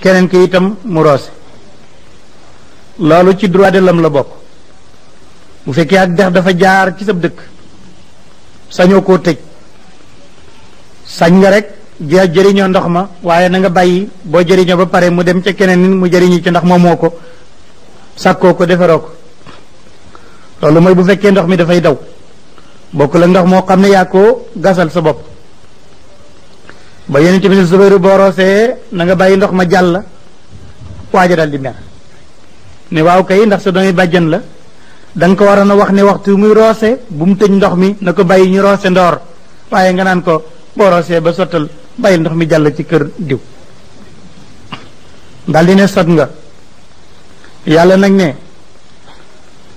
keneen ki itam mu roose loolu ci droit de la bokk bu fekkee ak dex dafa jaar ci sab dëkk sañoo koo tëj sañ nga rek ja jëriñoo ndox ma waaye na nga bàyyi boo jëriñoo ba pare mu dem ca keneen nit mu jëriñu ci ndax moo ko koo ko defaroo ko loolu mooy bu fekkee ndox mi dafay daw bokk la ndox moo xam ne yaa koo gasal sa bopp ba yonent bi ne Zubayru booroosee na nga bàyyi ndox ma jàll waaja dal di mer ne waaw kay ndax sa doomi bàjjan la danga ko war a na wax ne waxtu muy roose bu mu tëj ndox mi na ko bàyyi ñu roose ndoor waaye nga naan ko boo ba sottal bàyyi ndox mi jàll ci kër diw dal di ne sot nga yàlla nag ne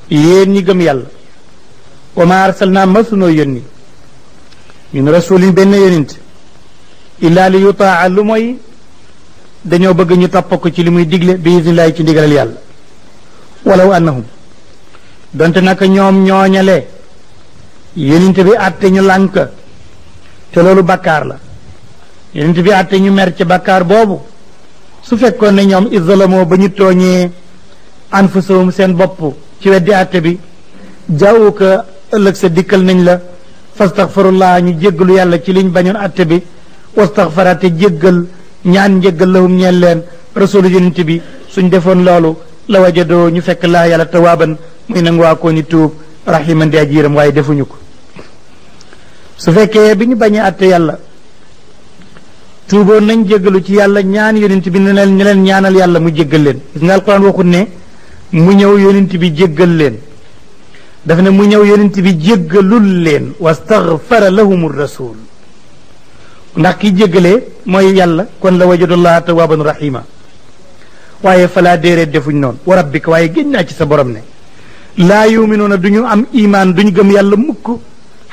yéen ñi gëm yàlla wa ma arsalnaa masunoo yónni ñun rasulin benn yónint illaa li yutaa lu mooy dañoo bëgg ñu topp ko ci li muy digle bi idnillahi ci ndigalal yàlla walaw annahum donte nag ñoom ñooñale yenente bi àtte ñu lànk te loolu bàkkaar la yenente bi àtte ñu mer ci bàkkaar boobu su fekkoon ne ñoom izzalamoo ba ñu tooñee anfusahum seen bopp ci weddi àtte bi jawwu ko ëllëg sa dikkal nañ la fastaxfirullah ñu jéggalu yàlla ci liñ bañoon àtte bi wastaxfara te jéggal ñaan njéggal lahum ñeel leen rasulu yonent bi suñ defoon loolu la wajadoo ñu fekk laa yàlla tawaaban muy nangu waa koo ni tuub rahiman di ajiram waaye defuñu ko su fekkee bi ñu bañee atte yàlla tuuboon nañ jéggalu ci yàlla ñaan yonent bi ne leen ne ñaanal yàlla mu jéggal leen gis nga alquran waxut ne mu ñëw yonent bi jéggal leen daf ne mu ñëw yonent bi jéggalul leen wastaghfara lahum rasul ndax ki jéggalee mooy yàlla kon la wajadullaha tawaaban rahima waaye falaa déeréet defuñ noonu wa rabbika waaye génn naa ci sa borom ne laa yuminuuna du ñu am imaan duñu gëm yàlla mukk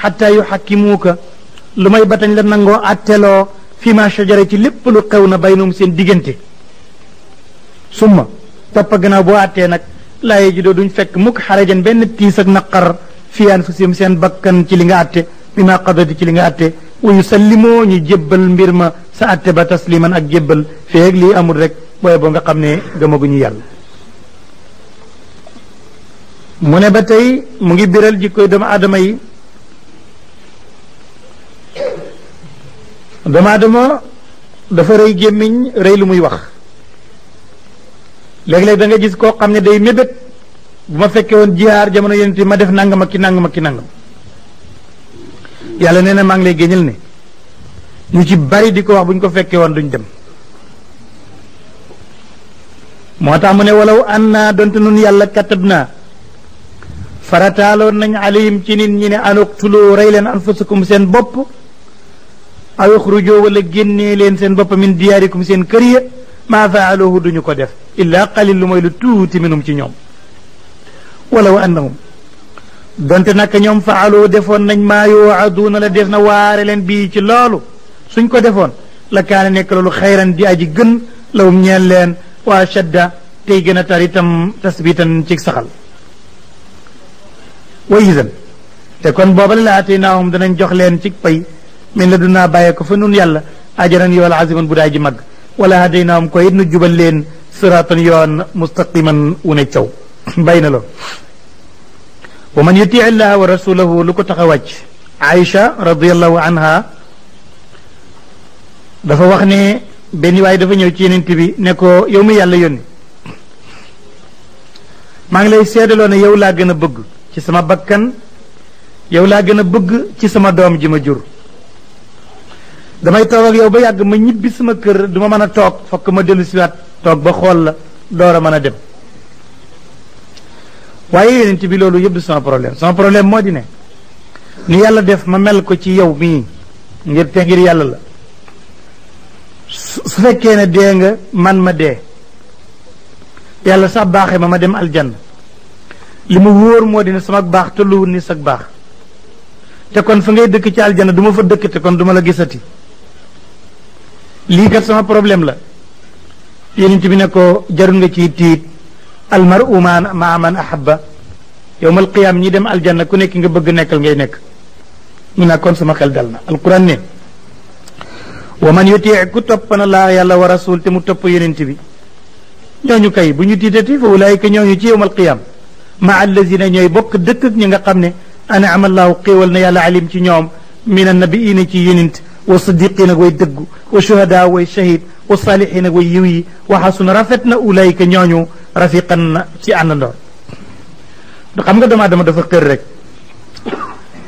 xataa yu xakkimuuka lu may batañ la nangoo atteloo fi ma shajara ci lépp lu xew na baynum seen diggante summa topp gannaaw boo attee nag laa doo duñ fekk mukk xarajan benn tiis ak naqar fi anfusihim seen bakkan ci li nga atte bi ma ci li nga atte wa limo ñu jëbbal mbir ma sa atte ba tasliman ak jébbal feeg lii amul rek booye boo nga xam ne gëmaguñu yàlla mu ne ba tey mu ngi biral jikkoy dama aadama yi dafa rëy gémmiñ rey lu muy wax léeg-léeg da nga gis koo xam ne day mébét bu ma fekkee woon jihaar jamono yonent ma def nangam ak ki nangam ak ki nangam yalla neena na ngi lay géñal ne ñu ci bari diko wax buñ ko fekke won duñ dem mota mu ne walaw anna naa nun yalla katabna naa farataaloon nañ alim ci nin ñi ne anuqtulu rey raylan anfusukum sen bop aw uxrujoo wala leen sen bop min diyarikum sen kër ya ma faaluhu duñ ko def illa qalil lu minum ci ñom walaw annahum donte nag ñoom faalu defoon nañ maa yuwaaduuna la def na waare leen bii ci loolu suñ ko defoon la kaane nekk loolu xayran di aji gën lawum ñeen leen waa shadda tey gën a tar itam tasbitan saxal wa idan te kon booba la ataynaahum danañ jox leen ci pay min la dunaa bàyyee ko fa nun yàlla ajaran yool aziman bu daay ji mag wala hadaynaahum ko it nu jubal leen siratan yoon mustaqiman wu ne caw bay na loolu wa man yutii illaha wa rasulahu lu ko tax a wàcc aïcha radiallahu dafa wax ne benn waaye dafa ñëw ci yenent bi nekkoo ko yow mi yàlla yónni maa ngi lay seedaloo ne yow laa gën a bëgg ci sama bakkan yow laa gën a bëgg ci sama doom ji ma jur damay toog ak yow ba yàgg ma ñibbi sama kër duma mën a toog fokk ma dellu siwaat toog ba xool la door a mën a dem waaye yonent bi loolu yëpp sans problème sans problème moo di ne ni yàlla def ma mel ko ci yow mii ngir te ngir yàlla la su fekkee ne dee nga man ma dee yàlla sax baaxee ma ma dem aljanna li ma wóor moo di ne sama baax tolluwul ni sag baax te kon fa ngay dëkk ci aljanna du ma fa dëkk te kon du la gisati lii kat sama problème la yonent bi ne ko jarul nga ciy tiit المرء مع man ahabba yow mal qiyaam ñi dem aljanna ku nekk nga beug nekkal ngay nek ni na kon sama xel dalna alquran ne wa man yutii ku topp na laa yàlla wa rasul te mu topp bi ñooñu kay bu ñu tiitati fa ka ñoñu ci yowmal qiyam ma allazina ñoy bok dëkk ak ñi nga xam ne anama allahu xéewal na yàlla alim ci ñom min an nabiyina ci yonent wa siddiqin way dëggu wa shuhada way shahid wa saalihiin ak way yiw yi na rafet na ulayka ñooñu rafiqan na ci àndandoor xam nga doomu aadama dafa xër rek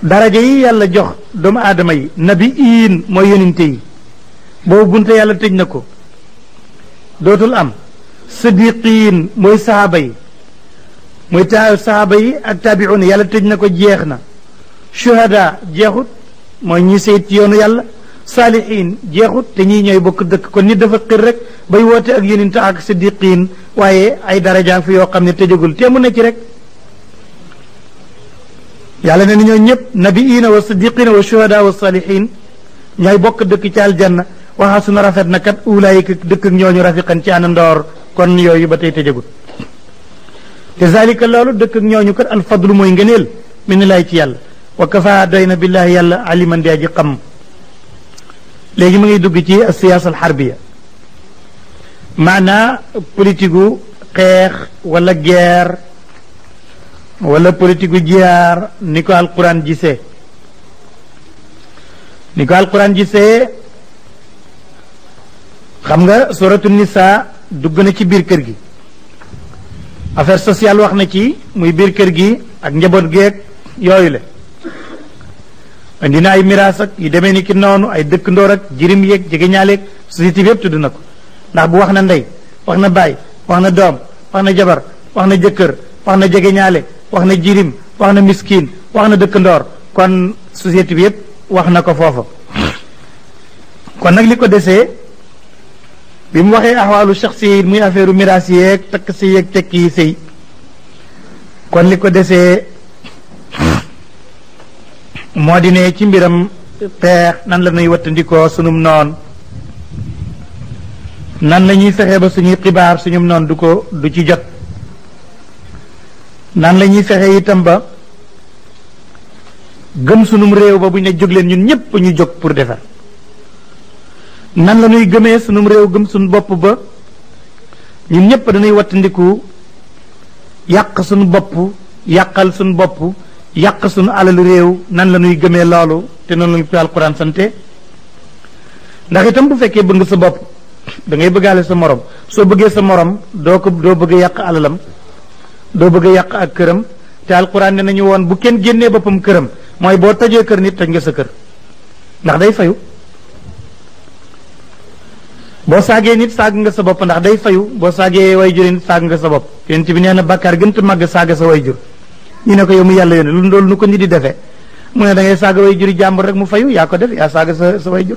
daraja yi yàlla jox doomu aadama yi nabi iin mooy yonente yi boobu bunte yàlla tëj na ko dootul am siddiqiin mooy sahaaba yi mooy ta sahaaba yi ak taabiun yàlla tëj na ko jeex na shuhada jeexut mooy ñi sayit ci yoonu yàlla saalihiin jeexut te ñii ñooy bokk dëkk kon ñi dafa xir rek bay woote ak yonent ak siddiqiin waaye ay daraja fi yoo xam ne tëjagul te mu ne ci rek yàlla ne ni ñoo ñëpp nabiina wa siddiqiina wa shuhada wa saalihiin ñooy bokk dëkk ci aljanna waxa suna rafet na kat ulaayika dëkk ñooñu rafiqan ci ana ndoor kon yooyu ba tey tëjagul te zalika loolu dëkk ak ñooñu kat alfadlu mooy ngëneel min laay ci yàlla wa kafa doy na billahi yàlla aliman di léegi ma ngi dugg ci siyaasa alxarbiya maanaa politique gu xeex wala guerre wala politique gu jihaar ni ko alquran gisee ni ko alquran gisee xam nga suratu nisa dugg na ci biir kër gi affaire social wax na ci muy biir kër gi ak njaboot geeg yooyu le indi na ay miraas ak yu demee ni ki noonu ay dëkkandoor ak jirim yeeg jegeñaaleeg société bi yëpp tudd na ko ndax bu wax na ndey wax na baay wax na doom wax na jabar wax na jëkkër wax na jegeñaale wax na jirim wax na miskin wax na dëkkandoor kon société bi yëpp wax na ko foofu kon nag li ko desee bi mu waxee axwaalu shaxsi yi muy affaire miraas yeeg takk si yeeg tekki yi sëy kon li ko desee moo di ne ci mbiram peex nan la nuy wattandikoo sunum noon nan la ñuy fexe ba suñuy xibaar suñum noon du ko du ci jot nan la ñuy fexe itam ba gëm sunum réew ba bu ne jóg leen ñun ñëpp ñu jóg pour defar nan la ñuy gëmee sunum réew gëm suñu bopp ba ñun ñëpp dañuy wattandiku yàq suñu bopp yàqal suñu bopp yàq suñu alal réew nan la ñuy gëmee loolu te noonu lañ ko alquran sante ndax itam bu fekkee bëgg sa bopp dangay ngay bëggaale sa morom soo bëggee sa morom doo ko doo bëgg yàq alalam doo bëgg yàq ak këram te alquran ne nañu woon bu kenn génnee boppam këram mooy boo tajee kër nit taj nga sa kër ndax day fayu boo saagee nit saag nga sa bopp ndax day fayu boo saagee way jur nit saag nga sa bopp yonent bi nee na bàkkaar gënt te màgg saaga sa way jur ñu ne ko yow mu yàlla yone lu loolu nu ko nit di defee mu ne da ngay way juri jàmbur rek mu fayu yaa ko def yaa saaga sa sa way jur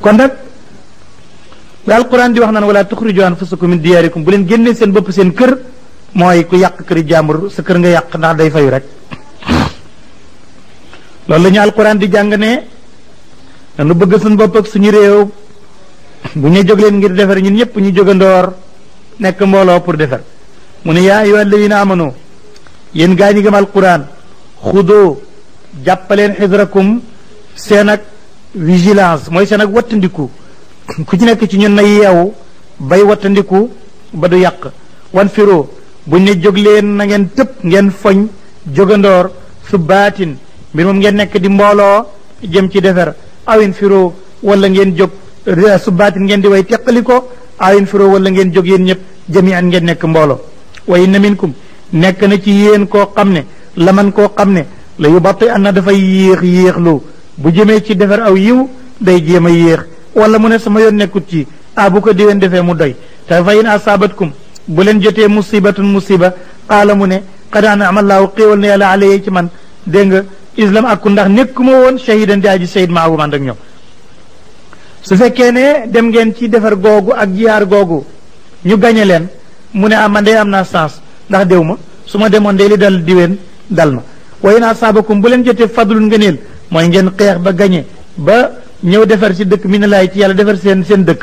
kon nag la quran di wax naan wala tuxriju anfusakum min diyarikum bu leen génne seen bopp seen kër mooy ku yàq këri jàmbur sa kër nga yàq ndax day fayu rek loolu lañu ñu alquran di jàng ne nu bëgg suñu bopp ak suñu réew bu ñu jog leen ngir defar ñun ñëpp ñu nekk mbooloo pour defar mu ne yaa ayuha alladina amano yéen gaa ñi gëm alquran xudoo jàppaleen xidrakum seen ak vigilance mooy seen ak wattandiku ku ci nekk ci ñun na yeewu bay wattandiku ba du yàq wan firoo buñ ne jóg leen na ngeen tëpp ngeen foñ jógandoor su baatin mbir moom ngeen nekk di mbooloo jëm ci defer awin firoo walla ngeen jóg su baatin ngeen di way teqali ko awin firoo wala ngeen jóg yéen ñëpp jamian ngeen nekk mbooloo wa inna minkum nekk na ci yéen koo xam ne la man koo xam ne la yu batti am na dafay yéex yéexlu bu jëmee ci defar aw yiw day jéem a yéex wala mu ne sama yoon nekkut ci ah bu ko diween defee mu doy te fa saabat asaabatkum bu leen jotee musibatun musiba qaala mu ne xadaa na amallaahu xéewal na yàlla alayhi ci man dégg nga islam akku ndax nekkuma woon shahidan di aji sayid ma man ak ñoom su fekkee ne dem ngeen ci defar googu ak jiyaar googu ñu gañe leen mu ne am ah, man de am naa chance ndax déw ma su ma demoon de li dal diween dal ma waaye naa saaba saabakum bu leen jotee nga ngëneel mooy ngeen xeex ba gañe ba ñëw defar ci dëkk mi ne laay ci yàlla defar seen seen dëkk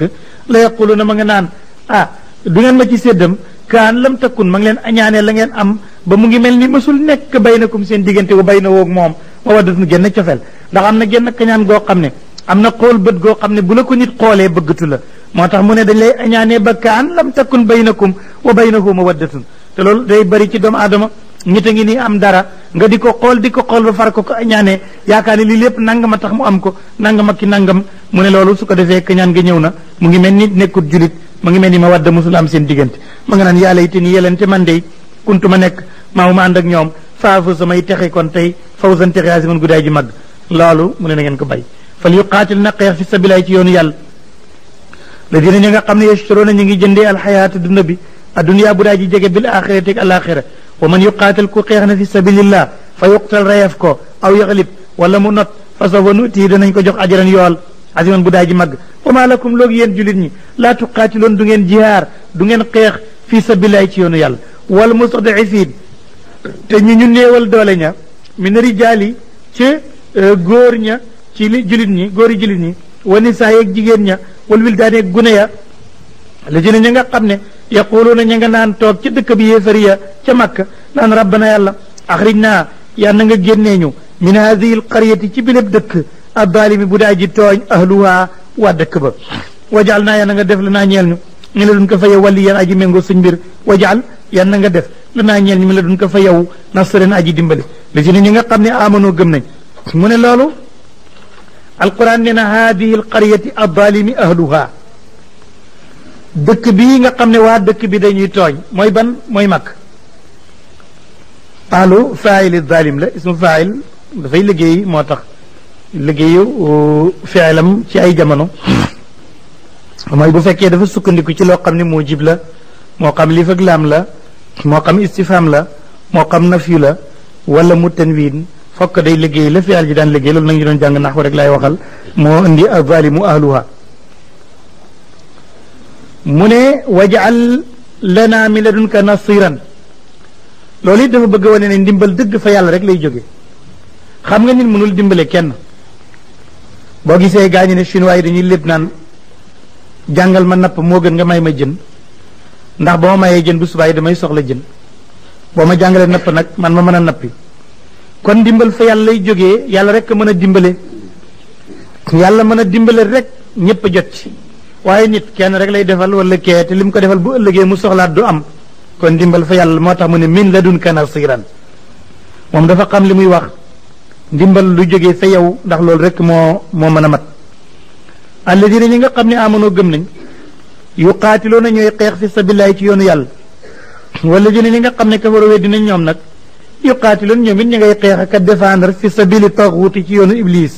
la yaqulu na ma nga naan ah du ngeen ma ci séddam kaan lam takkun ma ngi leen añaanee la ngeen am ba mu ngi mel ni mësul nekk baynakum seen diggante wa bay na woog moom ma waddatu genn cofeel ndax am na genn kañaan goo xam ne am na xool bët goo xam ne bu la ko nit xoolee bëggatu la moo tax mu ne dañ lay añaanee ba kaan lam takkun baynakum wa baynahu mawaddatun te loolu day bëri ci doomu aadama nit a ngi nii am dara nga di ko xool di ko xool ba far ko ko añaanee yaakaar ne lii lépp nangama tax mu am ko nangam ak ki nangam mu ne loolu su ko defee kañaan gi ñëw na mu ngi mel ni nekkut julit mu ngi mel ni ma wadda musul am seen diggante ma nga naan yàlla ite ni yelente man dey kuntu ma nekk maamu ma ànd ak ñoom faafu samay texe kon tey faw san texe yaa si man guddaay loolu mu ne na ngeen ko bay fal yuqaatil na xeex fi sabilaay ci yoonu yàlla la dina ñi nga xam ne yashtaroona ñu ngi jëndee alxayaata dund bi adduniyaa bu daa ji jege bil axira teg alaxira wa man yuqaatal ku xeex na fi sabilillah fa yuqtal rayef ko aw yaxlib wala mu not fa sawfa nutii danañ ko jox ajaran yool aziman bu daa ji màgg wa maa lakum loogi yéen julit ñi laa tuqaatiloon du ngeen jihaar du ngeen xeex fii sabilillahi ci yoonu yàlla wal mustadafin te ñu ñu néewal doole ña min rijaali ci euh, góor ña ci li julit ñi góori julit ñi wa nisaa yeeg jigéen ña wal wildaane gune ya la jëne ña nga xam ne yaquluuna ña nga naan toog ci dëkk bi yéefariya ca Makka naan rabbana yàlla axrijnaa yal na nga génnee ñu min hadihi alqaryati ci bileb dëkk addaalimi bu daa ji tooñ ahluha waa dëkk ba wajaal naa yal na nga def la naa ñeel ñu ñu la dun ko fa yow wàlli yan aji méngoo suñ mbir wajaal yal na nga def la naa ñeel ñu mi la dun ko fa yow nasaren aji dimbali la jëne ñi nga xam ne amanoo gëm nañ loolu alquran nee na haadihi alqaryati azzalimi ahluha dëkk bii nga xam ne waa dëkk bi dañuy tooñ mooy ban mooy mag ahlu faayil zalim la ismu faayil dafay liggéey moo tax liggéeyu uh, fiilam ci ay jamono mooy bu fekkee dafa sukkandiku ci loo xam ne moo jib la moo xam lifak laam la moo xam istifham la moo xam nafyu la walla mu tanwiin fokk day liggéey la fi aljidan ji daan liggéey loolu nag ñu doon jàng naxu rek lay waxal moo indi ahluha mu wajal lana min ladunka nasiran loolu it dafa bëgg wane ne ndimbal dëgg fa yàlla rek lay jóge xam nga nit mënul dimbale kenn boo gisee gaañu ne chinois yi dañuy lépp naan jàngal ma napp moo gën nga may ma jën ndax boo ma mayee jën bu subaa yi damay soxla jën boo ma jàngalee napp nag man ma mën nappi kon dimbal fa yàlla lay jógee yàlla rek mën a dimbale yàlla mën a dimbale rek ñëpp a jot ci waaye nit kenn rek lay defal wala kee te li mu ko defal bu ëllëgee mu soxlaat du am kon dimbal fa yàlla moo tax mu ne min la dun kana siran moom dafa xam li muy wax ndimbal lu jóge sa yow ndax loolu rek moo moo mën a mat alladina ñi nga xam ne amanoo gëm nañ yu qaatiloo na ñooy xeex fi sabilillahi ci yoonu yàlla walladina ñi nga xam ne kafaroo weddi nañ ñoom nag yuqatilun ñoom it ñu ngay xeex ak a défendre fi sabili taxuuti ci yoonu iblis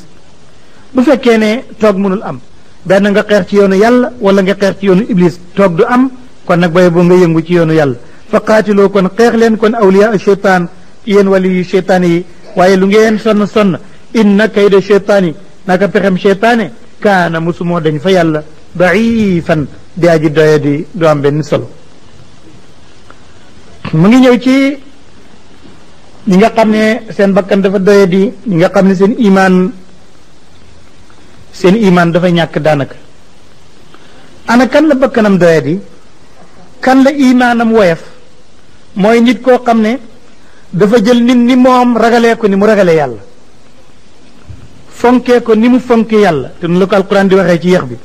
bu fekkee ne toog mënul am benn nga xeex ci yoonu yàlla wala nga xeex ci yoonu iblis toog du am kon nag bay boo nga yëngu ci yoonu yàlla fa qaatiloo kon xeex leen kon awliya cheytaan yéen wali yu cheytaan yi waaye lu ngeen sonn sonn inna kayda cheytaan yi naka pexem cheytaane kaana musumoo dañ fa yàlla daifan di aji doye di du am benn solo mu ngi ñëw ci ñi nga xam ne seen bakkan dafa doyadi ñi nga xam ne seen imaan seen imaan dafa ñàkk daanaka ana kan la bakkanam doyadi kan la imaanam woyof mooy nit koo xam ne dafa jël nit ni moom ragalee ko ni mu ragalee yàlla fonkee ko ni mu fonke yàlla te nu la ko alquran di waxee ci yeex bi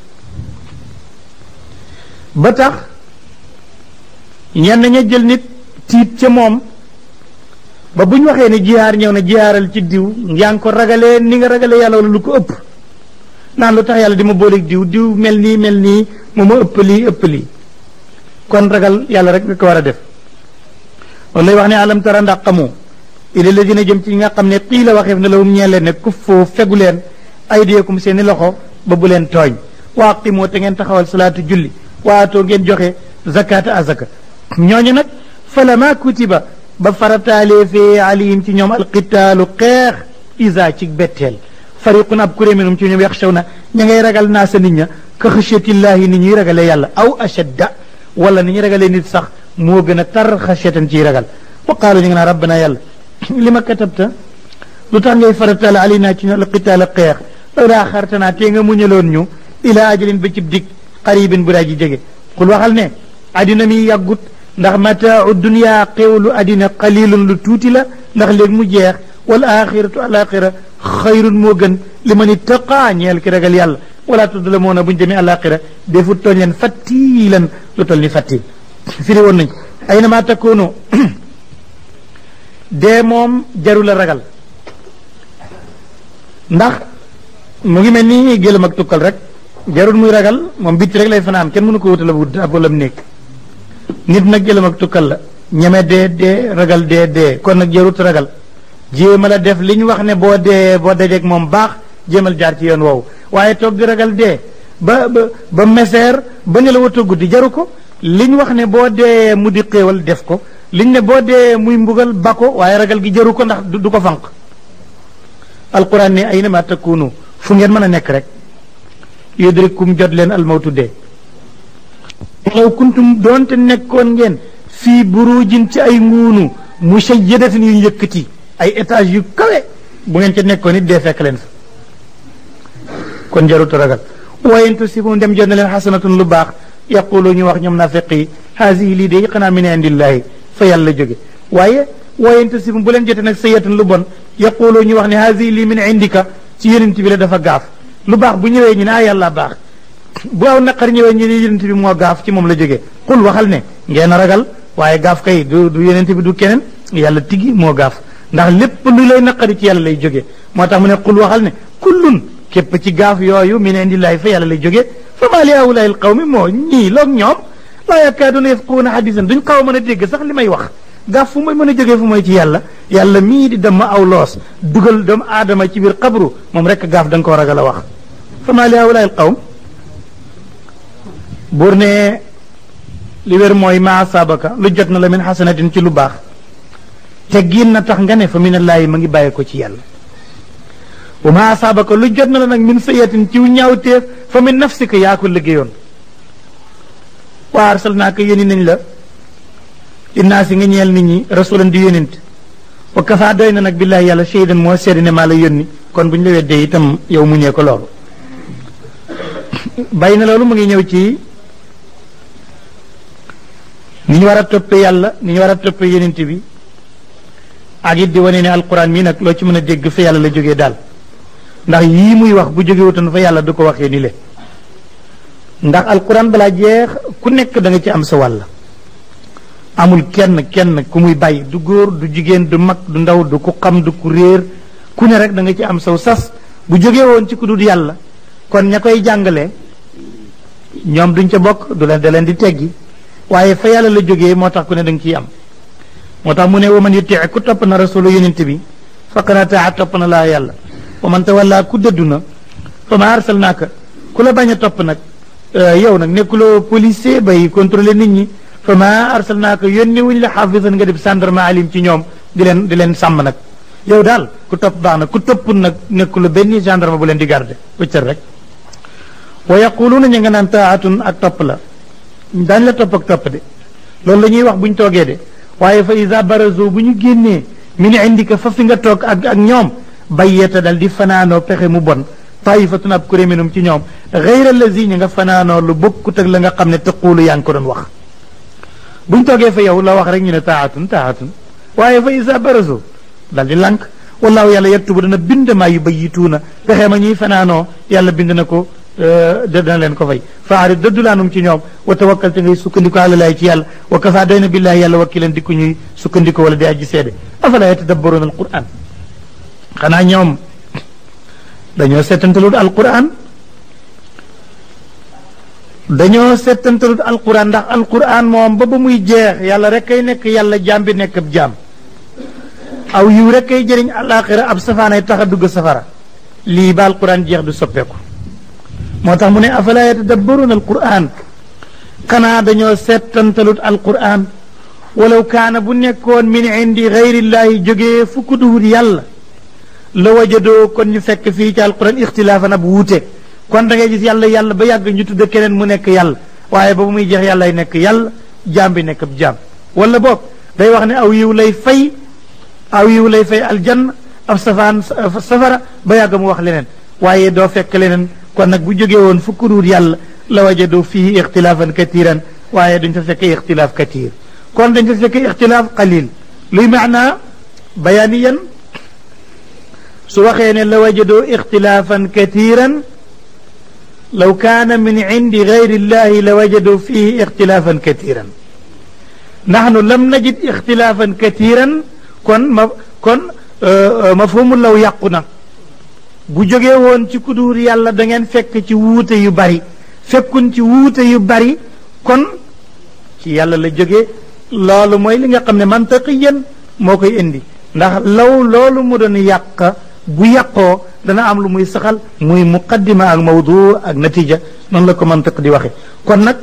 ba tax ñenn ña jël nit tiit ca moom ba bu ñu waxee ne jihaar ñëw na jihaaral ci diw yaa ngi ko ragalee ni nga ragalee yàlla wala lu ko ëpp naan lu tax yàlla di ma booleeg diw diw mel nii mel nii mu ma ëpp lii kon ragal yàlla rek nga ko war a def wala wax ne alam tara ndax xamoo ila la dina jëm ci ñi nga xam ne xii la waxeef na lawum ñeen leen ne ku foo fegu leen ay deekum seeni loxo ba bu leen tooñ waa qimoo te ngeen taxawal salaatu julli waatoo ngeen joxe zakata azaka ñooñu nag ba farataalee fee alihim ci ñoom alqitaalu xeex isa ci betteel fariqun ab kuré minum ci ñoom yaxshaw na ña ngay ragal naa sa nit ña ka xashyatillahi ni ñuy ragalee yàlla aw ashadda wala ni ñuy ragalee nit sax moo gën a tar xashyatan ci ragal wa qaalu ñu ngi rabbana yàlla li ma katabta lu tax ngay farataal alayna ci ñoom alqitaala xeex law daa xartanaa tee nga muñaloon ñu ilaa ajalin ba cib dig qaribin bu daa ji jege xul waxal ne addina mi yàggut ndax mataau dunia xéewalu àddina qalilun lu tuuti la ndax léegi mu jeex wal axiratu alaxira xayrun moo gën li man ittaqa ñeel ki ragal yàlla wala tudlamoona bu ñu demee alaxira defut tooñ leen fatti leen lu tol ni fatti firi woon nañ ay na maa takkoonoo dee moom jaru ragal ndax mu ngi mel ni gëlëm ak tukkal rek jarul muy ragal moom bitti rek lay fanaan kenn mënu ko wutal ab wut ab wala mu nekk nit nag jëlam ak tukkal la ñeme dee dee ragal dee dee kon nag jarut ragal jéemal a def li ñu wax ne boo dee boo dajeeg moom baax jéemal jaar ci yoon woowu waaye toog di ragal dee ba ba ba meseer ba ñu la wata guddi jaru ko li ñu wax ne boo dee mu di xéewal def ko liñ ne boo dee muy mbugal ba ko waaye ragal gi jaru ko ndax du ko fanq alquran ne aynama takunu fu ngeen mën a nekk rek rek yudrikum jot leen almawtu dee walaw kuntum doonte nekkoon ngeen fii burujin ci ay nguunu mushayyadatin yu yëkkati ay étage yu kawe bu ngeen ca nekkoon it dee fekk leen fa kon jarut ragal waaye tusibu dem jot na leen xasanatun lu baax yaqulu ñu wax ñoom nafiq yi haasihi lii de xanaa min indillahi fa yàlla jóge waaye waaye tusibu bu leen jot nag sayatun lu bon yaqulu ñu wax ne haasihi lii min indika ci yonent bi la dafa gaaf lu baax bu ñëwee ñu ne ah yàlla baax bu aw naqar ñëwee ñu ne yonent bi moo gaaf ci moom la jógee xul waxal ne ngeen ragal waaye gaaf kay du du yonent bi du keneen yàlla tigi moo gaaf ndax lépp lu lay naqari ci yàlla lay jógee moo tax mu ne xul waxal ne kullun képp ci gaaf yooyu min indillahi fa yàlla lay jógee fa maa li haulaai l qawmi moo ñii loog ñoom laa yakaaduuna yafqahuuna hadisan duñ xaw mën a dégg sax li may wax gaaf fu muy mën a jógee fu mooy ci yàlla yàlla mii di dem ma aw loos dugal doomu adama ci biir xabru moom rek gaaf da nga koo ragal a wax fa buur ne li wér mooy saaba asabaka lu jot na la min xasanatin ci lu baax te giin na tax nga ne fa yi ma ngi bàyyi ko ci yàlla wa saaba ko lu jot na la nag min sayatin ci ñaawteef fa min nafsika yaa ko liggéeyoon waa arsalnaaka yónni nañ la dinaa si nga ñeel nit ñi rasulan di yónent wa kafaa doy na nag billaahi yàlla shahidan moo seede ne maa la yónni kon bu ñu la weddee itam yow mu ñee ko loolu bàyyi na loolu mu ngi ñëw ci ni ñu war a toppee yàlla ni ñu war a toppee yeneent bi ak it di wane ne alquran mii nag loo ci mën a dégg fa yàlla la jógee daal ndax yii muy wax bu jóge wutoon fa yàlla du ko waxee ni le ndax alquran balaa jeex ku nekk danga ci am sa wàll amul kenn kenn ku muy bàyyi du góor du jigéen du mag du ndaw du ku xam du ku réer ku ne rek danga ci am saw sas bu jógewoon ci ku yàlla kon ña koy jàngale ñoom duñ ca bokk du leen da leen di teggi waaye fa yàlla la jógee moo tax ku ne da nga am moo tax mu ne waman yutee ku topp na rasulu yonent bi faqad ataa topp na laa yàlla waman tawalla ku dëddu na fa ma arsalnaaka ku la bañ a topp nag euh, yow nag nekkuloo policier bay contrôler nit ñi fa ma arsalnaaka yónni wuñ la xaafisan nga def gendarme alim ci ñoom di leen di leen sàmm nag yow daal ku topp baax na ku topp nag nekkuloo benn gendarme bu leen di garde wëccër rek wa yaquluuna ña nga naan taatun ak topp la daañ la topp ak topp de loolu la ñuy wax bu ñu toogee de waaye fa isa barazo bu ñu génnee min indika fa fi nga toog ak ak ñoom bayyata dal di fanaanoo pexe mu bon taifatun ab kuréminum ci ñoom gayra lazi ñi nga fanaanoo lu bokkut ak la nga xam ne tequulu yaa ngi ko doon wax buñ toogee fa yow la wax rek ñu ne taatun taatun waaye fa isa barazo dal di lànk wallaahu yàlla yettubu dana bind maa yu na pexe ma ñuy fanaanoo yàlla bind na ko Euh, def dana leen ko fay faari dëddulaanum ci ñoom wa tawakkal te ngay sukkandiku laay ci yàlla wa kafa doy na billaahi yàlla wakkilan di ku ñuy sukkandiku wala di aji seede afala yatadabbaruuna alquran xanaa ñoom dañoo seetantalut alquran dañoo seetantalut alquran ndax alquran moom ba ba muy jeex yàlla rek kay nekk yàlla jaam bi nekk ab jaam aw yiw rek kay jëriñ alaxira ab safaanay tax a dugg safara lii ba alquran jeex du soppeeku motax tax mu ne afala yatadabbaruna alquran kana dañoo settantalut alquran walaw kaana bu nekkoon min indi xayrillaahi jógee fukk duhut yàlla la wajadoo kon ñu fekk fii ci alquran ixtilaafan ab wuute kon da ngay gis yàlla yàlla ba yàgg ñu tudd keneen mu nekk yàlla waaye ba bu muy jeex yàllay nekk yàlla jambi nekk ab jaam wala boog day wax ne aw yiw lay fay aw yiw lay fay aljanna ab safaan safara ba yàgg mu wax leneen waaye doo fekk leneen kon nak bu joge won fukki ruur yàlla la wajadu fii ikhtilafan katiran waye dañ fa fek ikhtilaf katir kon dañ fa fek ikhtilaf qalil luy maanaa bayaniyan su waxe ne la wajadu ikhtilafan katiran لو كان من عند غير الله لوجدوا wajadu fihi ixtilaafan katiran nahnu lam najid ixtilaafan katiran kon ma kon mafhumu bu jóge woon ci kuduur yàlla dangeen ngeen fekk ci wuute yu bari fekkun ci wuute yu bari kon ci yàlla la jóge loolu mooy li nga xam ne mantaqiyan moo koy indi ndax law loolu mu doon yàq bu yàqoo dana am lu muy saxal muy muqaddima ak mawdu ak natiija noonu la ko mantiq di waxe kon nag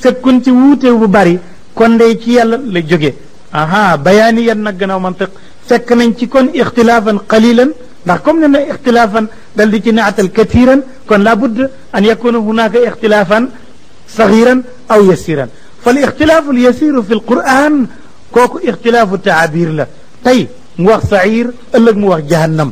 fekkun ci wuute bu bari kon day ci yàlla la jóge aha bayaaniyan nag gannaaw mantiq fekk nañ ci kon ixtilaafan qalilan ndax comme ne na ixtilafan dal di ci naatal kathiran kon la budd an yakuna hunaka ixtilafan صغيرا أو يسيرا فالاختلاف اليسير في القرآن كوكو اختلاف التعابير لا تي موخ سعير اللق موخ جهنم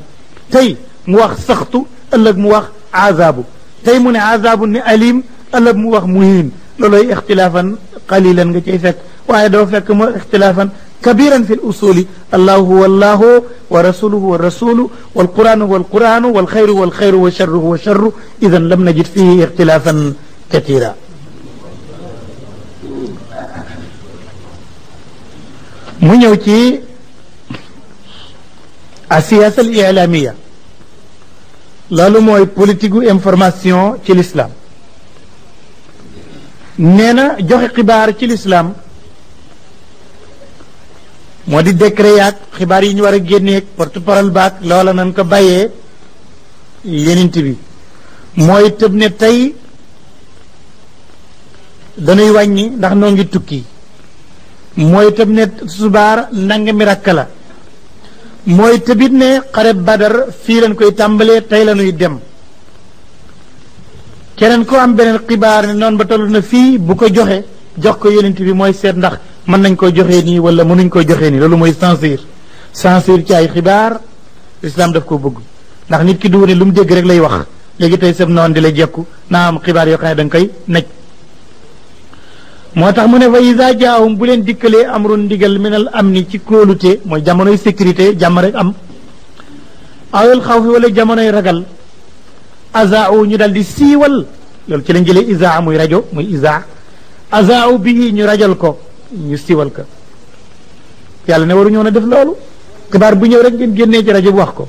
تي موخ سخط اللق موخ عذاب تي من عذاب أليم اللق موخ مهين لولا اختلافا قليلا كيفك وهذا فك اختلافا كبيرا في الأصول الله هو الله ورسوله هو الرسول والقرآن هو القرآن والخير هو الخير والشر هو الشر إذا لم نجد فيه اختلافا كثيرا من يوتي السياسة الإعلامية al islaamiya loolu mooy politique gu information ci l'islam nee na moo di décret yaag xibaar yi ñu war a génneeg porte parole baag loola nañ ko bàyyee yenint bi mooy tëb ne tey dañuy wàññi ndax noo ngi tukki mooy tëb ne subaar nangami rakk la mooy tëbit ne xare badar fii lañ koy tàmbalee tey la dem keneen ko am beneen xibaar ne noonu ba toll na fii bu ko joxe jox ko yenint bi mooy seet ndax mën nañ ko joxee nii wala mënuñ ko joxee nii loolu mooy censure censure ci ay xibaar islam def ko bëgg ndax nit ki du wone lu mu dégg rek lay wax léegi tey sëb noon di la jekku naa am xibaar yoo xam ne da koy nekk moo tax mu ne fa isa jaahum bu leen dikkalee am amrun ndigal am amni ci kóolute mooy jamonoy sécurité jàmm rek am awel xaw fi wala jamonoy ragal azau ñu dal di siiwal loolu ci lañ jëlee isa muy rajo muy isa azau bi ñu rajal ko ñu siwal ko yàlla ne waruñu woon a def loolu xibaar bu ñëw rek ngeen génnee ci rajo bu wax ko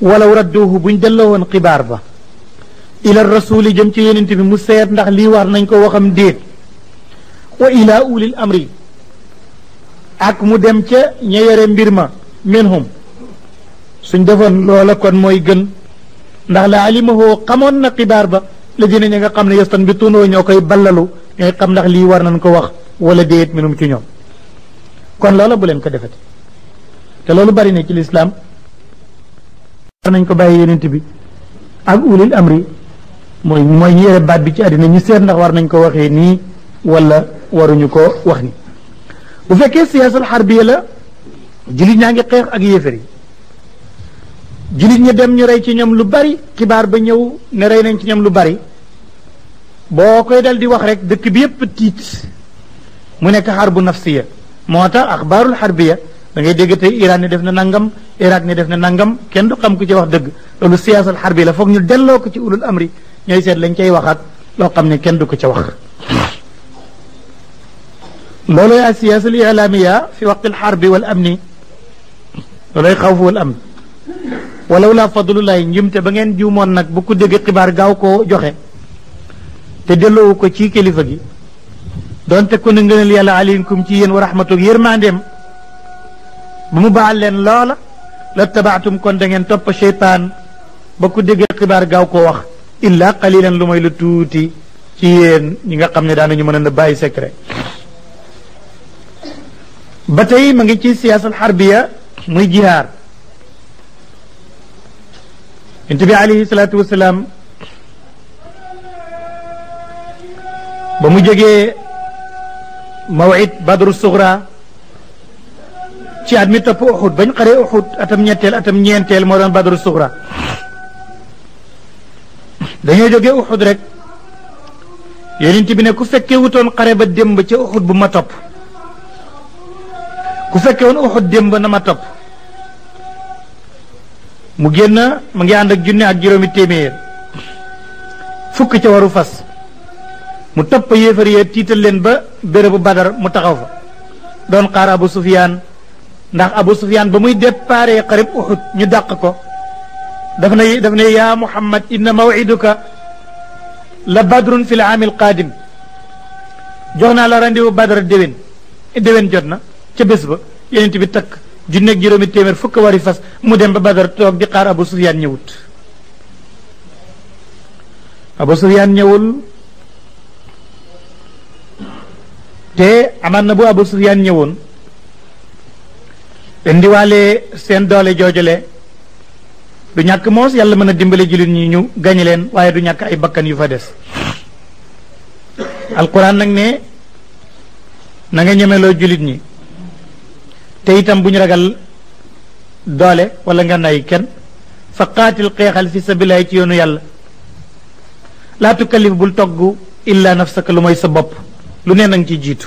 walaw radduuhu buñ delloo woon xibaar ba ila rasuli jëm ci yonent bi mu seet ndax lii war nañ ko waxam déet wa ila ulil amri ak mu dem ca ña yore mbir ma minhum suñ defoon loola kon mooy gën ndax la alimahoo xamoon na xibaar ba la dina ña nga xam ne yestan bi tunoo ñoo koy ballalu ñooy xam ndax lii war nañ ko wax wala deet minum ci ñom kon loolu bu leen ko defati te loolu bari na ci l'islam nañ ko bàyyi bi ak ulil amri mooy mooy ñu yore baat bi ci àddina ñu seet ndax war nañ ko waxee nii wala waruñu ko wax ni bu fekkee siyaasul harbiya la julit ñaa ngi xeex ak yéefar yi julit ñi dem ñu rey ci ñoom lu bari ba ñëw ne rey nañ ci ñoom lu bari boo dal di wax rek dëkk bi yépp tiit mu nekk xarbu nafsiya moo tax axbaarul xarbiya da ngay dégg tey Iran ne def na nangam Irak ne def na nangam kenn du xam ku ci wax dëgg loolu siyaasal xarbi la foog ñu delloo ko ci ulul amri ñooy seet lañ cay waxaat loo xam ne kenn du ko ca wax loolooy a siyaasal ilaamiya fi waqtil xarbi wal amni loolooy xawfu wal amn walaw laa fadlulaay njimte ba ngeen juumoon nag bu ko dégg xibaar gaaw koo joxe te delloowu ko ci kilifa gi donte ku ne ngënal yàlla ci yéen wa rahmatuhu yërmandeem bu mu baal leen loola la tabaatum kon da ngeen topp seytaan ba ku dégg xibaar gaaw koo wax illa qalilan lu mooy lu tuuti ci yéen ñi nga xam ne daan mën a bàyyi secret ba tey ma ngi ci siyaasal xarbiya muy jihaar yonent bi alayhi salaatu wasalaam ba mu jógee mawid badru sugra ci at mi topp uxud bañ xaree uxud atam ñetteel atam ñeenteel moo doon badru sugra dañoo jógee uxud rek yonent bi ne ku fekkee wutoon xare ba démb ca uxud bu ma topp ku fekkee woon uxud démb na ma topp mu génn mu ngi ànd ak junne ak juróomi téeméer fukk ca waru fas متب يفري تيتل لين برب بدر متغف دون قار أبو سفيان نخ أبو سفيان بمي دباري قريب أحد ندقكو دفني دفني يا محمد إن موعدك لبدر في العام القادم جونا لا رانديو بدر ديوين ديوين جورنا تي بيسبا يينتي بي تك جوني جيرومي فك واري فاس مو ديم بدر توك دي ابو سفيان نيوت ابو سفيان نيول te amaan na bu Abu Sufyaan ñëwoon indiwaale seen doole joojale du ñàkk moos yàlla mën a dimbale jullit ñi ñu gañe leen waaye du ñàkk ay bakkan yu fa des alquran nag ne na nga ñemeloo jullit ñi te itam bu ñu ragal doole walla nga nay kenn fa qaatil xeexal fi sabilillahi ci yoonu yàlla laa tukallif bul togg illaa nafsaka lu mooy sa bopp lu ne nang ci jiitu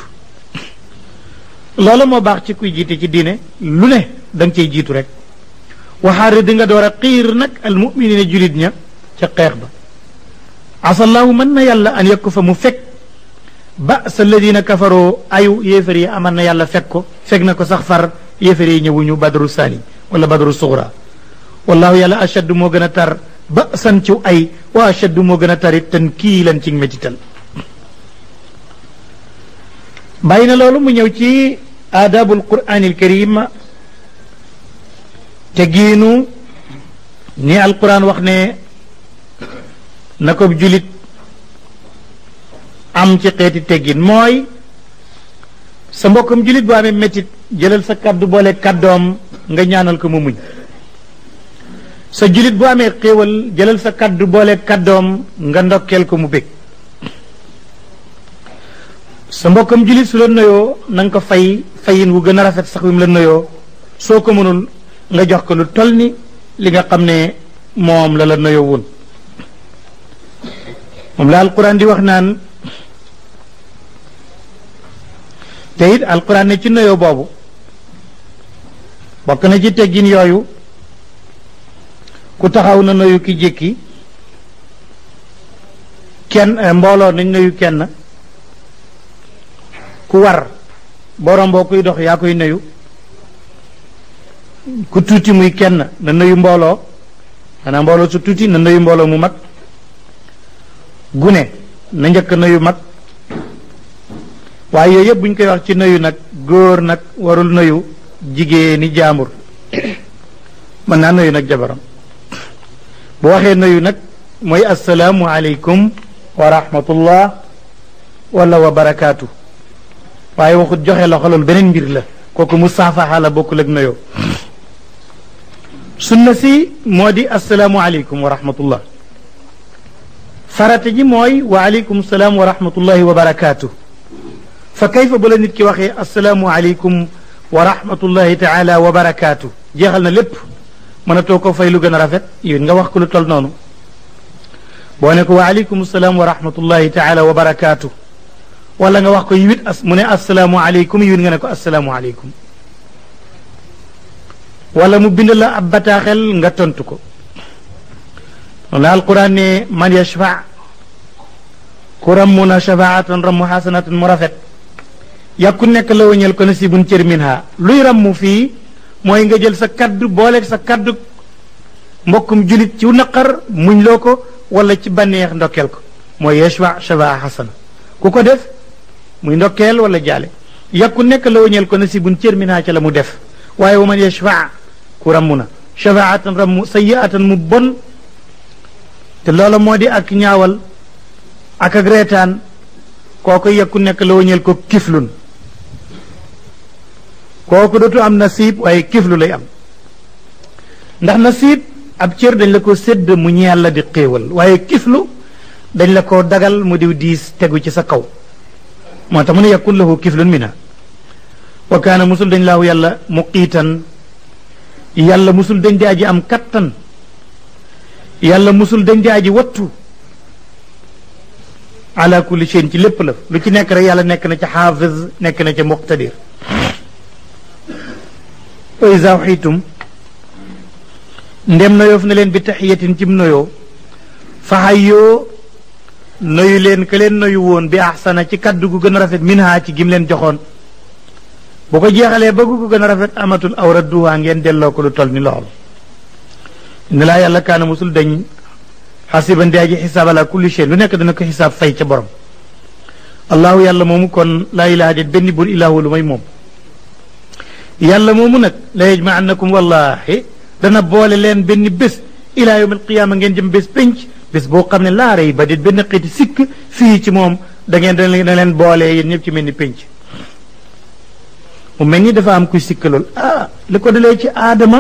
loolu moo baax ci kuy jiite ci diine lu ne da nga cay jiitu rek waxaare di nga door a xiir nag al muminina julit ña ca xeex ba asallahu mën na yàlla an yekku fa mu fekk ba sa ladina kafaroo ayu yéefar yi aman na yàlla fekk ko fekk na ko sax far yéefar yi ñëwuñu badru saani wala badru sugra wallahu yàlla ashaddu moo gën a tar ba san ciw ay wa ashaddu moo gën a tarit tan kii lan ci metital bayina na mu ñew ci adabul Quranil karim te giinu ni alquran wax ne nakob julit am ci xeeti teggin mooy sa mbokkam julit bu amé métit jëlal sa kaddu boole kaddoom nga ñaanal ko mu muñ sa julit bu amé xéewal jëlal sa kaddu boole kaddoom nga ndokkel ko mu bëgg sa mbokkam jullit su la nuyoo na ko fay fayin wu gën a rafet sax wi mu la nuyoo soo ko mënul nga jox ko lu toll ni li nga xam ne moom la la nuyoo woon moom la alquran di wax naan te it ne ci nuyoo boobu bokk na ci teggin yooyu ku taxaw na nuyu ki jékki kenn mbooloo nañ nuyu kenn ku war borom boo kuy dox yaa koy nuyu ku tuuti muy kenn na nuyu mbooloo maanaam mbooloo su tuuti na nayu mbooloo mu mag gune na njëkk nuyu mag waaye yooyu yëpp bu ñu koy wax ci nayu nag góor nag warul nayu jigéeni jaambur mën naa nuyu nag jabaram bu waxee nayu nag mooy asalaamu aleykum wa rahmatullah wala barakaatu waye waxut joxe loxo loolu benen mbir la koku musaafaxa la bokul ak nuyoo sunna si modi assalamu alaykum wa rahmatullah farata ji moy wa alaykum salaam wa rahmatullahi wa barakatuh fa kayfa bula nit ki waxe assalamu alaykum wa rahmatullahi taala wa barakatuh jeexal na lépp man to ko fay lu gëna rafet yow nga wax ko lu tol nonu bo ne ko wa alaykum salaam wa rahmatullahi taala wa barakatuh wala nga wax ko yiwit mu ne asalaamualeykum yiwit nga ne ko asalaamualeykum wala mu bind la ab bataaxel nga tontu ko la alquran ne man yashfa ku rammu na shafaatan rammu xasanatan mu rafet yàkku nekk la wañeel ko na si bun cër luy rammu fii mooy nga jël sa kaddu booleeg sa kaddu mbokkum julit ci naqar muñ loo ko wala ci bànneex ndokkeel ko mooy yashfa shafaa xasana ku ko def muy ndokkeel wala jaale yàkku nekk la wañeel ko nasibun cër minaa ca la mu def waaye wa man yashfaa ku ramm na shafaatan ramm sayiatan mu bon te loola moo di ak ñaawal ak ak reetaan kooku yàkku nekk la wañeel ko kiflun kooku dootu am nasib waaye kiflu lay am ndax nasib ab cër dañ la ko sedd mu ñeel la di xéewal waaye kiflu dañ la ko dagal mu diw tegu ci sa kaw moo tax mu ne yakun lahu kiflun mina wa kaana musul dañ laahu yàlla muqiitan musul dañ di am kattan yàlla musul dañ di aji wattu ala kulli shay'in ci lépp la lu ci nekk rek yàlla nekk na ca xaafiz nekk na ci muqtadir wa iza uxiitum ndem noyoof na leen bi taxiyatin cim noyoo faxayyoo noyu leen ka leen noyu woon bi ahsana ci kaddu gu gën a rafet minha ci gim leen joxoon bu ko jeexalee bëgg ko gën a rafet amatul aw radduha ngeen delloo ko lu tol ni lool ne laa yàlla kaana musul deñ xasiban di aji xisaab ala kulli shay lu nekk dana ko xisaab fay ca borom allahu yàlla moomu kon laa ilaha déet benn buur may moom moomu nag la yajmaannakum wallahi dana boole leen benn bés ilaa yawm alqiyaama ngeen jëm bés pénc bis boo xam ne laare yi ba dit benn xeeti sikk fii ci moom dangeen ngeen dana leen boole yéen ñëpp ci mel ni pénc mu mel ni dafa am kuy sikk lool ah li ko dalee ci aadama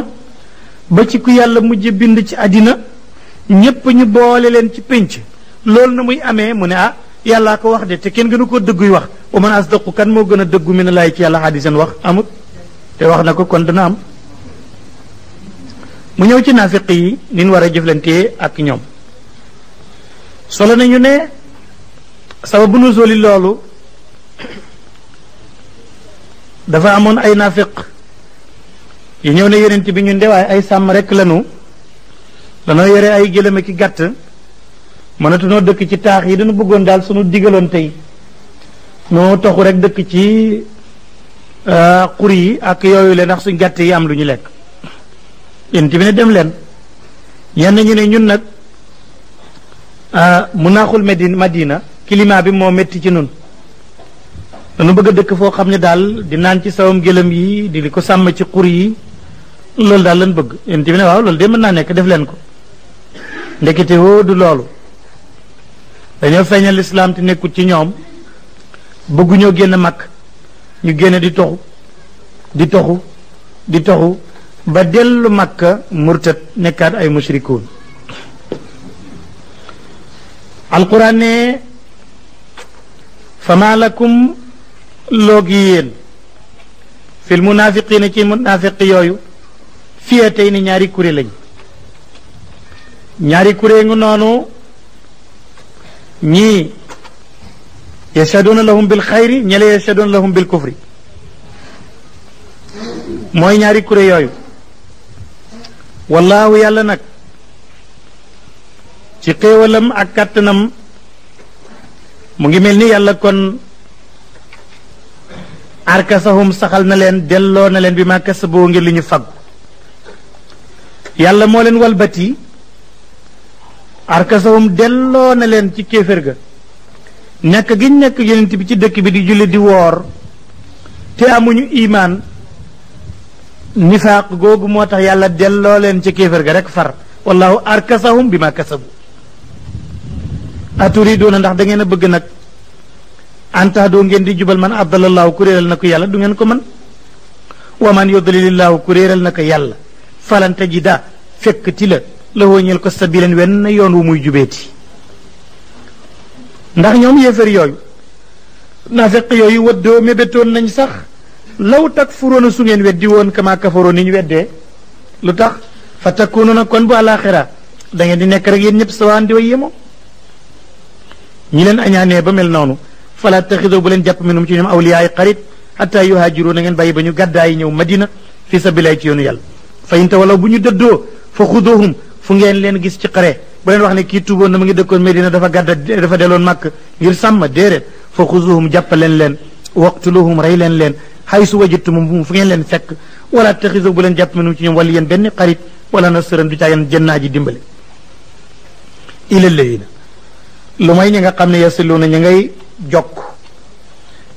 ba ci ku yàlla mujj bind ci àddina ñëpp ñu boole leen ci pénc loolu na muy amee mu ne ah yàllaa ko wax de te kenn gënu koo dëgguy wax wa man asdaqu kan moo gën a dëggu mi ne laay ci yàlla seen wax amut te wax na ko kon dana am mu ñëw ci naafiq yi nin war a jëflantee ak ñoom solo ñu ne sababu nuzuli loolu dafa amoon ay nafiq yu ñëw ne yonent bi ñu ndewaay ay sàmm rekk lanu danoo yore ay gëlëm ki gàtt noo dëkk ci taax yi dañu bëggoon daal sunu digaloon tey noo toxu rek dëkk ci euh, xur yi ak yooyu le ndax suñ gàtt yi am lu ñu lekk yonent bi ne dem leen ñenn ñu ne ñun nag Ah, mu naaxul medine madina climat bi moo métti ci nun dañu bëgg dëkk foo xam ne di naan ci sawam gëlëm yi di ko sam ci xur yi loolu daal lan bëgg yonent bi ne waaw de def leen ko ndekete woo du loolu dañoo feeñal Islam te nekkut ci ñoom bëgguñoo génn mag ñu génne di toxu di toxu di toxu ba makka murtat ay mushrikuun القران نے فما لكم لوغين في المنافقين كي منافق يوي فيتين نياري كوري لاي نياري كوري نونو ني يشهدون لهم بالخير نيلا يشهدون لهم بالكفر موي نياري كوري يوي والله يالا نك ci xewalam ak katanam mu ngi melni yalla kon arkasahum saxal na len delloo na len bima kasbu kasaboo ngir li ñu faggu yàlla walbati arkasahum delloo na len ci kefer ga nek gi nek yonent bi ci dekk bi di julli di wor te amuñu iman nifaq gog motax yalla yàlla len ci kefer ga rek far wallahu arkasahum bima kasabu aturiduuna ndax da ngeen a bëgg nag antax doo ngeen di jubal man abdalallaahu ku réeral na ko yàlla du ngeen ko mën wa man yudlilillaahu laaw réeral na ko yàlla falante ji daa fekk ti la la wóññeel ko sabilan wenn yoon wu muy jubeeti ndax ñoom yéefar yooyu naafeq yooyu waddoo mébétoon nañ sax law takfuroona su ngeen weddi woon kama kafaroon ni ñu weddee lu tax fa takkuunu na kon bu àlaaxira da ngeen di nekk rek yéen ñëpp sa di way yemoo ñi leen añaanee ba mel noonu fala taxido bu leen jàpp minum ci ñoom awliyaay xarit xataa yuhaajiru na ngeen bàyyi ba ñu gàddaayi ñëw madina fi sabilillahi ci yoonu yàlla fa in tawallaw bu ñu dëddoo fa xuduhum fu ngeen leen gis ci xare bu leen wax ne kii tuuboon na mu ngi dëkkoon Medina dafa gàdda dafa delloon màkk ngir sàmm déedéet fa xuzuhum jàppaleen leen waqtuluhum rey leen leen xay su wajattumum fu ngeen leen fekk wala taxisu bu leen jàpp minum ci ñoom wala yéen benn xarit wala nasran du caa yéen jënnaa ji dimbale ila ladina lu may ñi nga xam ne yasiluuna ñi ngay jokk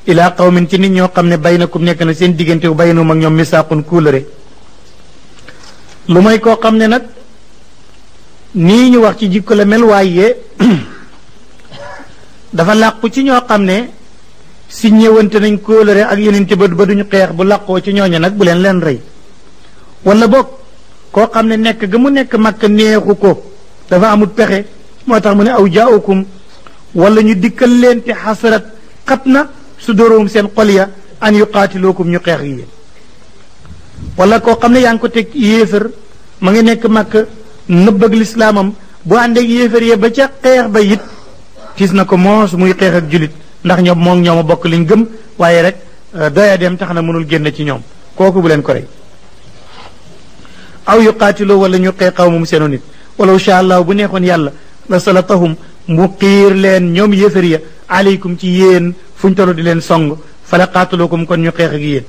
ilaa qawmin ci nit ñoo xam ne bay na baynakum nekk na seen diggante baynum ak ñoom misaaqun kuulëre lu may koo xam ne nag nii ñu wax ci jikko la mel waaye dafa làqu ci ñoo xam ne si ñëwante nañ kóolëre ak yeneen ba ba duñu xeex bu làqoo ci ñooñu nag bu leen leen rey wala boog koo xam ne nekk ga mu nekk màkk neexu ko dafa amut pexe moo tax mu ne aw jaawukum wala ñu dikkal leen te xasarat xat na su dóoróom seen xol ya an yuqaatilookum ñu xeex yi wala koo xam ne yaa ngi ko teg yéefar ma ngi nekk màkk nëbb ak lislaamam boo àndeeg yéefar ya ba ca xeex ba it tiis na ko moos muy xeex ak julit ndax ñoom moom ñoom a bokk liñ gëm waaye rek euh, doya dem tax na mënul génn ci ñoom kooku bu leen ko rey aw yuqaatiloo wala ñu xeex xaw moom seenu nit wala incha allah bu neexoon yàlla wa salatahum mu xiir leen ñoom yéefar ya aleykum ci yéen fu ñu toll di leen song fala qaatulukum kon ñu xeex ak yéen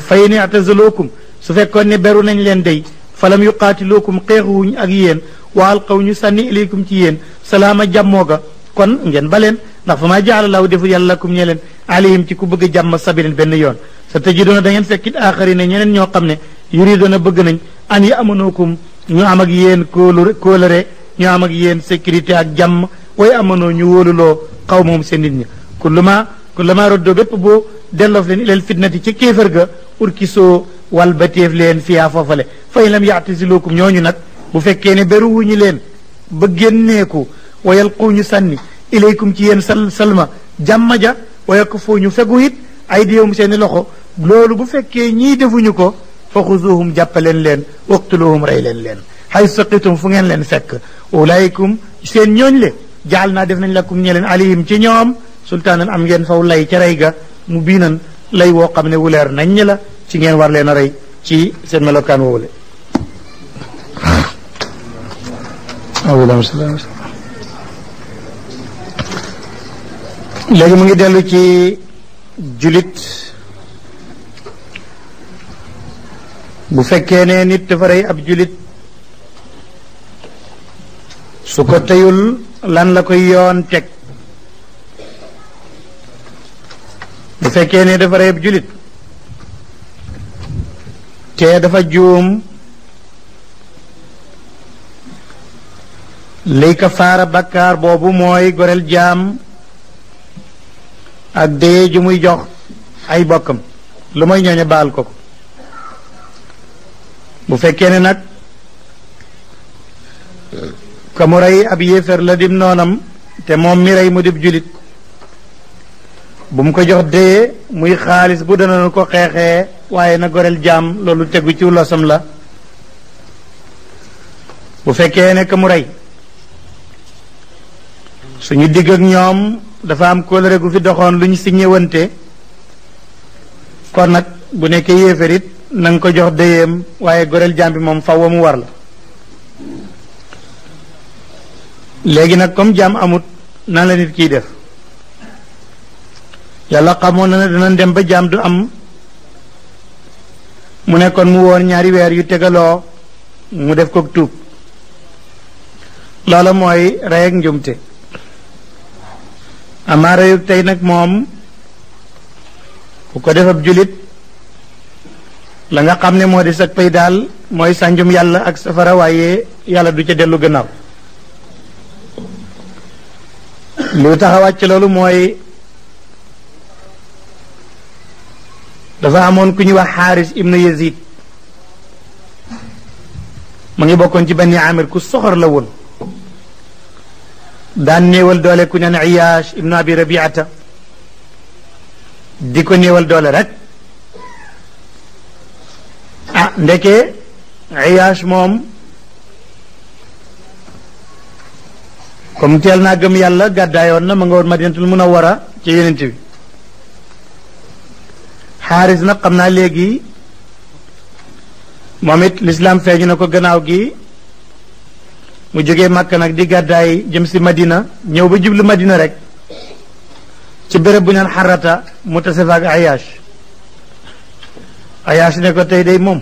fa in i'tazalukum su fekkoon ne beru nañ leen dey falam yuqaatilukum xeexuwuñ ak yéen wa alqaw ñu sànni ilaykum ci yéen salaama jàmmoo ga kon ngeen ba leen ndax fa maa jaala laahu deful yàlla lakum ñe leen alayhim ci ku bëgg a jàmm sabilan benn yoon sa tëji doona da ngeen fekkit aaxari na ñeneen ñoo xam ne yuri doona bëgg nañ an yamunookum ñu am ak yéen kóolore ñu am ak yéen sécurité ak jàmm way amanoo ñu wóoluloo xaw moom seen nit ñi kulluma kulluma roddo bépp boo delloof leen ilal fitnati ca kéefër ga urkisoo wal ba teef leen fiyaa foofale fay lam yaatisilukum ñooñu nag bu fekkee ne beruwuñu leen ba génneeku wayal quuñu sànni ilaykum ci yéen sal salma jàmm ja ko foo ñu fegu it ay diyowum seeni loxo loolu bu fekkee ñii defuñu ko fa xusuuhum jàppaleen leen waqtuluhum rey leen leen xay saqitum fu ngeen leen fekk ulaykum seen ñooñ le jaal naa def nañ lakum ñeleen alihim ci ñoom sultaanan am ngeen faw lay ca ga mu biinan lay woo xam ne wuleer nañ la ci ngeen war leen a rey ci seen melokaan woowule léegi mu ngi dellu ci julit bu fekkee ne nit dafa rey ab julit su ko teyul lan la koy yoon teg bu fekkee ne dafa reeb julit te dafa juum liy kafaara bakkaar boobu mooy goreel jaam ak dee ju muy jox ay bokkam lu may ñooñe baal ko ko bu fekkee ne nag ka mu rey ab yéefér la dim noonam te moom mi rey mu dib julit bu mu ko jox déyee muy xaalis bu dana ko xeexee waaye na goreel jaam loolu tegu ci losam la bu fekkee ne mu rey suñu digg ak ñoom dafa am kóllëre gu fi doxoon lu ñu si ñëwante kon nag bu nekkee yéeférit na nga ko jox déyeem waaye goreel jaam bi moom faw mu war la léegi nag comme jaam amut nan la nit kiy def yàlla xamoon na ne danañ dem ba jaam du am mu nekkoon mu woon ñaari weer yu tegaloo mu def kook tuub loola mooy rey ak njumte amaa reyug tey nag moom ku ko def ab la nga xam ne moo di sag pay daal mooy sànjum yàlla ak safara waaye yàlla du ca dellu gannaaw li tax a loolu mooy dafa amoon ku ñuy wax xaaris ibnu yazid mu ngi bokkoon ci bani amir ku soxor la daan néewal doole ku naan Iyaash ibnu abi rabiata di ko néewal doole rek ah ndeke Iyaash moom comme teel naa gëm yàlla gàddaayoon na ma nga woon madinatul munawwara ci yonent bi xaaris nag xam naa léegi moom it lislaam feeñu na ko gannaaw gi mu jóge màkk nag di gàddaay jëm si madina ñëw ba jublu madina rek ci bërëb bu ñaan xarata mu tase fa ak ayaas ne ko tey day moom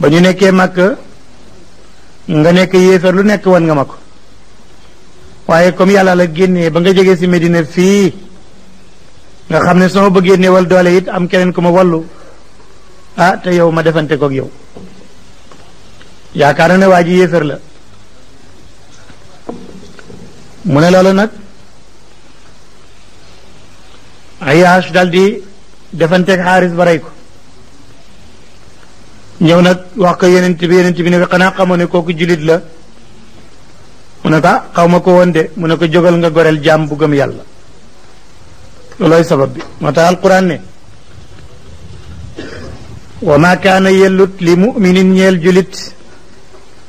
ba ñu nekkee màkk nga nekk yéefar lu nekk wan nga ma ko waaye comme yàlla la génnee ba nga jegee si Medina fii nga xam ne soo bëggee néewal doole it am keneen ku ma wallu ah te yow ma defante koog yow yaakaar na ne waa ji yéefér la mu ne loolu nag Ayaash dal di defanteeg xaaris ba rey ko ñëw nag wax ko yenent bi yenent bi ne ko xanaa xamoo ne kooku jullit la mu ne ko xaw ko de mu ko nga goreel jam bu gëm yalla loloy sabab bi mata alquran ne wa ma kana yalut li muminin julit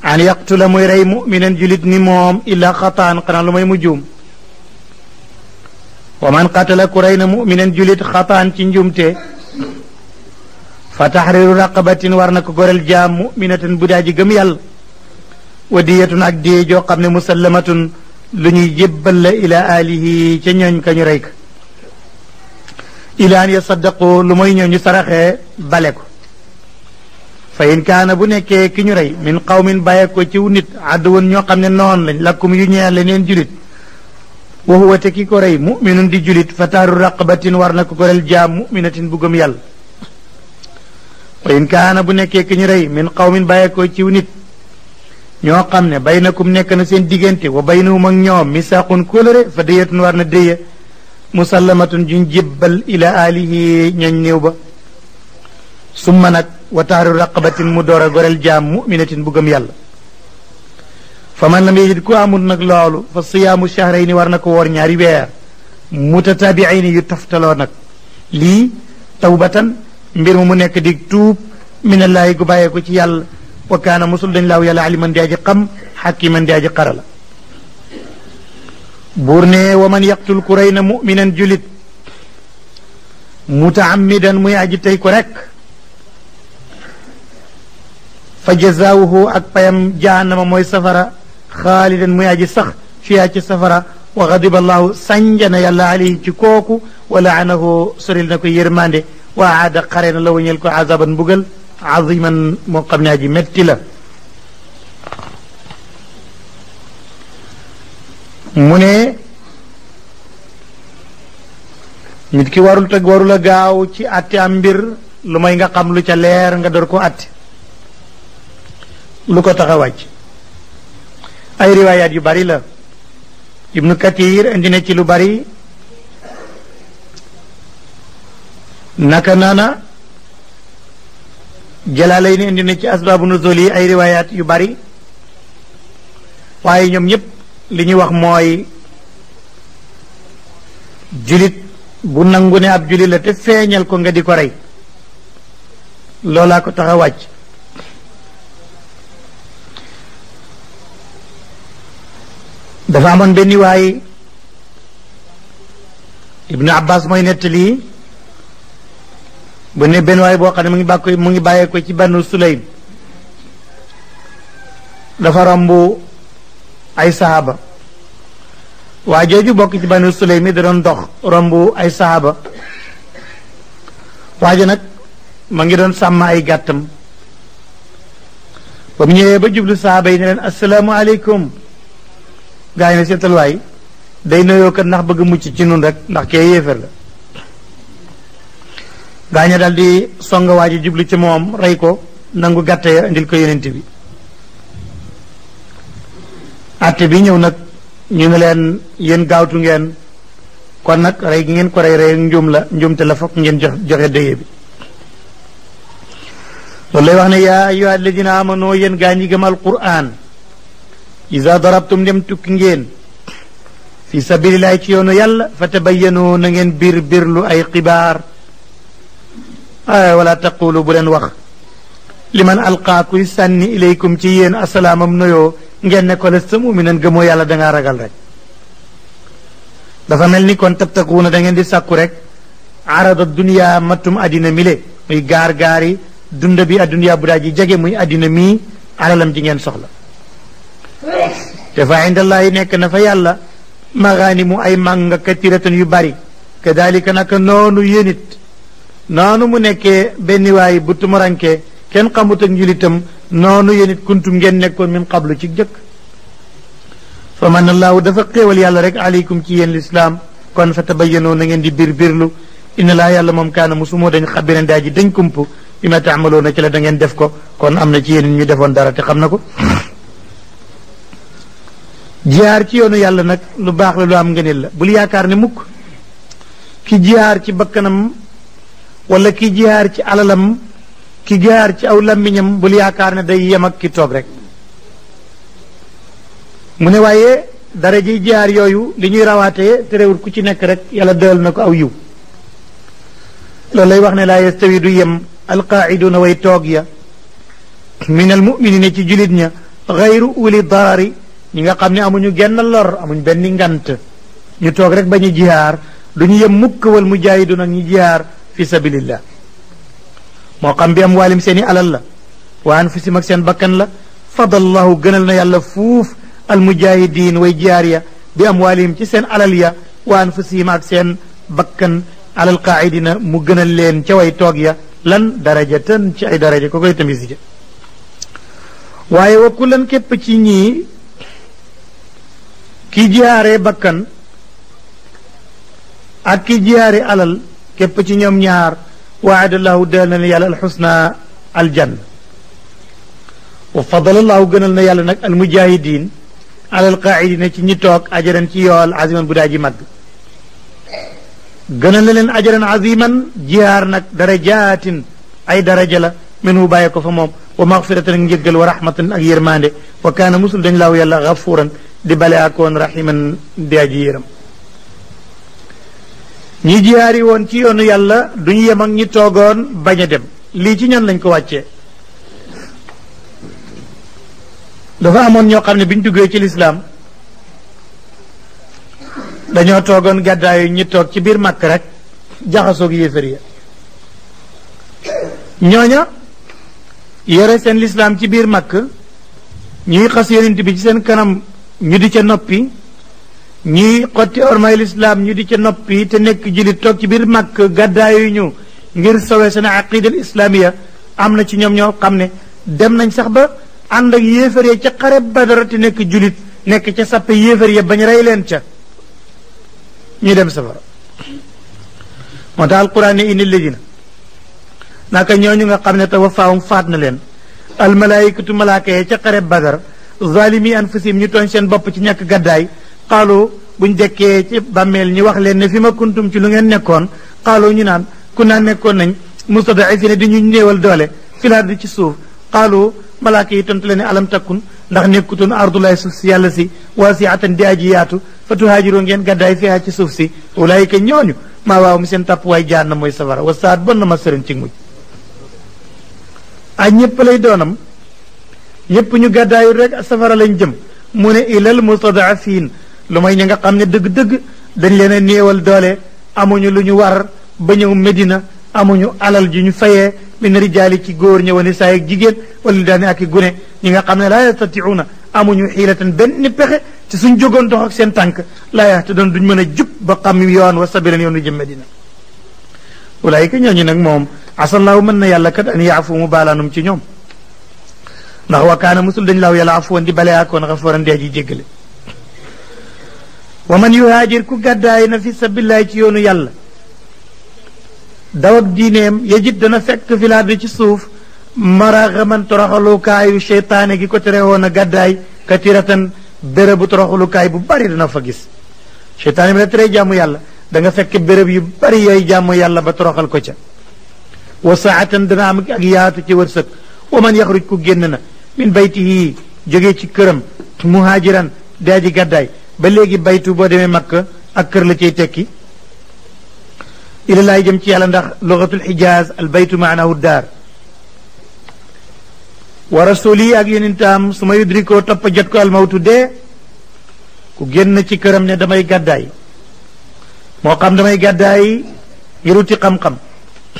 an yaqtula muy rey muminan julit ni mom illa khatan qana lu mujum. wa man qatala ku muminan julit khatan ci njumte fa tahriru raqabatin war gorel ko goreel jaam muminatan budaji wadiyatun ak dee joo xam ne musallamatun lu ñuy jébbal la ila alihi ca ñooñ ka ñu rey ka ilaan ya saddaqu lu mooy ñëw saraxee bale ko fa in kaana bu nekkee ki ñu rey min qawmin bàyye ko ciw nit àdduwoon ñoo xam ne noon lañ lakkum yu ñeel leneen julit wa ki ko rey muminun di julit fataaru raqabatin war na ko ko rel jaam muminatin bu gëm yàlla wa in kaana bu nekkee ki ñu rey min qawmin bàyye ciw nit ñoo xam ne bay na kum nekk na seen diggante wa bay nahum ak ñoom misaqun kóolëre fa déyatun war na déye musallamatun juñ jébbal ila alihi ñañ néew ba summa nag wa taaru raqabatin mu door a goreel jaam muminatin bu gëm yàlla fa man lam yajid ku amul nag loolu fa siyaamu shahrayni war na ko woor ñaari weer mutatabiayni yu taftaloo nag lii tawbatan mbir mu mu nekk dig tuub minallaahi gu bàyyee ko ci yàlla وكان مسل دن لاو يلا علي من دياجي قم حكي من دياجي قرلا بورني ومن يقتل كرين مؤمنا جلد متعمدا مياجي تي كرك فجزاؤه اكبيم جهنم موي سفرا خالدا مياجي سخ فيها تي سفرا وغضب الله سنجنا يلا عليه تكوكو ولعنه سرلنا كو يرماندي وعاد قرين لو نيلكو عذابا بوغل aziman moo ne aji metti la mu ne nit ki warul teg warul a gaaw ci àtte am mbir lu may nga xam lu ca leer nga door ko àtte lu ko tax a ay riwaayaat yu bari la ibnu kathir indi ci lu bari naka nana jalaale yi ni indi na ci asbaabu nuzul yi ay riwaayaat yu bari waaye ñoom ñëpp li ñuy wax mooy julit bu nangu ne ab julit la te feeñal ko nga di ko rey loolaa ko tax a wàcc dafa amoon benn waay ibnu abbas mooy nettali bu benn waaye boo xam ne mu ngi bàkko mu ngi bàyyee ko ci banu sulaym dafa romb ay saaba waa jooju bokk ci banu sulaym mi da doon dox romb ay saaba waa ji nag ma ngi doon sàmm ay gàttam ba mu ñëwee ba jublu saaba yi ne leen asalaamaaleykum gaa yi ne seetal waay day noyoo kat ndax bëgg mucc ci nun rek ndax kee yéefar la gaaña dal di song waa ji ci moom rey ko nangu gàtte ya indil ko yonent bi atte bi ñëw nag ñu ne leen yéen gaawtu ngeen kon nag rey gi ngeen ko rey rey njuum la njuumte la fokk ngeen jox joxe dëye bi loolu lay wax ne yaa ayyuha alladina amano yéen gaa ñi gëm alquran isa darabtum dem tukki ngeen fi sabilillahi ci yoonu yàlla fa tabayyanu na ngeen biir biirlu ay xibaar wala taqulu bu leen wax liman alqaa kuy sànni ilaykum ci yéen asalaamam nuyoo ngeen ne ko lasta muminan gëmoo yàlla dangaa ragal rek dafa mel ni kon tabtakuuna dangeen di sàkku rek arada dunia mattum addina mile muy gaar gaari dunda bi adduniya bu daa jege muy addina mii alalam ji ngeen soxla te fa indallaahi nekk na fa yàlla magaani mu ay màng nga yu bari kadalika naka noonu yéen noonu mu nekkee benn waay bu tumuranke kenn xamut ak njulitam noonu yéen kuntum ngeen nekkoon min qablu ci jëkk fa man allahu dafa xéewal yàlla rek aleykum ci yéen lislaam kon fa tabayyanoo na ngeen di biir biirlu inna laa yàlla moom kaana musumoo dañ xabiran daa ji dañ kump bi ma taamaloo na ci la da ngeen def ko kon am na ci yéen ñu defoon dara te xam na ko jihaar ci yoonu yàlla nag lu baax la lu am ngëneel la bul yaakaar ne mukk ki jihaar ci bakkanam wala ki jihaar ci alalam ki jihaar ci aw làmmiñam bul yaakaar ne day yem ak ki toog rek mu ne waaye dara ji jihaar yooyu li ñuy rawaatee terewul ku ci nekk rek yàlla dël na ko aw yiw loolu lay wax ne laa yastawi du yem alqaaiduna way toog ya min almuminina ci julit ña gayru uli darari ñi nga xam ne amuñu genn lor amuñ benn ngant ñu toog rek bañu jihaar du ñu yem mukk wal mujahiduna ñi jihaar fi sabilillah moo xam bi am waalim seeni alal la wa anfusim ak seen bakkan la fadallahu gënal na yàlla fuuf way ya bi am waalim ci alal ya wa anfusihim ak seen bakkan alal qaidina mu gënal leen way ya lan darajatan ci ay daraja ko koy tamisi ja waaye wa kullan képp ci ñii ki jihaare bakkan ak ki alal képp ci ñoom ñaar waadallahu deel na ne yàlla alxusna aljanna wa fadalallahu gënal na yàlla nag almujahidin ala alqaidina ci ñi toog ajaran ci yool aziman bu daa ji mag gënal na leen ajaran aziman jihaar nag darajaatin ay daraja la min hu bàyyi ko fa moom wa maxfiratan ak njëggal wa rahmatan ak yërmande wa kaana musul dañ laaw yàlla gafuran di bale akoon rahiman di aji yëram ñi jiyaari woon ci yoonu yàlla duñ yem ak ñi toogoon bañ a dem lii ci ñoon lañ ko wàccee dafa amoon ñoo xam ne bi ñu duggee ci lislaam dañoo toogoon gàddaayu ñi toog ci biir màkk rek jaxasoog yéefar ya ñooña yore seen lislaam ci biir màkk ñuy xas yonent bi ci seen kanam ñu di ca noppi ñuy xotti ormay lislaam ñu di ca nopp yi te nekk jullit toog ci biir màkk gàddaayu ñu ngir sowe seen aqidal islaamiya am na ci ñoom ñoo xam ne dem nañ sax ba ànd ak yéefar ya ca xare badara te nekk jullit nekk ca sappe yéefar ya bañ rey leen ca ñu dem safara moo tax alquran ne inni na naka ñooñu nga xam ne te wafaawum faat na leen almalaayikatu malaaka ya ca xare badar zalimi anfusihim ñu tooñ seen bopp ci ñekk gàddaay xaaloo buñ dekkee ci bàmmeel ñi wax leen ne fi ma kuntum ci lu ngeen nekkoon xaaloo ñu naan ku naa nekkoon nañ mustadafina di ñu néewal doole filaar di ci suuf xaaloo malaaka yi tontu leen ne alam takkun ndax nekkutoon ardulaay suuf si yàlla si waasiatan di aji yaatu fa tuhaajiroo ngeen gàddaay fiha ci suuf si walaayika ñooñu maa waaw mi seen tàppuwaay jaar na mooy safara wa saat bon na ma sëriñ ci mujj ay ñëpp lay doonam yëpp ñu gàddaayu rek safara lañ jëm mu ne ilal mustadaafin lu may ñi nga xam ne dëgg-dëgg dañ leen a néewal doole amuñu lu ñu war ba ñëw Medina amuñu alal ji ñu fayee min rijaali ci góor ñëwa ni saa yeeg jigéen wala daane ak i gune ñi nga xam ne laa yastatiuuna amuñu xiilatan benn pexe ci suñ jógoon dox ak seen tànk laa yahtadoon duñ mën a jub ba xam yoon wa sabilan yoon wi jëm Medina walaayika ñooñu nag moom asallaahu mën na yàlla kat an yaafu mu baalaanum ci ñoom ndax wakaana musul dañ laaw yàlla afuwoon di baleyaakoon xafaran dee ji jéggale wa man yuhaajir ku gàddaay na fi sabillaay ci yoonu yàlla daw ak diineem yajid dana fekk fi laa ci suuf maraxaman toroxalukaayu seytaane gi ko tere woon a gàddaay katiratan bérébu toroxalukaay bu bari dana fa gis seytaane bi la tere jàmm yàlla danga fekk béréb yu bari yooyu jàmm yàlla ba toroxal ko ca wa saatan dana am yaatu ci wërsëg wa man yaxruj ku génn na min baytihi jógee ci këram muhaajiran daa di gàddaay ba léegi baytu boo demee makka ak kër la cay tekki ila laay jëm ci yàlla ndax lugatul xijaaz al baytu maanahu daar wa rasuli ak yonentaam su ma yudrikoo topp jot ko almawtu dee ku génn ci këram ne damay gàddaay moo xam damay gàddaay ngir wuti xam-xam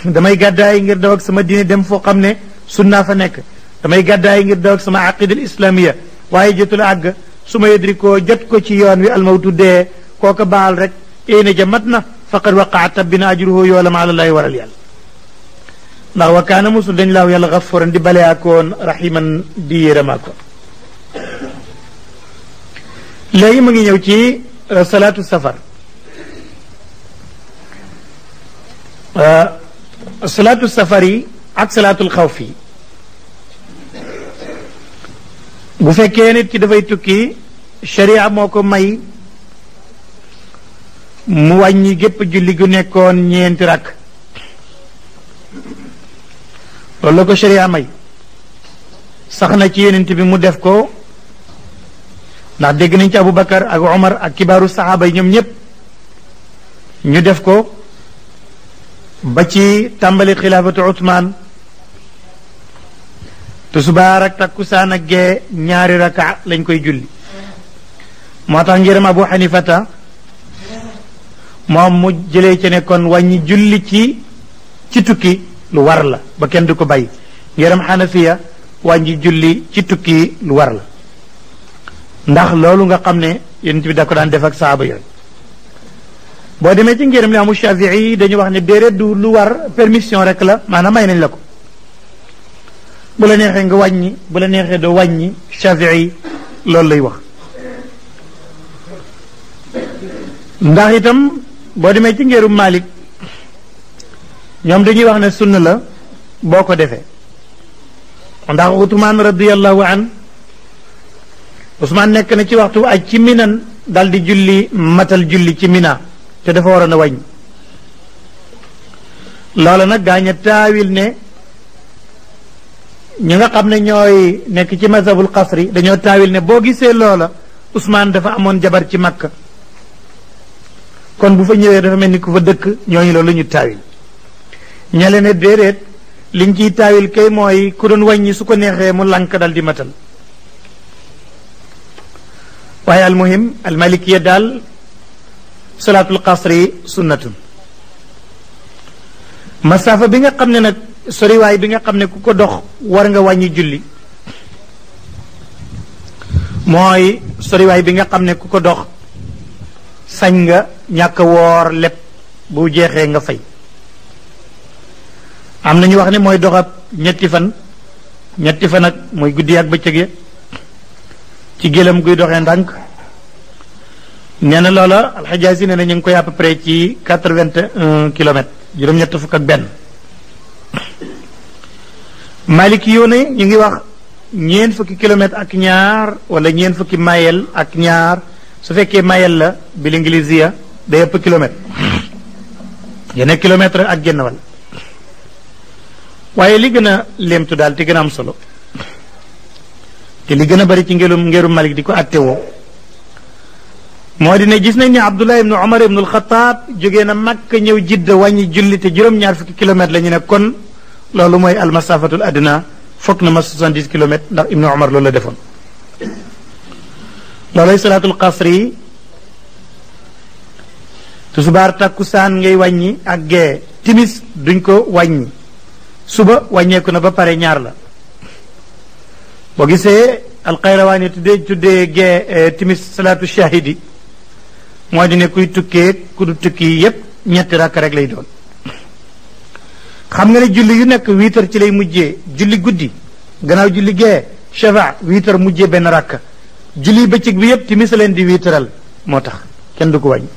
damay gàddaay ngir daw sama diine dem foo xam ne fa nekk damay gàddaay ngir daw sama aqida al islamiya waaye jotul àgg suma ma jot ko ci yoon wi almawtu dee kooka baal rek ene ja matna faqad waqa'ta bina ajruhu yoolam lahi waral yal na wa kana musul dagn laaw yàlla xaforan di balea koon rahiman di yéramaa koon léegi mu ngi ñëw ci salatu safar salatu safari ak salatu xawf bu fekkee nit ki dafay tukki sharia moo ko may mu wàññi gépp julli gu nekkoon ñeenti rakk loolu la ko sharia may sax na ci yenent bi mu def ko ndax dégg nañ ci Abu Bakar ak Omar ak kibaaru saxaaba yi ñoom ñépp ñu def ko ba ci tàmbali xilaafatu Usmaan Tu subarak ak takkusaan ak ge ñaari raka lañ koy julli mata ngir ngërëm abu hanifata mom mu jele ci ne kon wañi julli ci ci tukki lu war la ba kenn du ko ngir am hanafiya wañi julli ci tukki lu war la ndax lolu nga xamne ne yonent bi da ko daan def ak saaba yooyu bo demé ci li shafii dañu wax ne lu war permission rek la manam may nañ la bu la neexee nga wàññi bu la neexee doo wàññi yi loolu lay wax ndax itam boo demee ci ngeeru Malik ñoom dañuy wax ne sunna la boo ko defee ndax Usmaan radiyallahu an Usmaan nekk na ci waxtu ak ci minan dal di julli matal julli ci mina te dafa waroon a wàññi loola nag gaañ taawil ne ñi nga xam ne ñooy nekk ci mazhabul qasri dañoo taawil ne boo gisee loola usmaan dafa amoon jabar ci Makka kon bu fa ñëwee dafa mel ni ku fa dëkk ñooñu loolu ñu taawil ñale ne déedéet liñ ciy taawil kay mooy ku doon wàññi su ko neexee mu lànk dal di matal waaye almuhim almalikiya daal salaatul qasri sunnatun masafa bi nga xam ne nag way bi nga xamne ne ku ko dox war nga wàññi julli sori way bi nga xamne ne ku ko dox sañ nga ñaka wor lepp bu jexé nga fay am ñu wax ne dox ak ñetti fan ñetti fan ak moy guddi ak bëccëg ya. ci gëlam guy doxé ndank nee lola al alxajaasi ñu ngi koy près ci 81 km juroom ñett fuk ak ben maliki yoo ñu ngi wax ñeen fukki kilomètre ak ñaar wala ñeen fukki mayel ak ñaar su fekkee mayel la bi l'inglésia day ëpp kilomètre yenn kilomètre ak génn wala waaye li gën a léemtu daal te gën a am solo te li gën a bari ci ngelum ngerum malik di ko atte woo moo di ne gis nañ ne abdullah ibnu omar ibnu alxataab jóge na makka ñëw jidda wàññi julli te juróom-ñaar fukki kilomètre la ñu ne kon loolu mooy al masafatul adna foog na ma 70 kilomètres ndax ibnu omar loolu la defoon loolay salaatul qasri yi tusubaar takkusaan ngay wàññi ak gee timis duñ ko wàññi suba wàññeeku na ba pare ñaar la boo gisee alxayrawaani tuddee tuddee gee eh, timis salaatu shahidi moo di ne kuy tukkee ku du tukki yépp ñetti rakk rek lay doon xam nga ne julli yu nekk wiitar ci lay mujjee julli guddi gannaaw julli gee shafa wiitar mujjee benn rakk julli bëccëg bi yépp timis leen di wiitaral moo tax kenn du ko wàññi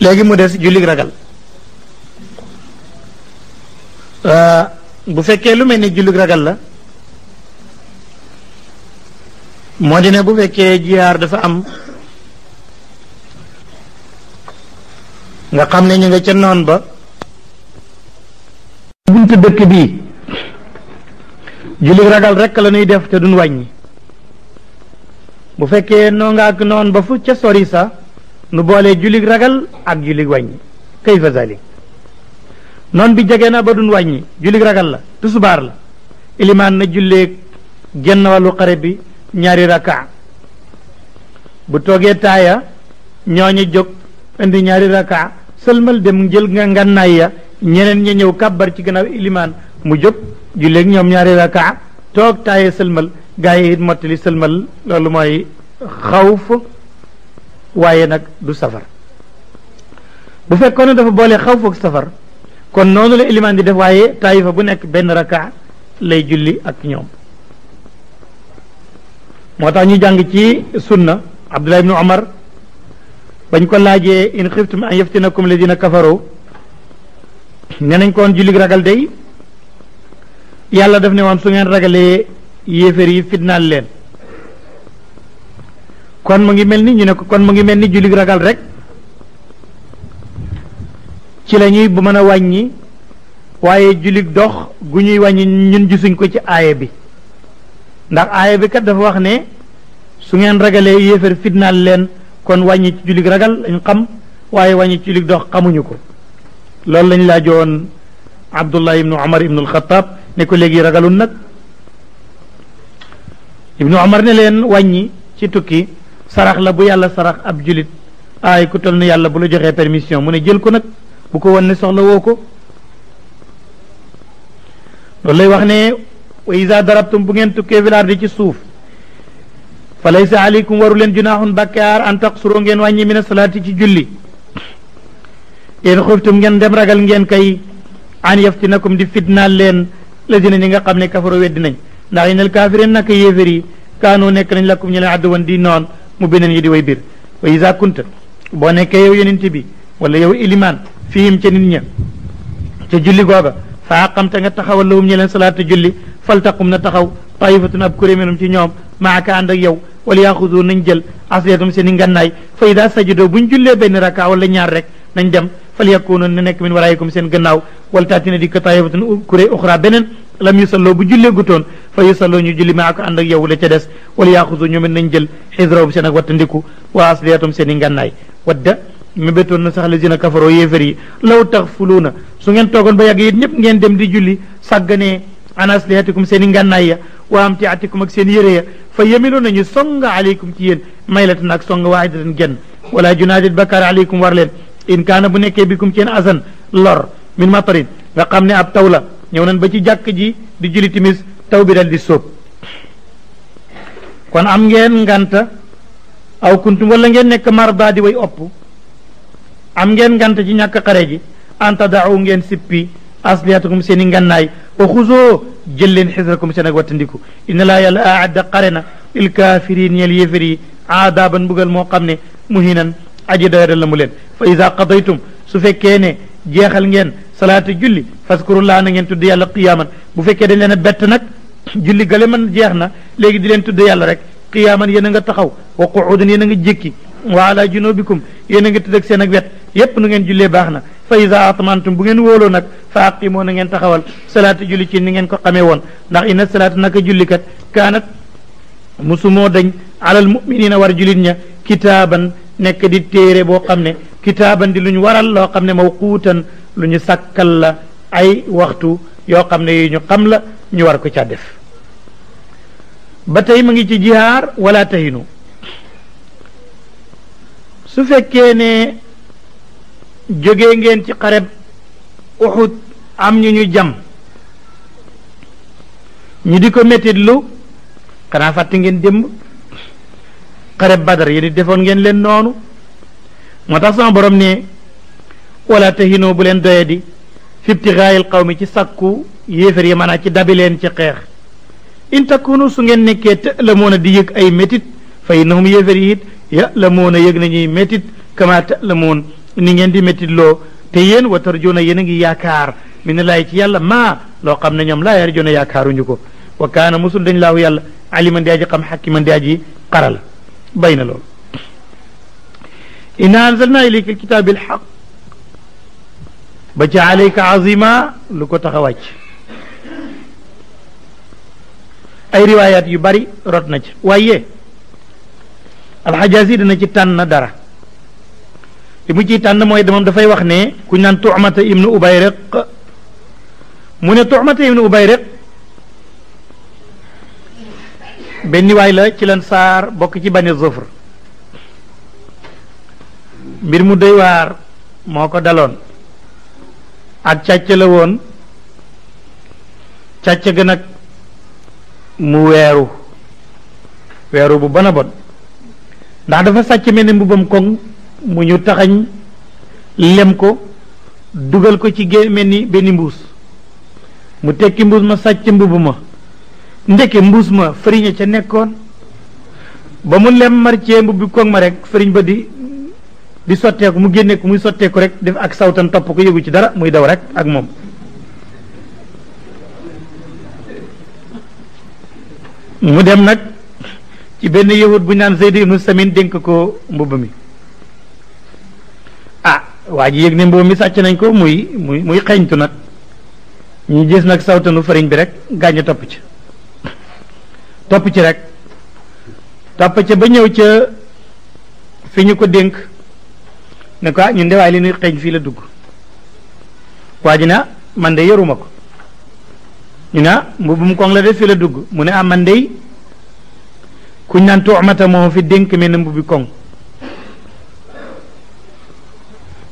léegi mu des julli ragal euh, bu fekkee lu mel ni julli ragal la moo di bu fekkee jiyaar dafa am nga xam ne ñu nga ca noon ba buntu dëkk bi julli ragal rekk la ñuy def te duñ wàññi bu fekkee noo nga ak noon ba fu ca sori sa nu boole julli ragal ak julli wàññi kay fa noon bi jege na ba duñ wàññi julli ragal la tusubaar la ilimaan na julleeg genn wàllu xare bi ñaari raka bu toogee taaya ñooñu jóg indi ñaari raka sëlmal dem jël nga ngànnaay ya ñeneen ña ñëw kàbbar ci gannaaw ilimaan mu jóg julleeg ñoom ñaari rakaa toog taaye sëlmal gaa yi it mottali sëlmal loolu mooy xawf waaye nag du safar bu fekkoon ne dafa boole xawf ak safar kon noonu la ilimaan di def waaye taayifa bu nekk benn rakaa lay julli ak ñoom moo tax ñu jàng ci sunna abdullah ibnu omar bañ ko laajee in xiftum an yaftinakum ladina kafaru nenañ ko koon jullig ragal day yalla daf ne woon su ngeen ragalee yéeféer yi fitnal leen kon mo ngi melni ni ñu ne kon mo ngi melni julig ragal rek ci lañuy bu mën wañi waye julig dox gu ñuy wàññi ñun gisuñ ko ci aaya bi ndax aaya bi kat dafa wax ne su ngeen ragalee yéeféer fitnal leen kon wañi ci julig ragal ñu xam waye wañi ci julig dox xamuñu ko loolu lañ laa jowoon abdullah ibnu omar ibnu alxataab ne ko léegi ragalun nag ibnu omar ne leen wàññi ci tukki sarax la bu yàlla sarax ab julit ay ku tol ni yàlla bu la joxee permission mu ne jël ko nag bu ko won ne soxla woo ko loolu lay wax ne wa isa darabtum bu ngeen tukkee filaar di ci suuf fa laysa aleykum waru leen junaaxun bakkaar an taqsuro ngeen wàññi mina salaati ci julli in xuftum ngeen dem ragal ngeen kay an yaftinakum di fitnaal leen lazina ñi nga xam ne kafaru weddi nañ ndax inal kaafirin nak yéefér yi kaanu nekk nañ lakum ñu leen adduwan di noon mu beneen yi di way biir wa isa kunta boo nekkee yow yonent bi wala yow ilimaan fiim ca nit ña ca julli googa fa aqamta nga taxawal lahum ñi leen salaata julli faltaqum na taxaw taifatun ab kuré minum ci ñoom maaka ànd ak yow wala yaaxudu nañ jël asliyatum seen i ngànnaay fa ida sajudo benn raka wala ñaar rek nañ dem fal yakunu na nekk min waraayikum seen gannaaw wala taatina di ko taayifatun kuré uxra beneen lam yu salloo bu a gutoon fa yu salloo ñu julli maa ko ànd ak yow la ca des wala yaaxusu ñoom it nañ jël seen ak wattandiku wa asliyatum seen i ngànnaay wadda mébétoon na sax la sina kafaroo yéefar yi law tax su ngeen toogoon ba yàgg yit ngeen dem di julli sàgganee an aslihatikum seen i ngànnaay ya wa am ak seen yére fa yamilu nañu in kaana bu nekkee bikum ci yéen asan lor min matarin nga xam ne ab taw la ñëw nañ ba ci jàkk ji di julli timis taw bi dal di sóob kon am ngeen nganta aw kuntum wala ngeen nekk marda di way opp am ngeen nganta ci ñàkk xare ji anta daaw ngeen sippi asliyatakum seen i ngannaay wa xusoo jël leen xisrakum seen ak wattandiku inna laa yàlla aadda xare na lil kaafiriin ñeel yéefér yi aadaaban mbugal moo xam ne muhinan aji doyadal la mu leen fa ida qadaytum su fekkee ne jeexal ngeen salaata julli faskurullaa na ngeen tudd yàlla qiyaaman bu fekkee dañ leen a bett nag julli gale man jeex na léegi di leen tudd yàlla rek qiyaaman yéen a nga taxaw wa quudan yéen a nga jékki wa ala junubikum yéen a nga tëdd ak seen ak wet yépp nu ngeen jullee baax na fa ida atmantum bu ngeen wóoloo nag fa aqimoo na ngeen taxawal salaata julli ci ni ngeen ko xamee woon ndax ina salaata nag jullikat kaanat musumoo dañ alal muminina war julit ña kitaaban nekk di téere boo xam ne kitaaban di lu ñu waral loo xam ne mawquutan lu ñu sàkkal la ay waxtu yoo xam ne yu ñu xam la ñu war ko ca def ba tey mu ngi ci jihaar wala tahinu su fekkee ne jóge ngeen ci xareb uxud am ñu ñu jam ñu di ko mettit lu xanaa fàtte ngeen démb xare badar yéen it defoon ngeen leen noonu moo tax sama borom ne wala tahinoo bu leen doyadi fi ibtigaayil qawmi ci sakku yéefar yi maanaam ci dabi leen ci xeex in takunu su ngeen nekkee ta'lamuuna di yëg ay métit fa innahum yéefar yi it ya'lamuuna yëg nañuy métit kama ta'lamuun ni ngeen di métit loo te yéen wa tarjuuna yéen a ngi yaakaar min laay ci yàlla maa loo xam ne ñoom laa yarjuuna yaakaaruñu ko wa kaana musul dañ laahu yàlla aliman di aji xam xakiman di aji بين لول إنا أنزلنا إليك الكتاب الحق بجا عليك عظيما لكو تخواج أي روايات يباري رتنج وأي الحجازي دنا جي تان دارا يمو جي تان موي دمام دفاي وخني كنان تعمت ابن أبيرق من تعمت ابن أبيرق benn waay la ci lan saar bokk ci bane zofr mbir mu doy waar moo ko daloon ak càcc la woon càcc ga nag mu weeru weeru bu bon a bon ndax dafa sàcc mel ne mbubam koŋ mu ñu taxañ lem ko dugal ko ci génn mel ni mbuus mu tekki mbuus ma sàcc mbubu ma ndeke mbuus ma fariña ca nekkoon ba mu lemmar cee mbubbi koog ma rek fariñ ba di di sotteeku mu génneeku muy sotteeku rek def ak sawtan topp ko yëgu ci dara muy daw rek ak moom mu dem nag ci benn yahut bu naan Zayd ibnu Samin dénk ko mbubb mi ah waa ji yëg ne mbubb mi sàcc nañ ko muy muy muy xeeñtu nag ñu gis nag sawtanu fëriñ bi rek gaañ a topp ci topp ci rek topp ca ba ñëw ca fi ñu ko dénk ne ko ah, ñun de waaye li ñuy xeeñ fii la dugg waa na ah, man de yoruma ko ñu ne ah, mbubum koŋ la de fii la dugg mu ne ah man de kuñ naan tuumata moo fi dénk mel mbubbi koŋ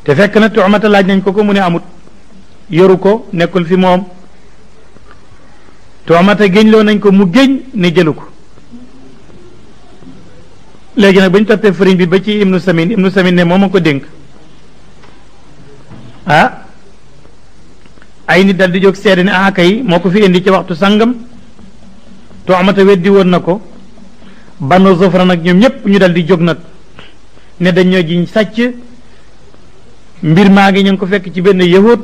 te fekk na tuumata laaj nañ ko ko mu ne amut yoru ko nekkul fi moom toomata géñloo nañ ko mu géñ ne jëlu ko léegi nag ba ñu toppee fëriñ bi ba ci ibnu samin ibnu samin ne moom a ko dénk ah ay nit dal di jóg seede ne ah yi moo ko fi indi ci waxtu sàngam toomata weddi woon na ko banu zofra nag ñoom ñëpp ñu dal di jóg nag ne dañoo jiñ sàcc mbir maa ngi ñu ngi ko fekk ci benn yahut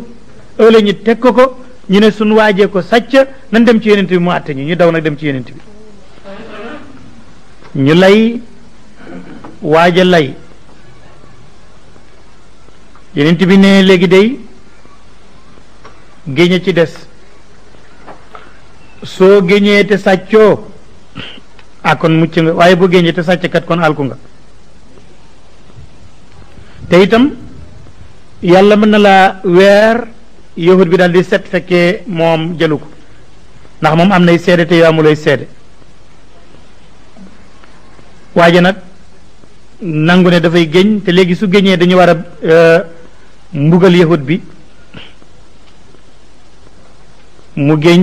ëllëg ñu teg ko ko ñu ne suñ waajee ko sàcc nañ dem ci yenent bi mu àtte ñu ñu daw nag dem ci yenent bi ñu lay waaja lay yenent bi ne léegi day géñe ci des soo géñee te sàccoo ah kon mucc nga waaye boo géñee te sàcckat kon alku nga te itam yàlla mën na laa weer yahud bi daal di set fekkee moom jëlu ko ndax moom am nay seede te yow amulay seede waa nag nangu ne dafay géñ te léegi su géñee dañu war a euh, mbugal yahud bi mu géñ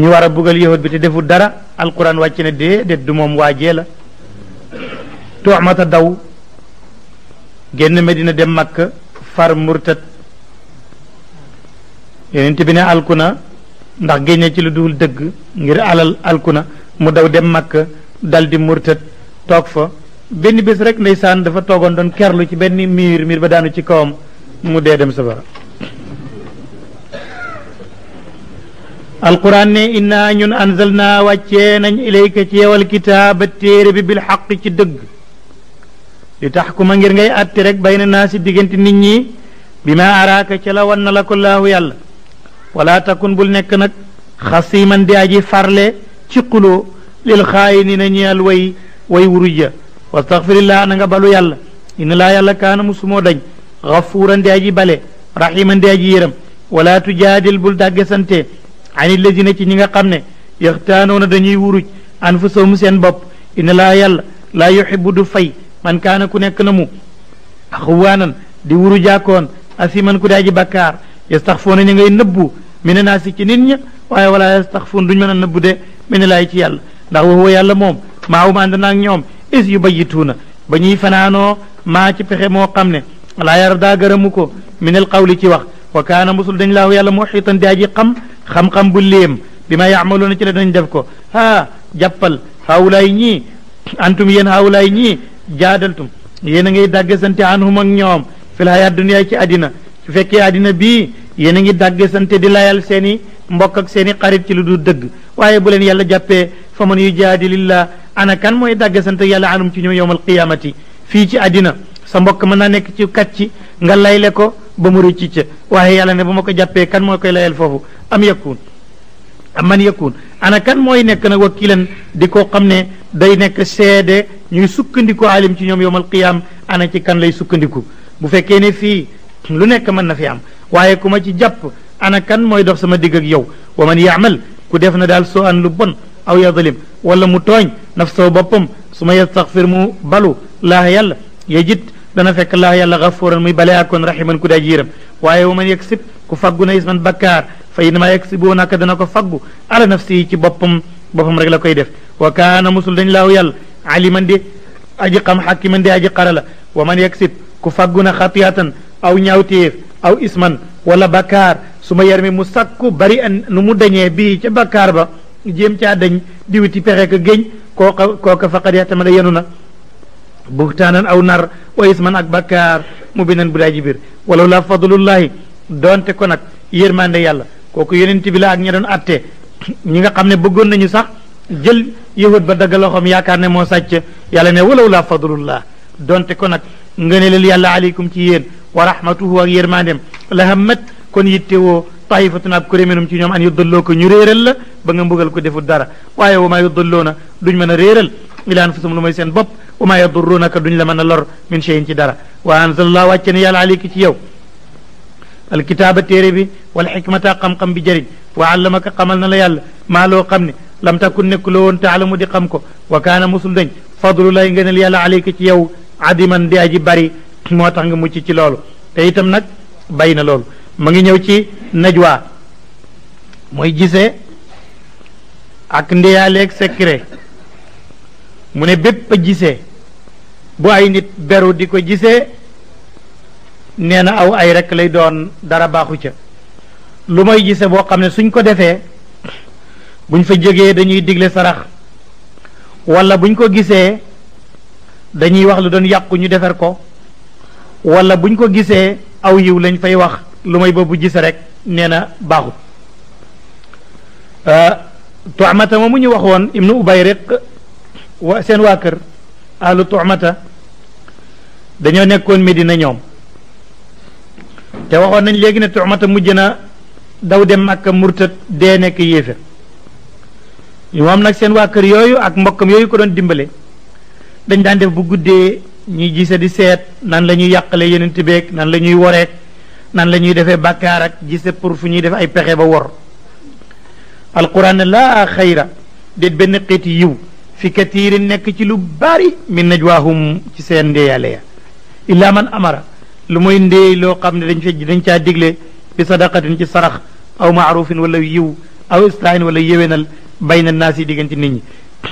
ñu war a bugal yahud bi te deful dara alquran wàcc ne déedéet du moom waajee la tuxmata daw génn dina dem Makka far murtat yonent bi ne alkuna ndax génne ci lu dul dëgg ngir alal alkuna mu daw dem Makka daldi di murtat toog fa benn bés rek ndeysaan dafa toogoon doon kerlu ci benn miir miir ba daanu ci kawam mu dee dem safara alquran ne inna ñun anzalna wàccee nañ ilayka ci yewal kitaaba téere bi bil xaq ci dëgg li tax ku ma ngir ngay àtte rek bay na naa si diggante nit ñi bi ma araaka ca la wan la ko laahu yàlla wala takun bul nekk nag xasiman di aji farle ci xuloo lil xaayi na ñeel way way wurujja wastaxfirillah na nga balu yàlla inna laa yàlla kaana musumoo dañ xafuuran di aji bale rahiman di aji yërëm wala tujaadil bul dàgge sante ani lazina ci ñi nga xam ne yaxtaanoona dañuy wuruj anfusahum seen bopp inna laa yàlla laa yuxibu du fay man kaana ku nekk na mu axuwaanan di wuru jàkkoon asiman ku di aji bakkaar yastaxfoona ña ngay nëbbu mina naa si ci nit ña waaye wala yastaxfuun duñ mën a nëbbu de mina laay ci yàlla ndax waxuwa yàlla moom maa wuma ànd naag ñoom is yu bayituuna ba ñuy fanaanoo maa ci pexe moo xam ne laa yarda gërëmu ko minal qawli ci wax wa kaana musul dañ laahu yàlla moo xiitan di aji xam xam-xam bu léem bi ma yaamaluuna ci la dañ def ko haa jàppal haawulaay ñii antum yéen haawulaay ñi jaadaltum yéen a ngay dàggasante anhum ak ñoom fil hayaat dunya ci àddina su fekkee àddina bi yéen a ngi dàgg sante di layal seen i mbokk ak seen xarit ci lu du dëgg waaye bu leen yàlla jàppee fa man yu jaadilillah ana kan mooy dàgg yàlla anum ci ñoom yowmal qiyaamati fii ci àddina sa mbokk mën naa nekk ci kat ci nga layle ko ba mu rëcc ca yàlla ne ba ma ko jàppee kan moo koy layal foofu am yakun man yakun ana kan mooy nekk nag wakilan di ko xam ne day nekk seede ñuy sukkandiku alim ci ñoom yowmal qiyaam ana ci kan lay sukkandiku bu fekkee ne fii lu nekk mën na fi am waaye ku ma ci jàpp ana kan mooy dof sama digg ak yow wa man yaamal ku def na daal soo an lu bon aw yadalim wala mu tooñ nafsahu boppam su ma yastaxfir mu balu laaha yàlla yajit dana fekk laaha yàlla ghafuran muy bale akoon rahiman ku daaj yéram waaye wa man yaksib ku faggu na isman bakkaar fa innama yaksibu naka dana ko faggu ala nafsi ci boppam boppam rek la koy def wa kaana musul dañ laahu yàlla aliman di aji xam xakiman di aji xarala wa man yaksib ku faggu na xatiyatan aw ñawteef aw isman wala bakar, suma ma yarmi mu sakku bari an nu mu dañee bii ca bakar ba jéem caa dañ di wuti pexe ka géñ kooka kooka faqad yenu na buhtaanan aw nar wa isman ak mubinan mu binan bu daaji biir walaw la fadlullahi donte ko nag yërmande yàlla kooku yonent bi la ak ña doon atte ñi nga xam ne bëggoon nañu sax jël yahud ba dagg loxoom yaakaar ne moo sàcc yàlla ne walaw la fadlullah donte ko nag yàlla alaykum ci yéen wa rahmatuhu ak yërmandem la hammat kon yittewoo taxifatun ab kuré minum ci ñoom an yuddalloo ko ñu réeral la ba nga mbugal ko deful dara waaye wa maa yuddalloona duñ mën a réeral ila anfusum lu mooy seen bopp wa maa yadurruunaka duñ la mën a lor min cheyin ci dara wa anzalallah wàcce ne yàlla aleyki ci yow alkitaaba téere bi wala xikmata xam-xam bi jëriñ wa allamaka xamal na la yàlla maa loo xam ne lam takun nekk loo woon taalamu di xam ko wa kaana musul dañ fadlu lay ngëneel yàlla aleyka ci yow adiman di aji bari moo tax nga mucc ci loolu te itam nag bay na loolu mu ngi ñëw ci najwa mooy gise ak ndeyaaleeg sekre mu ne bépp gisee bu ay nit beru di ko gisee nee na aw ay rekk lay doon dara baaxu ca lu may gise boo xam ne suñ ko defee buñ fa jógee dañuy digle sarax walla buñ ko gisee dañuy wax lu doon yàqu ñu defar ko wala buñ ko gisee aw yiw lañ fay wax lu may boobu gise rek nee na baaxut euh, tuamata mu ñu waxoon ibnu ubayriq wa seen waa kër ahlu tuamata dañoo nekkoon Medina ñoom te waxoon nañ léegi ne tuamata mujj na daw dem Makka murtat dee nekk yéefér moom nag seen waa kër yooyu ak mbokkam yooyu ko doon dimbale dañ daan def bu guddee ñuy gise di seet nan la ñuy yàqale yenent beeg nan la ñuy woreek nan la ñuy defee bàkkaar ak pour fu ñuy def ay pexe ba wor alquran ne laa xayra déet benn xeeti yiw fi katiiri nekk ci lu bari min najwaahum ci seen ndeeyale ya illaa man amara lu mooy ndeey loo xam ne dañ fe dañ caa digle bi sadaqatin ci sarax aw maarufin wala yiw aw islaahin wala yéwénal bayna naas yi diggante nit ñi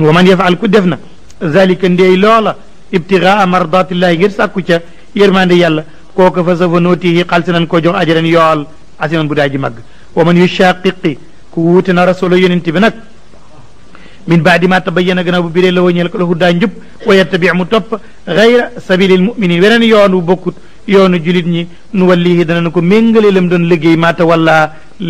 wa man yafaal ku def na zalika ndeey loola ibtiraa mardatillahi ngir sàkku ca yërmande yàlla kooka fa safa nootihi xal si nañ ko jox ajaran yool asinan bu daay ji màgg wa man yushaqiqi ku wuute na rasula yonent bi nag min baadi ma tabayyana gannaaw bu biree la wañeel ko lahu daa njub wa yattabi mu topp gayra sabilil muminin weneen yoon wu bokkut yoonu julit ñi nu wallihi danañ ko méngale lam doon liggéey maata walla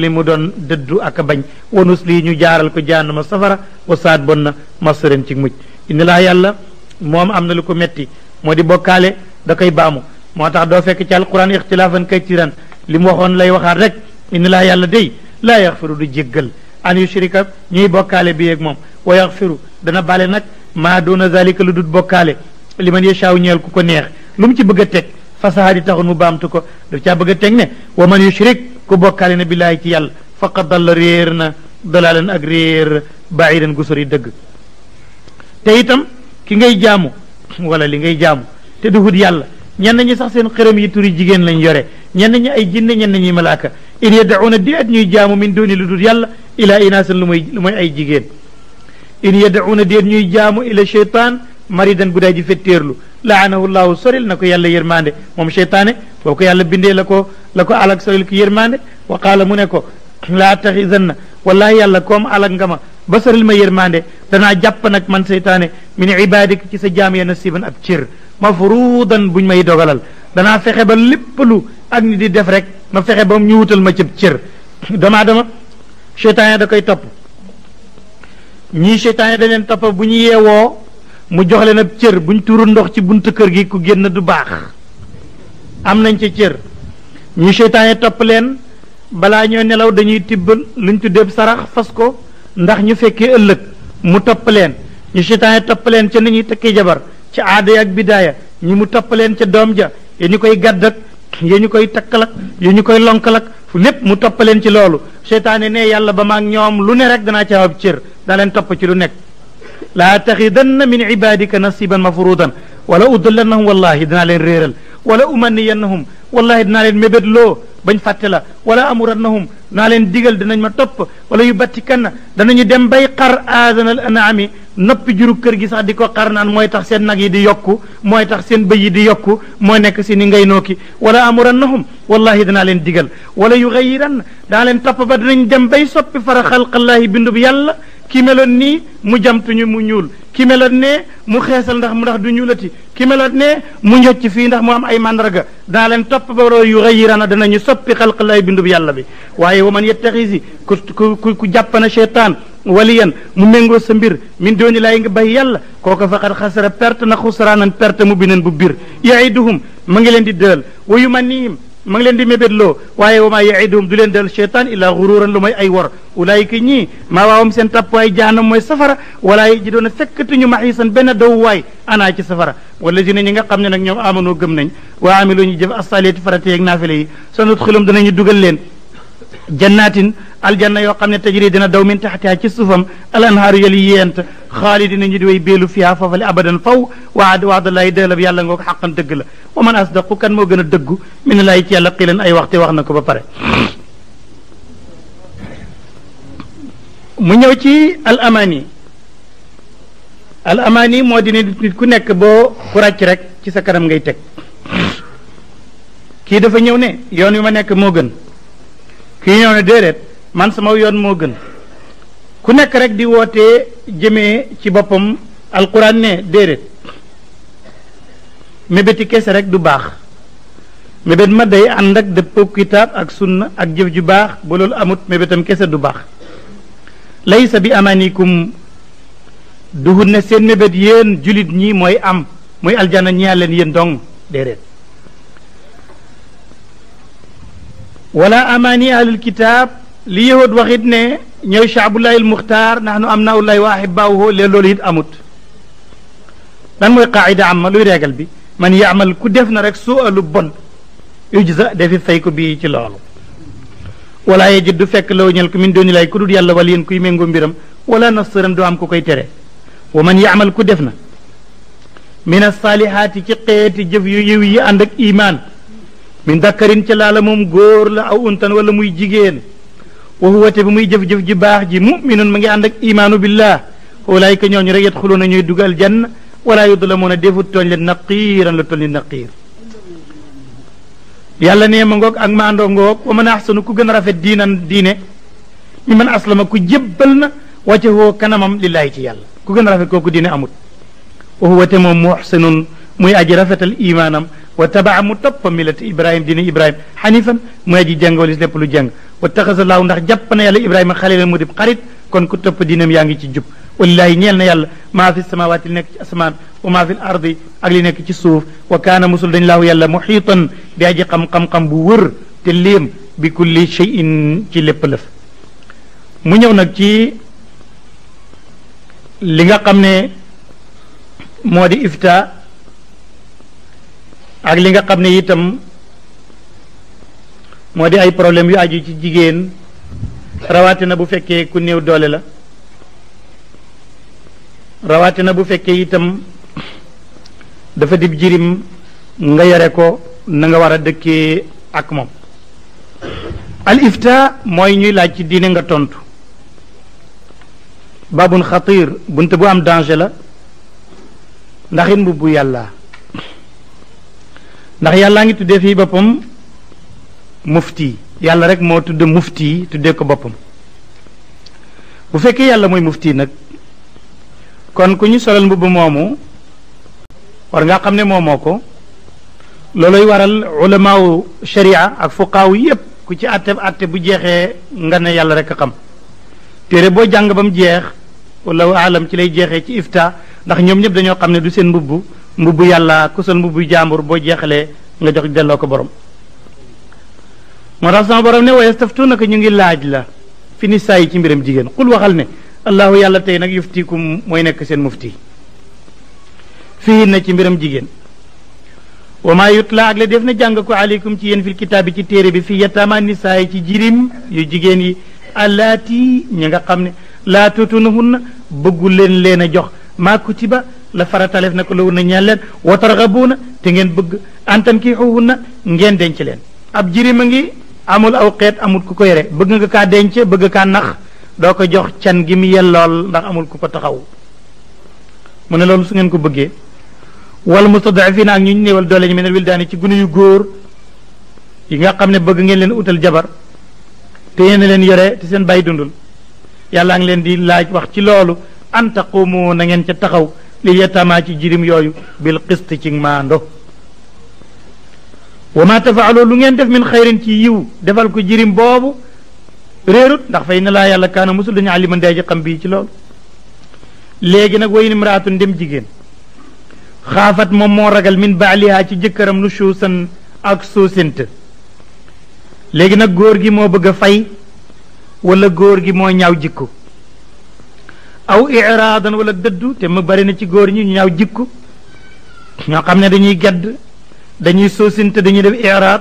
li mu doon dëddu ak bañ wanus lii ñu jaaral ko jaanama safara wa saat bon na masaran ci muj inna moom am na lu ko metti moo di bokkaale da koy baamu moo tax doo fekk ci alquran ixtilaafan katiran li mu waxoon lay waxaat rek inna laa yàlla day la yaxfiru du jéggal an yushrika ñuy bokkaale bi yeeg moom wa yaxfiru dana bale nag maa doona zalika lu dut bokkaale li man yashaaw ñeel ku ko neex lu mu ci bëgg teg fasaha di taxul mu baamtu ko daf caa bëgg teg ne wa man yushrik ku bokkaale na billaahi ci yàlla faqad dalla réer na dalaalan ak réer bàyyi den gu sori dëgg ki ngay jaamu wala li ngay jaamu te duhut yàlla ñenn ñi sax seen xërëm yi turi jigéen lañ yore ñenn ñi ay jinne ñenn ñi malaaka in yadacuuna déet ñuy jaamu min duni lu dul yàlla ilaa inaasan lu muy ay jigéen in yadacuuna déet ñuy jaamu ila cheytaan maridan gudaay ji fettéerlu laanahu llahu soril na ko yàlla yërmande moom cheytaane boo ko yàlla bindee la ko la ko alak soril ko yërmande wa qaala mu ne ko laa taxisanna wallahi yàlla koom alak nga ma basaril ma yërmande danaa jàpp nag man seytaane min ibadika ci sa jaam ya nasiban ab cir mafruudan buñ may dogalal danaa fexe ba lépp lu ak ni di def rek ma fexe ba ñu wutal ma cëb cër dama dama seytaane da koy topp ñii seytaane da leen topp bu ñu yeewoo mu jox leen ab cër bu ñu tuuru ndox ci bunt kër gi ku génn du baax am nañ ci cër ñii seytaane topp leen balaa ñoo nelaw dañuy tibb luñ tuddeeb sarax fas ko ndax ñu fekkee ëllëg mu topp leen ñu seytaane topp leen ca ni ñuy takki jabar ci aada ya ak bidaaya ñi mu topp leen ca doom ja ya ñu koy gàdd ak ñu koy takkal ak ya ñu koy lonkal fu lépp mu topp leen ci loolu seytaane ne yàlla ba maag ñoom lu ne rek danaa ca ab cër daa leen topp ci lu nekk laa taxidanna min ibadika nasiban mafruudan wala udullannahum wallahi dinaa leen réeral wala umanniyannahum wallahi dinaa leen mébét loo bañ fàtte la wala amurannahum naa leen digal danañ ma topp wala yu batti kan danañu dem bay xar aadanal anaami noppi juru kër gi sax di ko xar naan mooy tax seen nag yi di yokku mooy tax seen bëy yi di yokku mooy nekk si ni ngay nooki wala amurannahum wallahi danaa leen digal wala yu gayiran daa leen topp ba danañ dem bay soppi fara xalqallaahi bindu bi yàlla ki meloon nii mu jamtuñu mu ñuul ki meloon ne mu xeesal ndax mu ndax du ñuulati ki meloon ne mu njocc fii ndax mu am ay mandarga daa leen topp ba loo yuxayirana danañu soppi xalq bindu bindub yàlla bi waaye wa man yettaxisi ku ku ku jàppana cheytaan waliyan mu méngoo sa mbir min dooni laay nga bay yàlla kooku faqad xasara perte na xusraanan perte mu bineen bu bir yaiduhum ma ngi leen di dël wa yumanihim ma ngi leen di loo waaye wa maa yaidum du leen del cheytaan illaa xuruuran lu may ay wor ulaayika ñii maa waawam seen tàppwaay jahannam mooy safara walaa ji doon a fekkatuñu maxiisan benn dawwaay anaa ci safara wallazina ñi nga xam ne nag ñoom amano gëm nañ wa amilu ñu jëf asaliati farate yeeg naafile yi sanudxilum danañu dugal leen al aljanna yoo xam ne tajri dina daw min taxtiha ci suufam al anhaaru yali yent xaalidina ñu di way beelu fiha foofale abadan faw waad waadalaay dëlab yàlla nga ko xaqan dëgg la wa man asdaqu kan moo gën a dëggu min laay ci yàlla xiilan ay waxte wax na ko ba pare mu ñëw ci al amaani al amaani moo di nit ku nekk boo ku ràcc rek ci sa kanam ngay teg kii dafa ñëw ne yoon wi ma nekk moo gën kii ñëw ne déedéet man sama yoon moo gën ku nekk rek di wootee jëme ci boppam alquran ne déedéet mébéti kese rekk du baax mébét ma day ànd ak dëppoo kitaab ak sunna ak jëf ju baax ba loolu amut mébétam kese du baax laysa bi amanikum duhut ne seen mébét yéen julit ñi mooy am muy aljana ñi leen yéen dong déedéet wala amani ahlul kitaab li yahud waxit ne ñëw Cheikh Abdoulaye al Muxtaar nahnu abnaa'ullaahi wa ahibbaahu leen loolu it amut lan mooy qaayida amma luy régal bi man yaamal ku def na rek soo alu bon ujza dafi fay ko bii ci loolu wala yajid du fekk law ñel ko min dooni lay ku dul yàlla wala yéen kuy méngoo mbiram walaa nasiran du am ku koy tere wa man yaamal ku def na min asaalihaati ci xeeti jëf yu yiw yi ànd ak imaan min dakkarin ca laala moom góor la aw untan wala muy jigéen wa huwa te bu muy jëf jëf ji baax ji muminun ma ngi and ak imaanu billah ñoo ñu rek yadxuluuna ñuy dugal janna wala yudlamuna defu tooñ le naqiran la toll ni naqiir yàlla nee ma ngoog ak maandoo ngoog wa man ahsanu ku gëna rafet diinan diine mi man aslama ku jébbal na kanamam lillahi ci yalla ku gëna rafet koku diine amut wa huwa te mom muhsinun muy aji rafetal imaanam wa tabaa mu ibrahim diine ibrahim hanifan muy aji jangol lepp lu jang wa taxasalaahu ndax jàpp na yàlla ibrahima xalilan mu dib xarit kon ku topp diinam yaa ngi ci jub wallaahi ñeel na yàlla maa fi samawaati li nekk ci asmaan wa maa fi ardi ak li nekk ci suuf wa kaana musul dañ laahu yàlla muxiitan bi aji xam-xam-xam bu wër te léem bi kulli cheyin ci lépp lëf mu ñëw nag ci li nga xam ne moo di ifta ak li nga xam ne itam moo di ay problème yu aju ci jigéen rawatina bu fekkee ku néew doole la rawatina bu fekkee itam dafa dib jirim nga yore ko na nga war a dëkkee ak moom al mooy ñuy laaj ci diine nga tontu babun xatir bunt bu am danger la ndax it mbubbu yàlla ndax yàllaa ngi tuddee fii boppam mufti yàlla rek moo tudd mufti tuddee ko boppam bu fekkee yàlla mooy mufti nag kon ku ñu solal mbubb moomu war ngaa xam ne moomoo ko looloy waral ulamaawu sharia ak fuqaawu yépp ku ci àtte àtte bu jeexee nga ne yàlla rek a xam téere boo jàng ba mu jeex wallaahu aalam ci lay jeexee ci ifta ndax ñoom ñëpp dañoo xam ne du seen mbubb mbubb yàlla ku sol mbubbu jaambur boo jeexalee nga jox delloo ko borom moo tax sama borom ne wa yastaftunaka ñu ngi laaj la fi ni saa yi ci mbiram jigéen xul waxal ne allahu yàlla tey nag yuftikum mooy nekk seen mufti fii na ci mbiram jigéen wa maa yutla ak la def na jàng ko ci yéen fil kitaab bi ci téere bi fii yataama nisaa yi ci jirim yu jigéen yi alaati ñi nga xam ne laa tuutunuhunna bëggu leen leen a jox maa kutiba la farataleef na ko la wun na ñaan leen wa na te ngeen bëgg antan kii xuuhunna ngeen denc leen amul aw xeet amul ku ko yore bëgg nga kaa denc bëgg kaa nax doo ko jox can gi mu yellool ndax amul ku ko taxaw mu ne loolu su ngeen ko bëggee wal mustadafina ak ñu ñu néewal doole ñu mel ne wildaani ci gune yu góor yi nga xam ne bëgg ngeen leen utal jabar te yéen leen yore te seen bàyyi dundul yàlla ngi leen di laaj wax ci loolu an taqumu na ngeen ca taxaw li yetamaa ci jirim yooyu bil qist ci maando wa ma tafaaloo lu ngeen def min xayrin ci yiw defal ko jirim boobu réerut ndax fay na laa yàlla kaana musul dañu àlima ndey xam bii ci loolu léegi nag wayin imraatun dem jigéen xaafat moom moo ragal min baaliha ci jëkkëram nu suusan ak suusint léegi nag góor gi moo bëgg a fay walla góor gi moo ñaaw jikko aw iraadan wala dëddu te mu bari na ci góor ñi ñaaw jikko ñoo xam ne dañuy gedd dañuy soosin te dañuy def iraat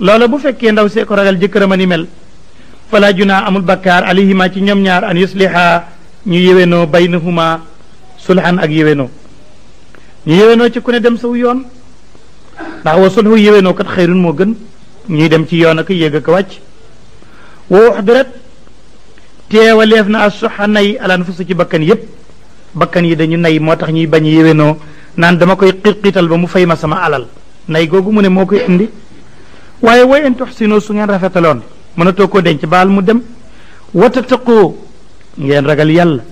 loola bu fekkee ndaw see ko ragal jëkkëram a ni mel falaa junaa amul bakkaar alayhima ci ñoom ñaar an yusliha ñu yéwénoo baynahuma sulhan ak yéwénoo ñu yéwénoo ci ku ne dem saw yoon ndax wa sulhu yéwénoo kat xayrun moo gën ñuy dem ci yoon ak yéeg ak wàcc woo xdurat teewaleef na a soxa nay alaan fusu ci bakkan yépp bakkan yi dañu nay moo tax ñuy bañ yéwénoo naan dama koy xiitxiital ba mu fay ma sama alal nay googu mu ne moo koy indi waaye way in tuxsinoo su ngeen rafetaloon mënatoo koo denc baal mu dem wa tattaqoo ngeen ragal yàlla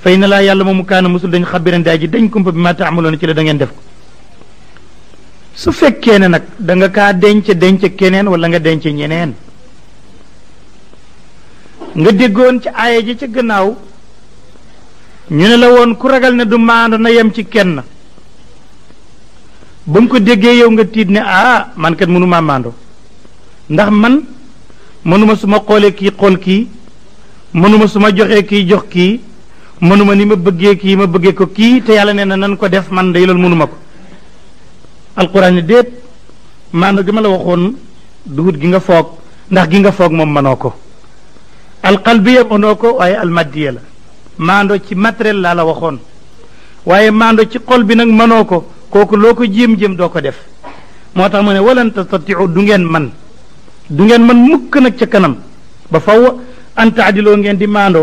fay na laa yàlla moom mu kaana mosul dañ xabiran daa ji dañ kumpa bi ma taamaloon ci la dangeen ngeen def ko su fekkee ne nag danga nga kaa denc denc keneen wala nga denc ñeneen nga déggoon ci aaya ji ca gannaaw ñu ne la woon ku ragal ne du maandu na yem ci kenn bam ko déggee yow nga tiit ne ah man kat mënuma mando ndax man mënuma suma xoolee kii xool kii mënuma suma joxee kii jox kii mënuma ni ma bëggee kii ma bëggee ko kii te yàlla nee na nan ko def man day loolu mënuma ko alquran ni déet maando gi ma la waxoon duhut gi nga foog ndax gi nga foog moom manoo ko yam manoo ko waaye almaddiya la mando ci matériel laa la waxoon waaye mando ci xol bi nag manoo kooku loo ko jéem-jéem doo ko def moo tax ma ne walan tastatiu du ngeen man du ngeen man mukk nag ca kanam ba faw an loo ngeen di maando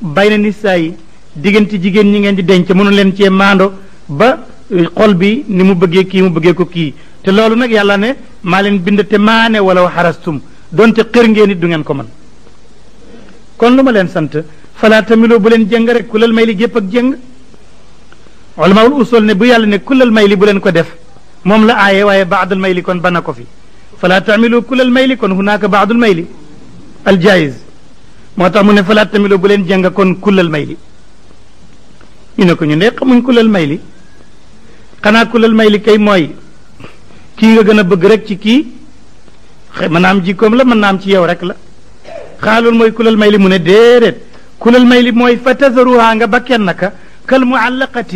bay na nisaa saay diggante jigéen ñi ngeen di denc mënu leen cee maando ba xol bi ni mu bëggee kii mu bëggee ko kii te loolu nag yàlla ne maa leen bind te maane wala waxarastum te xër ngeen di du ngeen ko man kon lu ma leen sant falaa tamiloo bu leen jëng rek ku lal may li gépp ak jëng ulamaul ne bu yàlla ne kullal may li bu leen ko def moom la aaye waaye baadul may li kon bana ko fi fala taamilu kullal may li kon hunaaka baadul may li aljaiz moo tax mu ne fala taamilu bu leen jàng kon kullal may li ko ñu ne xamuñ kullal may li xanaa kullal may li mooy kii nga gën a bëgg rek ci kii mën naa am jikkoom la mën naa ci yow rek la xaalul mooy kulal may li mu ne déedéet kulal may li mooy fa tasaruha nga bakken naka كالمعلقة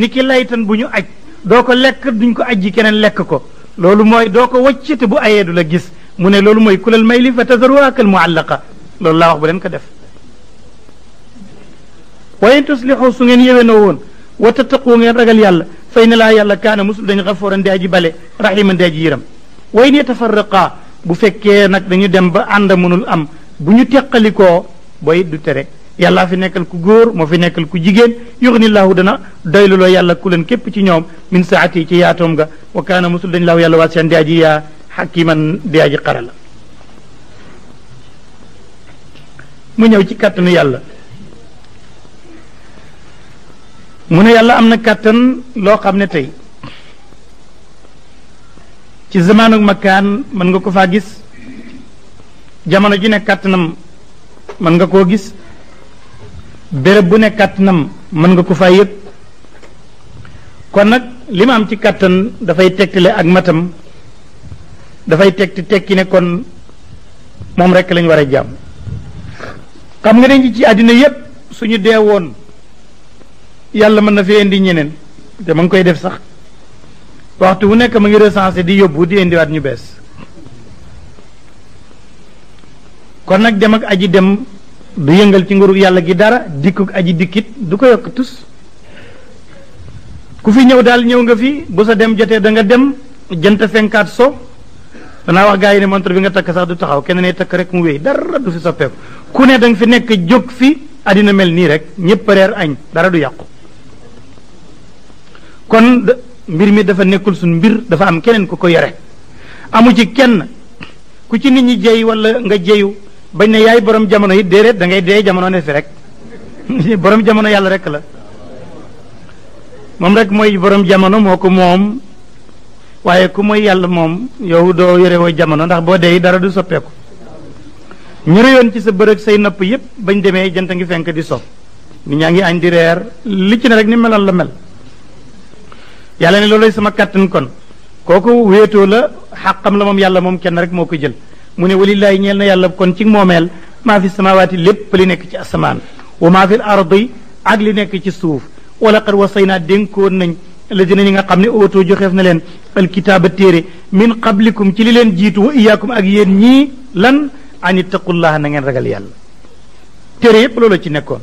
نيكي لايتن بنيو أج دوكو لك دينكو أجي كنن لككو لولو موي دوكو وجيت بو أيد لجيس من لولو موي كل الميلي فتزروها كالمعلقة لولو الله أخبرين كدف وين تصلحوا سنين يوينوون وتتقوا من رجل يلا فإن لا يلا كان مسلم دين غفورا دي بالي رحيما دي يرم وين يتفرقا بو فكي نك دينيو دمب أندمون الأم بنيو تيقلي كو بويد دو تريك yàllaa fi nekkal ku góor moo fi nekkal ku jigéen yuxni laahu dana doyluloo yàlla ku leen képp ci ñoom min saati ci yaatoom ga wa kaana musul dañ laahu yàlla waat seen di aji yaa man di aji xarala mu ñëw ci kàttanu yàlla mu ne yàlla am na kàttan loo xam ne tey ci zamaanu makkaan mën nga ko faa gis jamono ji ne kàttanam mën nga koo gis béréb bu ne kàttanam mën nga ko fay yëg kon nag li ma am ci kàttan dafay tegtale ak matam dafay tegti tekki ne kon moom rekk lañ war a jàmm xam nga ne ci àddina yépp suñu dee woon yàlla mën na fi indi ñeneen te ma ngi koy def sax waxtu wu nekk ma ngi recensé di yóbbu di indiwaat ñu bees kon nag dem ak aji dem du yëngal ci nguurug yàlla gi dara dikkug aji dikkit du ko yokk tus ku fi ñëw daal ñëw nga fi bu sa dem jotee da nga dem jant fenkaat so danaa wax gaa yi ne montre bi nga takk sax du taxaw kenn ne takk rek mu wéy dara du fi soppeeku ku ne da nga fi nekk jóg fi àddina mel nii rek ñépp reer añ dara du yàqu kon mbir mi dafa nekkul sunu mbir dafa am keneen ku ko yore amu ci kenn ku ci nit ñi jey wala nga jeyu bañ ne yaay borom jamono yi déedéet dangay ngay dee jamono ne fi rek borom jamono yàlla rek la moom rek mooy borom jamono moo ko moom waaye ku mooy yàlla moom yow doo yore woo jamono ndax boo dee dara du soppeeku ñu réyoon ci sa bërëg say nopp yépp bañ demee jant ngi fenk di sopp nit ñaa ngi añ di reer li ci ne rek ni meloon la mel yàlla ne loolu sama kàttan kon kooku wéetoo la xàqam la moom yàlla moom kenn rek moo ko jël mu ne walillahi ñeel na yàlla kon ci moomeel maa fi samawaati lépp li nekk ci asamaan wa maa fi ardi ak li nekk ci suuf wala qad wasaynaa dénkoon nañ la dina ñi nga xam ne oto joxeef na leen alkitaaba téere min qablikum ci li leen jiitu wa iyaakum ak yéen ñii lan an ittaqullaha na ngeen ragal yàlla téere yépp loolu ci nekkoon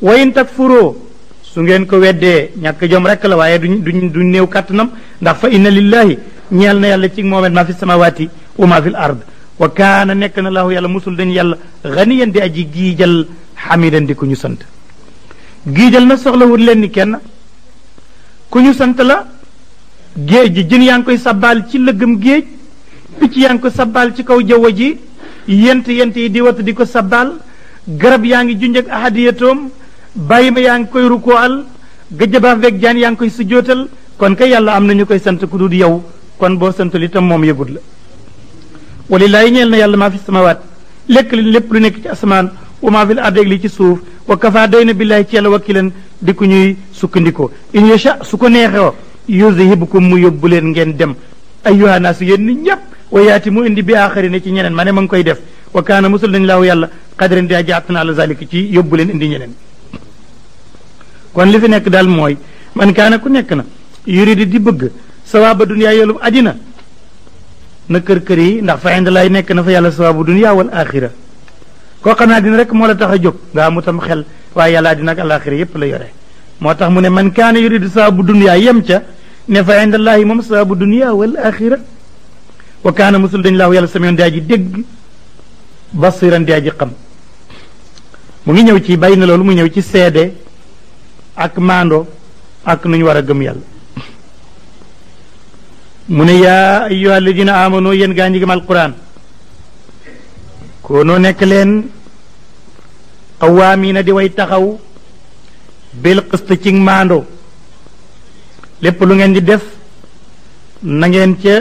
wa in takfuroo su ngeen ko weddee ñàkk jom rekk la waaye duñ duñ duñ néew kàttanam ndax fa inna lillahi ñeel na yàlla ci moomeel maa fi samawaati wa maa fi l wa kaana nekk na laahu yàlla musul dañu yàlla xaniyan di aji giijal xamidan di ku ñu sant giijal na soxlawul leen ni kenn ku ñu sant la géej ji jën yaa ngi koy sabbaal ci lëggam géej picc yaa ngi ko sabbaal ci kaw jaww ji yent yent yi di wat di ko sabbaal garab yaa ngi junj ak ahadiyatoom bàyyi ma yaa ngi koy rukoal gëjëbaaf beeg jaan yaa ngi koy sujjootal kon kay yàlla am na ñu koy sant ku di yow kon boo santul itam moom yëgut la walillaahi ñeel na yàlla maa fi samawaat lekk li lépp lu nekk ci asamaan wa maa fil ardi ak li ci suuf wa kafa doy na billaahi ci yàlla wakilan di ku ñuy sukkandikoo in yasha su ko neexewo yuzhibkum mu yóbbu leen ngeen dem ayyuha naasu yéen nit ñëpp wa yaati mu indi bi aaxari ne ci ñeneen ma ne ma ngi koy def wa kaana musul nañ laahu yàlla qadiran a ajaatana ala zalika ci yóbbu leen indi ñeneen kon li fi nekk daal mooy man kaana ku nekk na yuridu di bëgg sawaaba duniyaa yoolub adina nëkkër kër yi ndax fa ind lay nekk na fa yàlla sawaabu dunia wal axira koo xam ne àddina rek moo la tax a jóg nga amu tam xel waaye yàlla àddina ak alaxira yépp la yore moo tax mu ne man kaana yuridu sawaabu dunia yem ca ne fa ind allahi moom sawaabu dunia wal axira wa kaana musul dañ laahu yàlla samion daa ji dégg basiran daa ji xam mu ngi ñëw ci bàyyi na loolu mu ñëw ci seede ak maando ak nu ñu war a gëm yàlla mu ne yaa ayyuha alladina amanu yéen gaa ñi gëm alquran koonoo nekk leen awaamiina di way taxaw bil qist ci maando lépp lu ngeen di def na ngeen ca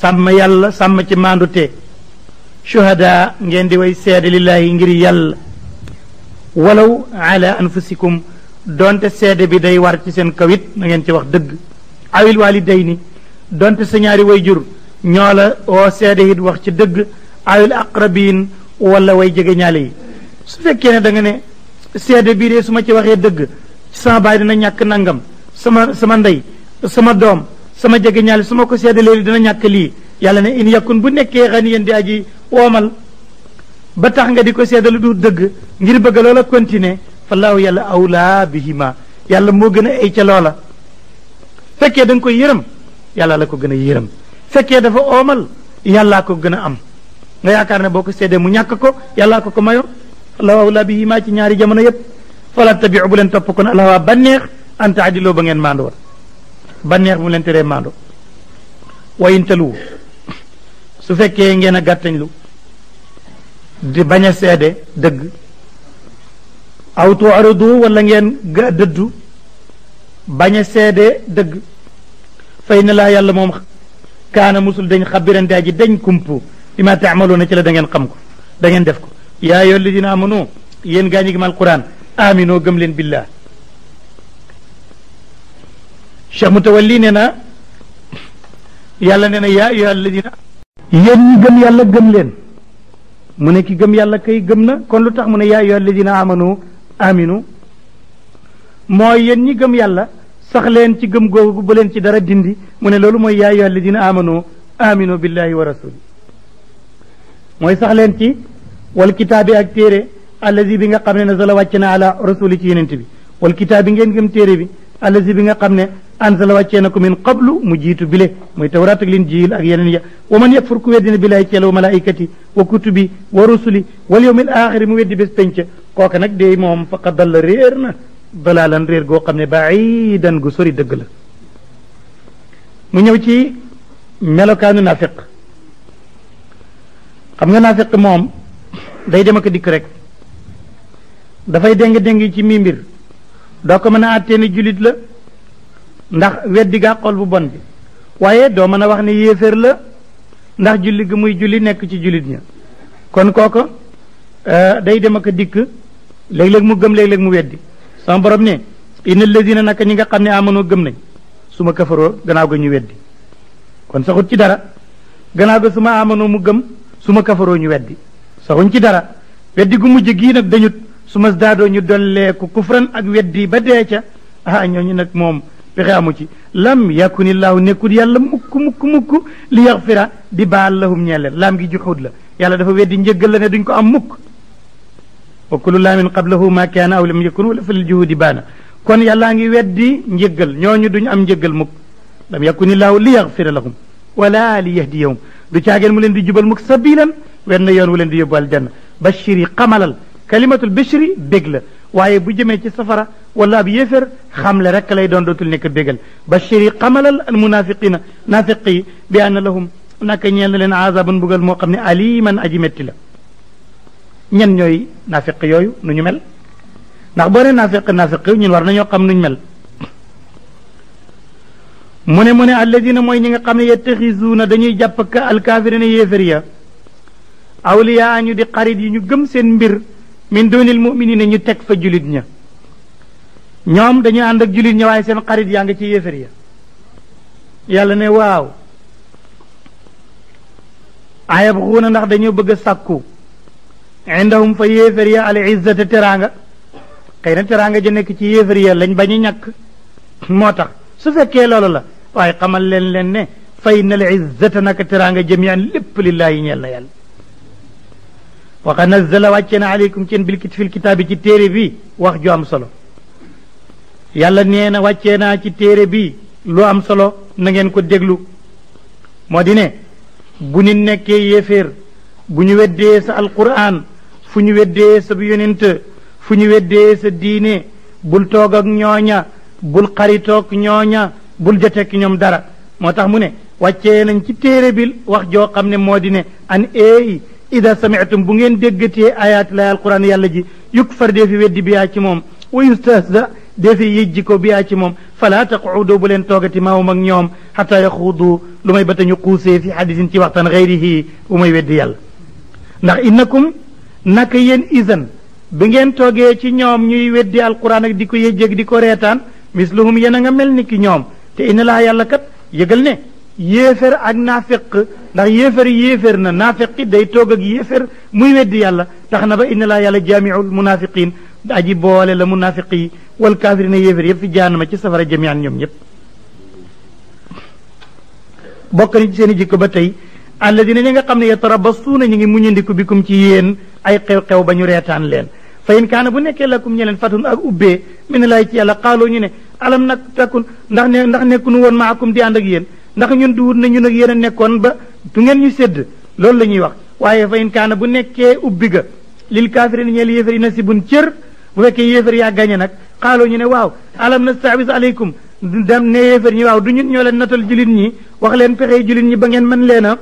sàmm yàlla sàmm ci maandu te ngeen di way seede lillaahi ngir yàlla walaw ala anfusikum doonte seede bi day war ci seen kawit na ngeen ci wax dëgg awil waalidayni donte sa ñaari way jur ñoo la oo seede it wax ci dëgg ayul aqrabiin wala way jege ñaale yi su fekkee ne danga ne seede bii de su ma ci waxee dëgg sama baay dina ñàkk nangam sama sama ndey sama doom sama jege ñaale su ma ko seede léegi dina ñàkk lii yàlla ne in yakun bu nekkee xan yéen di aji woomal ba tax nga di ko seede lu du dëgg ngir bëgg loola continuer fallaahu yàlla awlaa bihima yàlla moo gën a ay ca loola fekkee da nga koy yërëm yàlla la ko gën a yërëm fekkee dafa oomal yàllaa ko gën a am nga yaakaar ne boo ko séedee mu ñàkk ko yàllaa ko ko mayoon allahu la bi ci ñaari jamono yépp fala tabiu bu leen topp kon alhawa banneex an taadiloo ba ngeen maandoo banneex bu su fekkee ngeen a gàttañlu di bañ a seede dëgg aw tuaradu wala ngeen dëddu bañ seede dëgg fay na laa yàlla moom kaana musul dañ xabiran daa ji dañ kumpu bi ma taamaloona ci la da ngeen xam ko da def ko yaa ayyuha alladina amanu yéen gaa ñi gi ma alquran aminoo gëm leen billah cheikh ne na yàlla ne na yaa ayyuha alladina yéen ñi gëm yàlla gëm leen mu ne ki gëm yàlla kay gëm na kon lu tax mu ne yaa ayyuha alladina amanu aminu mooy yéen ñi gëm yàlla sax ci gëm googu bu ci dara dindi mu ne loolu mooy yaa ayyuha alladina amanu aminu billahi wa rasuli mooy sax leen ci wal kitaabi ak téere allazi bi nga xam ne nazala wàcc na ala rasuli ci yenent bi wal kitaabi ngeen gëm téere bi allazi bi nga xam ne anzala wàccee na ko min qablu mu jiitu bile mooy tawraat ak linjiil ak yeneen ya wa man yakfur ku weddina billahi ci yàlla wa malaikati wa kutubi wa rusuli wal yawmil axiri mu weddi bés penc kooka nag day moom faqad dalla réer na dalaalan réer goo xam ne baidan gu sori dëgg la mu ñëw ci melokaanu naafiq xam nga naafiq moom day dem ak dikk rek dafay déng-déng ci mii mbir doo ko mën a àttee ni jullit la ndax weddi gaa xol bu bon bi waaye doo mën a wax ne yéeféer la ndax julli gi muy julli nekk ci jullit ña kon kooka euh, day dem ak dikk léeg-léeg mu gëm léeg-léeg mu weddi sama borom ne inna na naka ñi nga xam ne amanoo gëm nañ su ma kafaroo gannaaw ga ñu weddi kon saxut ci dara gannaaw ga su ma amanoo mu gëm su ma kafaroo ñu weddi saxuñ ci dara weddi gu mujj gii nag dañut su ma daadoo ñu dolleeku kufran ak weddi ba dee ca ah ñooñu nag moom pexe amu ci lam yakunillahu nekkul yàlla mukk mukk mukk li yaxfira di baal lahum ñeeleen lam gi juxuut la yàlla dafa weddi njëggal la ne duñ ko am mukk wa kullu laamin qablahu ma kaana aw lam yakun wala falil juhudi baana kon yàllaa ngi weddi njëggal ñooñu duñu am njëggal mukk lam yakuni laahu li yaxfira lahum wala li yahdiyahum du caageen mu leen di jubal mukk sabilan wenn na yon wu leen di yóbbu aljanna bashiri xamalal kalimatul bashiri bég la waaye bu jëmee ci safara wala ab yéefér xamle rek lay doon dootul nekk bégal bashiri xamalal al munafiqina nafiq yi bi anna lahum naka ñeel na leen azaban mbugal moo xam ne aliman aji metti la ñen ñooy naafiq yooyu nu ñu mel ndax boo nee naafiq naafiq ñun war nañoo xam nu ñu mel mu ne mu ne na mooy ñi nga xam ne na dañuy jàpp ka alkaafirina yéefar ya awliyaa ñu di xarit yi ñu gëm seen mbir min doonil muminina ñu teg fa julit ña ñoom dañuy ànd ak julit ña waaye seen xarit yaa ngi ci yéefar ya yàlla ne waaw ayab xuuna ndax dañoo bëgg a sàkku indahum fa yéefar ya al izzata xëy na ja nekk ci lañ bañ a moo tax su fekkee loolu la waaye xamal leen leen ne fa inna al izzata naka teraanga jamian lépp lillaahi ñeel na yàlla waxa nazala wàcce na aleykum ceen bil ci téere bi wax ju am solo yàlla nee na wàccee naa ci téere bi lu am solo nangeen ko déglu moo di ne bu ñu nekkee yéeféer bu ñu weddee sa alquran fu ñu weddee sa yonent fu ñu weddee sa diine bul toog ak ñooña bul xaritoog ñooña bul joteek ñoom dara moo tax mu ne wàccee nañ ci téere bi wax joo xam ne moo di ne an eey ida samitum bu ngeen déggatee ayaati lay alquran yàlla ji yukk far dee fi weddi biyaa ci moom wa yustahza dee fi yijji ko biyaa ci moom falaa taqudu bu leen toogati maawum ak ñoom xataa yaxuudu lu may ba tañu xuusee fi xadisin ci waxtaan xayrihi bu may weddi yàlla ndax innakum naka yéen izan bi ngeen toogee ci ñoom ñuy weddi alquran ak di ko yëjjëg di ko reetaan misluhum yéen a nga mel ni ki ñoom te ina laa yàlla kat yëgal ne yéefér ak naafiq ndax yéefér yéefér na naafiqi day toog ak yéefér muy weddi yàlla tax na ba ina laa yàlla jaamiul munafiqin aji boole la munafiq yi wal kaafiri na yéefér yëpp fi ma ci safara jamian ñoom ñëpp bokk na ci seen ba tey alladina ñi nga xam ne yatarabasuuna ñu ngi muñandiku bikum ci yéen ay xew-xew ba ñu reetaan leen fa in kaana bu nekkee lakum ñe leen fatun ak ubbe min laay ci yàlla xaaloo ñu ne alam nak takun ndax ne ndax nekkunu woon maakum di ànd ak yéen ndax ñun du wut na ñun ak yéen a nekkoon ba du ngeen ñu sédd loolu la ñuy wax waaye fa in kaana bu nekkee ubbi ga lil kaafirina ñeel yéefar yi nasibun cër bu fekkee yéefar yaa gañe nag xaaloo ñu ne waaw alam nastaawis aleykum dem ne yéefar ñi waaw du ñun ñoo leen natal julit ñi wax leen pexe julit ñi ba ngeen mën leen a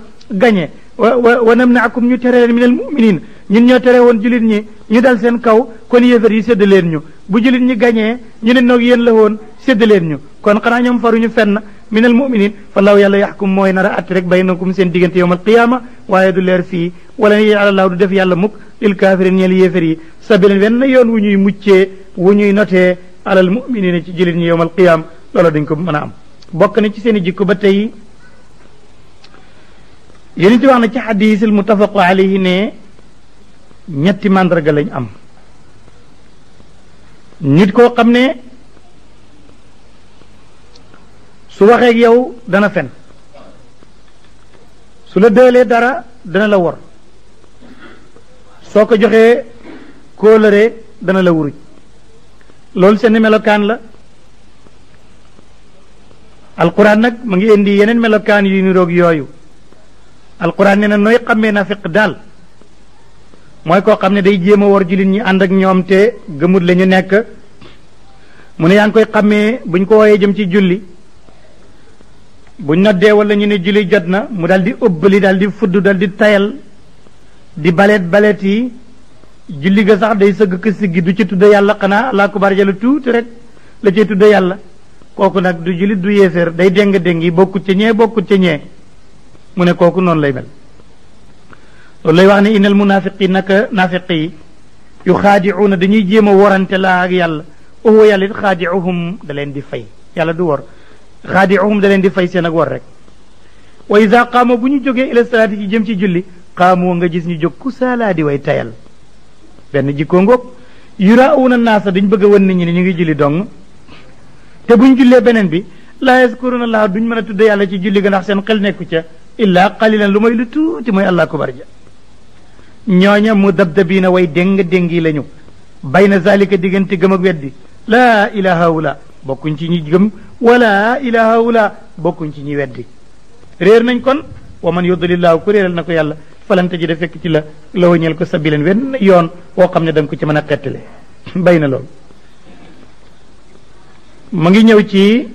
gañe wa wa wa namnaakum ñu tere leen min al muminin ñun ñoo tere woon jullit ñi ñu dal seen kaw kon yéefar yi sedd leen ñu bu jullit ñi gañee ñu ne noog yéen la woon sédd leen ñu kon xanaa ñoom ñu fenn minal muminin fallahu yàlla yaxkum mooy nar a atti rek baynakum seen diggante yowmal qiyaama waaye du leer fii wala yàlla du def yàlla mukk lil kaafirin ñeel yéefar yi sabilan wenn yoon wu ñuy muccee wu ñuy notee alal muminina ci jullit ñi yowmal qiyaam loola dañ ko mën a am bokk na ci seen i jikko ba tey yéen wax na ci xadiisil ñetti màndarga lañ am nit koo xam ne su waxee yow dana fen su la dëelee dara dana la wor soo ko joxee kóolëree dana la wuruj loolu seen melokaan la alquran nag mu ngi indi yeneen melokaan yu niroog yooyu alquran nee na nooy xamee nafiq daal mooy koo xam ne day jéem a war jullit ñi ànd ak ñoom te gëmut la ñu nekk mu ne yaa ngi koy xàmmee buñ ko wooyee jëm ci julli buñ noddee wala ñu ne julli jot na mu daldi di ëbbali daal di fudd daal di tayal di balet balet yi julli ga sax day sëgg ki siggi du ci tudde yàlla xanaa laa ko barjala tuuti rek la cay tudde yàlla kooku nag du julli du yéeféer day déng déng yi bokkut ñee bokku ci ñee mu ne kooku noonu lay mel loolu lay wax ne inal munafiqi naka nafiqi yi yu xaadicuuna dañuy jéem a warante laa ak yàlla owa yàlla it xaadicuhum da leen di fay yàlla du wor xaadicuhum da leen di fay seen ak wor rek wa ida qaama bu ñu jógee ila salaati ci jëm ci julli qaamoo nga gis ñu jóg ku saalaa di way tayal benn jikkoo ngoog yuraawuna naasa dañ bëgg a wan nit ñi ne ñu ngi julli dong te buñ jullee beneen bi laa yaskuruna allah duñ mën a tudd yàlla ci julli ga ndax seen xel nekku ca illaa qalilan lu lu tuuti mooy allah ñooña mu dab dabiina way déng déng yi lañu bayna zalika diggante gëm ak weddi laa ilaha ula bokkuñ ci ñi gëm wala ilaha ula bokkuñ ci ñi weddi réer nañ kon wa man yudlillahu ku réeral na ko yàlla falante ji da ci la lawa ñel ko sabilan wenn yoon woo xam ne da ko ci mën a xettale bay na loolu mu ngi ñëw ci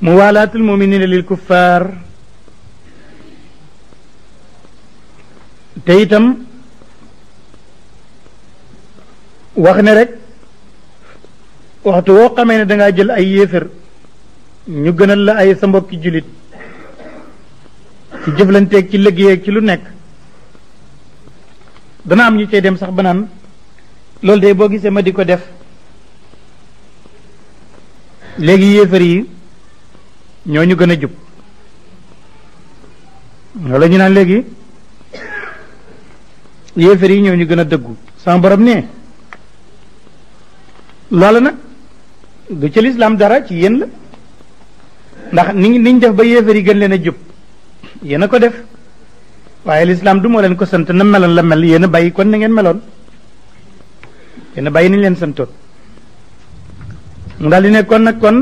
muwalaatul muminina lil kuffar te itam wax ne rek waxtu woo xamee ne dangaa jël ay yéefar ñu gënal la ay sa mbokki jullit ci jëflanteeg ci liggéey lu nekk dana am ñu cay dem sax ba loolu de boo gisee ma di ko def léegi yéefar yi ñoo ñu gën a jub wala ñu naan léegi yéefar yi ñoo ñu gën a dëggu sama borom ne loola nag du ci lislaam dara ci yéen la ndax ni niñ def ba yéefar yi gën leen a jub yéen a ko def waaye lislaam du moo leen ko sant na meloon la mel yéen a bàyyi kon na ngeen meloon yéen a bàyyi nañ leen santoon mu daal di ne kon nag kon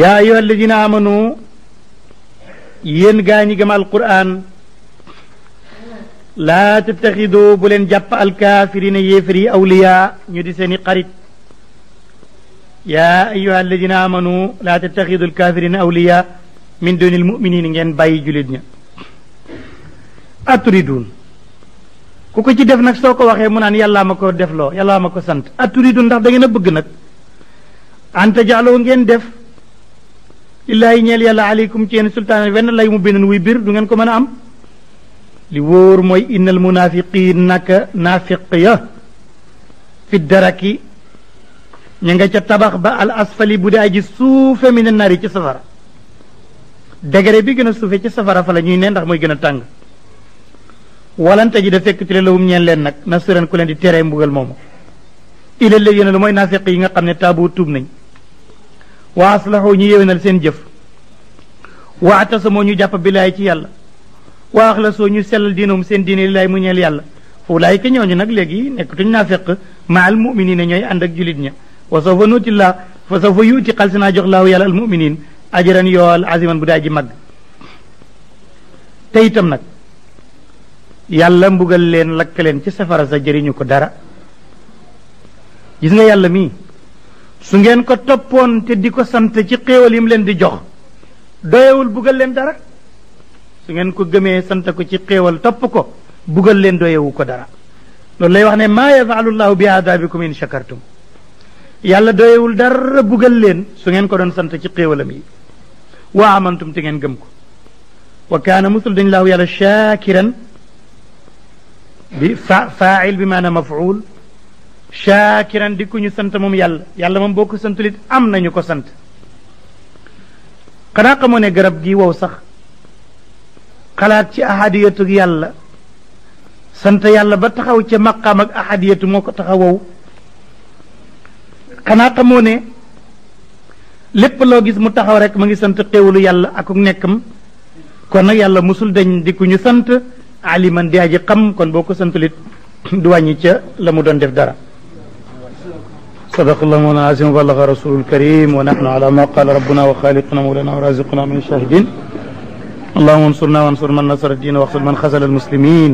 yaa ayyuha alladina amanu Yen gañi gam al alquran la tattakhidu bulen japp al kafirin yéefar awliya ñu di seeni xarit ya ayyuha alladina amanu tattakhidu al kafirin awliya min duni Mu'minin ngeen bayyi julit ña aturidun ku ko ci def nak soko waxe mu nan yalla mako ko defloo yàllaa ma sant aturidun ndax da ngeena bëgg nak anta jaaloo ngeen def Ilahi ñeel yalla alaykum ci yéen sultaan wenn lay mu benen wuy bir du ngeen ko meuna am li woor moy innal munafiqin nak nafiq ya. fi daraki ñinga ca ba al asfali budi aji suufe min an nar ci safara degere bi gëna a ci safara fa la ñuy ne ndax moy gëna tang tàng ji da fekk ci leewum ñeen len nak ku len di tere mbugal moomu ila lëg yéen lu moy nga xamne tabu tub wa aslaxoo ñu yéwénal seen jëf wa atasamoo ñu jàpp bilaay ci yàlla wa axlasoo ñu sellal diinahum seen diine lilaay mu ñeel yàlla fa ulaayika ñooñu nag léegi nekk nekkatuñ naa feq ma al muminina ñooy ànd ak julit ña wa sawfa nuuti laa fa sawfa yuuti xal si naa jox laahu yàlla al muminin ajaran yool aziman bu daay ji mag te nag yàlla mbugal leen lakk leen ci safara sa jëriñu ko dara gis nga yàlla mii su ngeen ko toppoon te di ko sant ci xéewal yim leen di jox doyewul bugal leen dara su ngeen ko gëmee sant ko ci xéewal topp ko bugal leen doyewu ko dara loolu lay wax ne ma yafalu llahu bi aadabikum in shakartum yàlla doyewul dara bugal leen su ngeen ko doon sant ci xéewalam yi waa amantum te ngeen gëm ko wa kaana musul dañ laahu yàlla shaakiran bi fa fail bi maanaam mafuul shaakiran di ku ñu sant moom yàlla yàlla moom boo ko santulit am nañu ko sant xanaa xamoo ne garab gi wow sax xalaat ci ahadiyatu yàlla sant yàlla ba taxaw ca maqaam ak ahadiyatu moo ko taxaw wow xanaa xamoo ne lépp loo gis mu taxaw rek ma ngi sant xéewalu yàlla ak nekkam kon nag yàlla musul dañ di ku ñu sant aliman di aji xam kon boo ko santulit du wàññi ca la mu doon def dara صدق الله مولانا العظيم وبلغ رسول الكريم ونحن على ما قال ربنا وخالقنا مولانا ورازقنا من الشاهدين اللهم انصرنا وانصر من نصر الدين واخذل من خزل المسلمين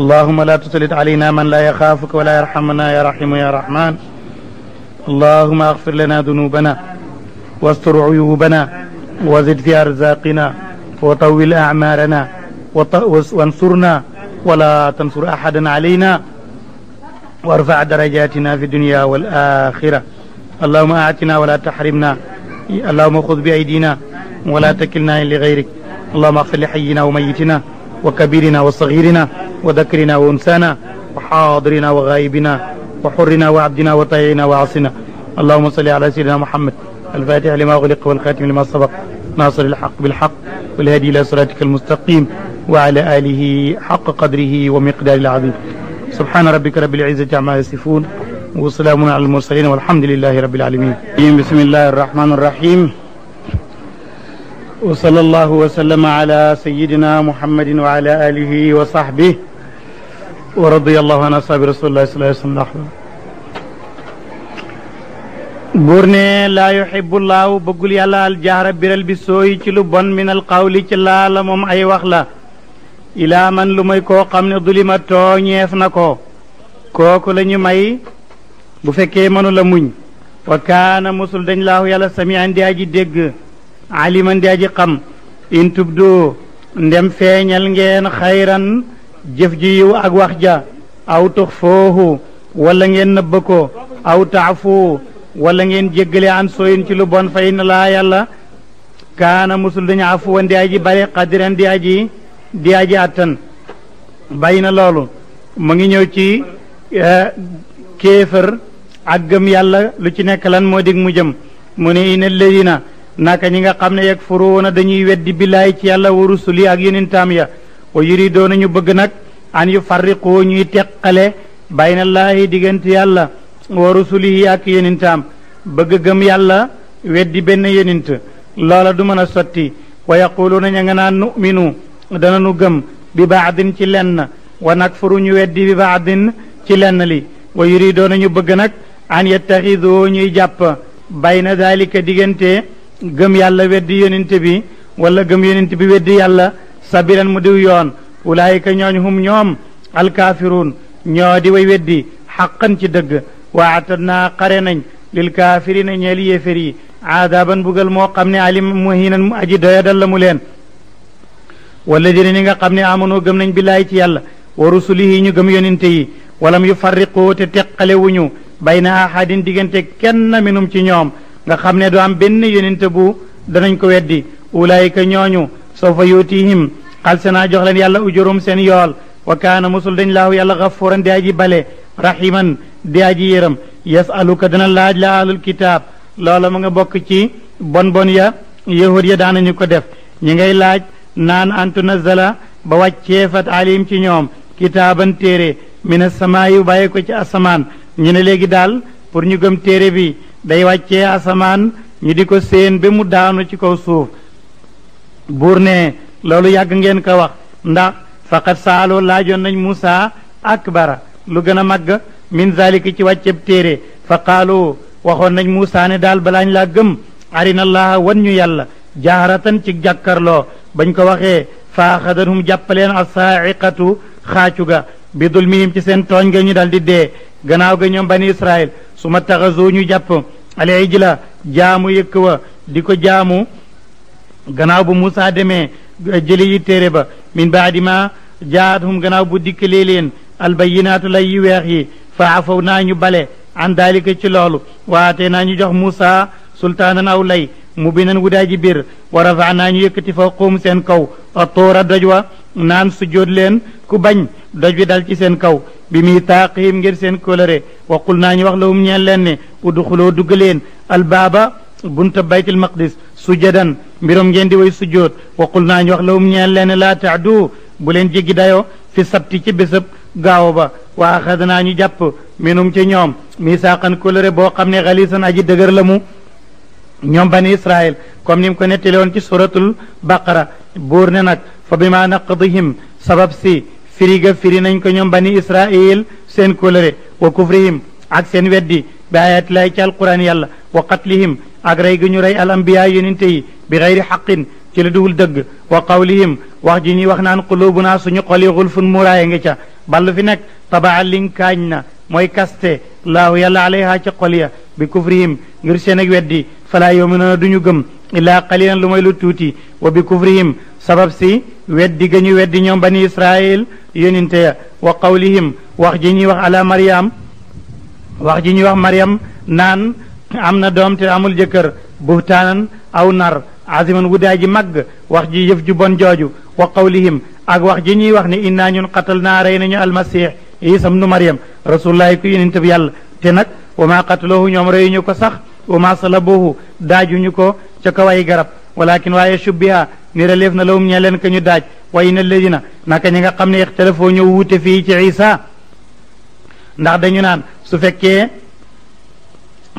اللهم لا تسلط علينا من لا يخافك ولا يرحمنا يا رحيم يا رحمن اللهم اغفر لنا ذنوبنا واستر عيوبنا وزد في ارزاقنا وطول اعمارنا وانصرنا ولا تنصر احدا علينا وارفع درجاتنا في الدنيا والآخرة اللهم آتنا ولا تحرمنا اللهم خذ بأيدينا ولا تكلنا لغيرك اللهم اغفر لحينا وميتنا وكبيرنا وصغيرنا وذكرنا وأنسانا وحاضرنا وغائبنا وحرنا وعبدنا وطيعنا وعصنا اللهم صل على سيدنا محمد الفاتح لما أغلق والخاتم لما سبق ناصر الحق بالحق والهدي إلى صراطك المستقيم وعلى آله حق قدره ومقدار العظيم سبحان ربك رب العزة عما يصفون وسلام على المرسلين والحمد لله رب العالمين بسم الله الرحمن الرحيم وصلى الله وسلم على سيدنا محمد وعلى آله وصحبه ورضي الله عن أصحاب رسول الله صلى الله عليه وسلم بورني لا يحب الله بقول يا الله الجهر biral bi sooyi ci lu bon min al أي ci ilaa man lu may koo xam ne dulima tooñeef na ko kooku la may bu fekkee mënula muñ wa kaana mosul dañ laahu yàlla samian di aji dégg aliman di aji xam in tubdoo ndem feeñal ngeen xayran jëf ji yiw ak wax ja aw tux foohu wala ngeen nëbba ko aw taafu wala ngeen jéggale an sooyin ci lu bon fay na laa yàlla kaana mosul dañ afuwan di aji bare qadiran di aji di aji attan bàyyi na loolu mu ngi ñëw ci eh, kéefër ak gëm yàlla lu ci nekk lan moo dig mu jëm mu ne ina na naka ñi nga xam ne yeg furuuna dañuy weddi billaay ci yàlla wa rusuli ak yonentam ya wa yuri doona ñu bëgg nag an yu farriqoo ñuy teqale baynallaahi diggante yàlla wa rusulihi ak yonentam bëgg gëm yàlla weddi benn yonent loola du mën a sotti wa yaquluuna ña nga naan numinu dananu gëm bi baadin ci lenn wa nakfuru ñu weddi bi baadin ci lenn li wa yuridoona nañu bëgg nag an yettaxidoo ñuy jàpp na dalika diggante gëm yàlla weddi yonent bi wala gëm yonent bi weddi yàlla sabilan mu diw yoon ulaayika ñooñ hum ñoom alkaafiruun ñoo di way weddi xaqan ci dëgg waatan naa xare nañ lil kaafirina ñeel yéefér yi aadaban bugal moo xam ne alim muhinan mu aji doyadal la mu leen walladina ñi nga xam ne amanoo gëm nañ billaay ci yàlla wa rusulihi ñu gëm yonente yi walam yu farriqu te teqale wuñu bayna ahadin diggante kenn minum ci ñoom nga xam ne du benn yonente bu danañ ko weddi ulaayika ñooñu sawfa yuutihim naa jox leen yàlla ujurum seen yool wa kaana musul dañ laahu yàlla gafuran di aji bale rahiman di aji yëram yasaluka dana laaj la ahlul kitaab loola mu nga bokk ci bon bon ya yahud ya daanañu ko def ናን አንቱ ነዘላ በዋቼፈት አሊም ጭኞም kitaban téere mina samaayu bàyyi ko ci asamaan ñu ne léegi daal pour ñu gëm téere bi day wàccee asamaan ñu di ko séen ba mu daanu ci kaw suuf buur ne loolu yàgg ngeen ko wax ndax faqat saaloo laajoon nañ Muusa akbara lu gën a màgg min zalika ci wàcceb téere fa qaalu waxoon nañ Muusa ne daal balaañ laa gëm arina allaha wan ñu yàlla jaharatan ci jàkkarloo bañ ko waxee fa axadathum jàppaleen asaa'iqatu xaacu ga bi dulmihim ci seen tooñ ga ñu dal di dee ganaaw ga ñoom bani israil su ma taxasoo ñu jàpp al ijla jaamu yëkk wa di ko jaamu gannaaw bu musa demee jëli yi téere ba min baadi ma jaathum gannaaw bu dikkalee leen albayinaatu lay yu weex yi fa afaw naa ñu bale an daalika ci loolu waatee naa ñu jox Muusaa sultaanan aw lay mu binan wudaa ji biir wa rafa naa ñu yëkkati fawqahum seen kaw a tóora doj wa naan sujjóot leen ku bañ doj wi dal ci seen kaw bi mi muy taaqihim ngir seen kóllëre wa qul naa ñu wax lahum ñeen leen ne udxuloo dugg leen albaaba bunta baytil maqdis sujjadan mbirom ngeen di way sujjóot wa qul naa ñu wax lahum ñeen leen laa taadu bu leen jéggi dayoo fi sabti ci bésëb gaaw ba waa axad naa ñu jàpp minum ci ñoom misaaqan kóllëre boo xam ne xaliisan aji la mu ñoom bani israil comme ni ko ne woon ci suratul baqara buur ne nag fa bima naqdihim sabab si firi ga firi nañ ko ñoom bani israil seen kóllëre wa kufrihim ak seen weddi bi ayati lay ci alquran yàlla wa qatlihim ak rey gi ñu rey al ambiya yonente yi bi gayri xaqin ci la duwul dëgg wa qawlihim wax ji ñuy wax naan qulubuna suñu xol yi xulfun muraaye nga ca ballu fi nekk tabaa linkaañ na mooy kaste laahu yàlla alayha ci xol ya bi kufrihim ngir seen ak weddi falaa yuminuuna du ñu gëm illaa qalilan lu may lu tuuti wa bi kufrihim sabab si weddi ga ñu weddi ñoom bani israil yoninte ya wa qawlihim wax ji ñuy wax ala mariam wax ji ñuy wax mariyam naan am na doom te amul jëkkër buhtaanan aw nar aziman wudaa ji màgg wax ji yëf ju bon jooju wa qawlihim ak wax ji ñuy wax ni innaa ñun qatal naa rey nañu almasih isa ibnu mariam rasulullahi ku yonente bi te nag wa maa qataluhu ñoom reyuñu ko sax wa maa salabuhu daajuñu ko ca kaw ay garab walakin waaye shubbiha niraleef na lawum ñee leen ka ñu daaj wa inna alladina naka ñi nga xam ne ixtalafoo ñëw wuute fii ci isa ndax dañu naan su fekkee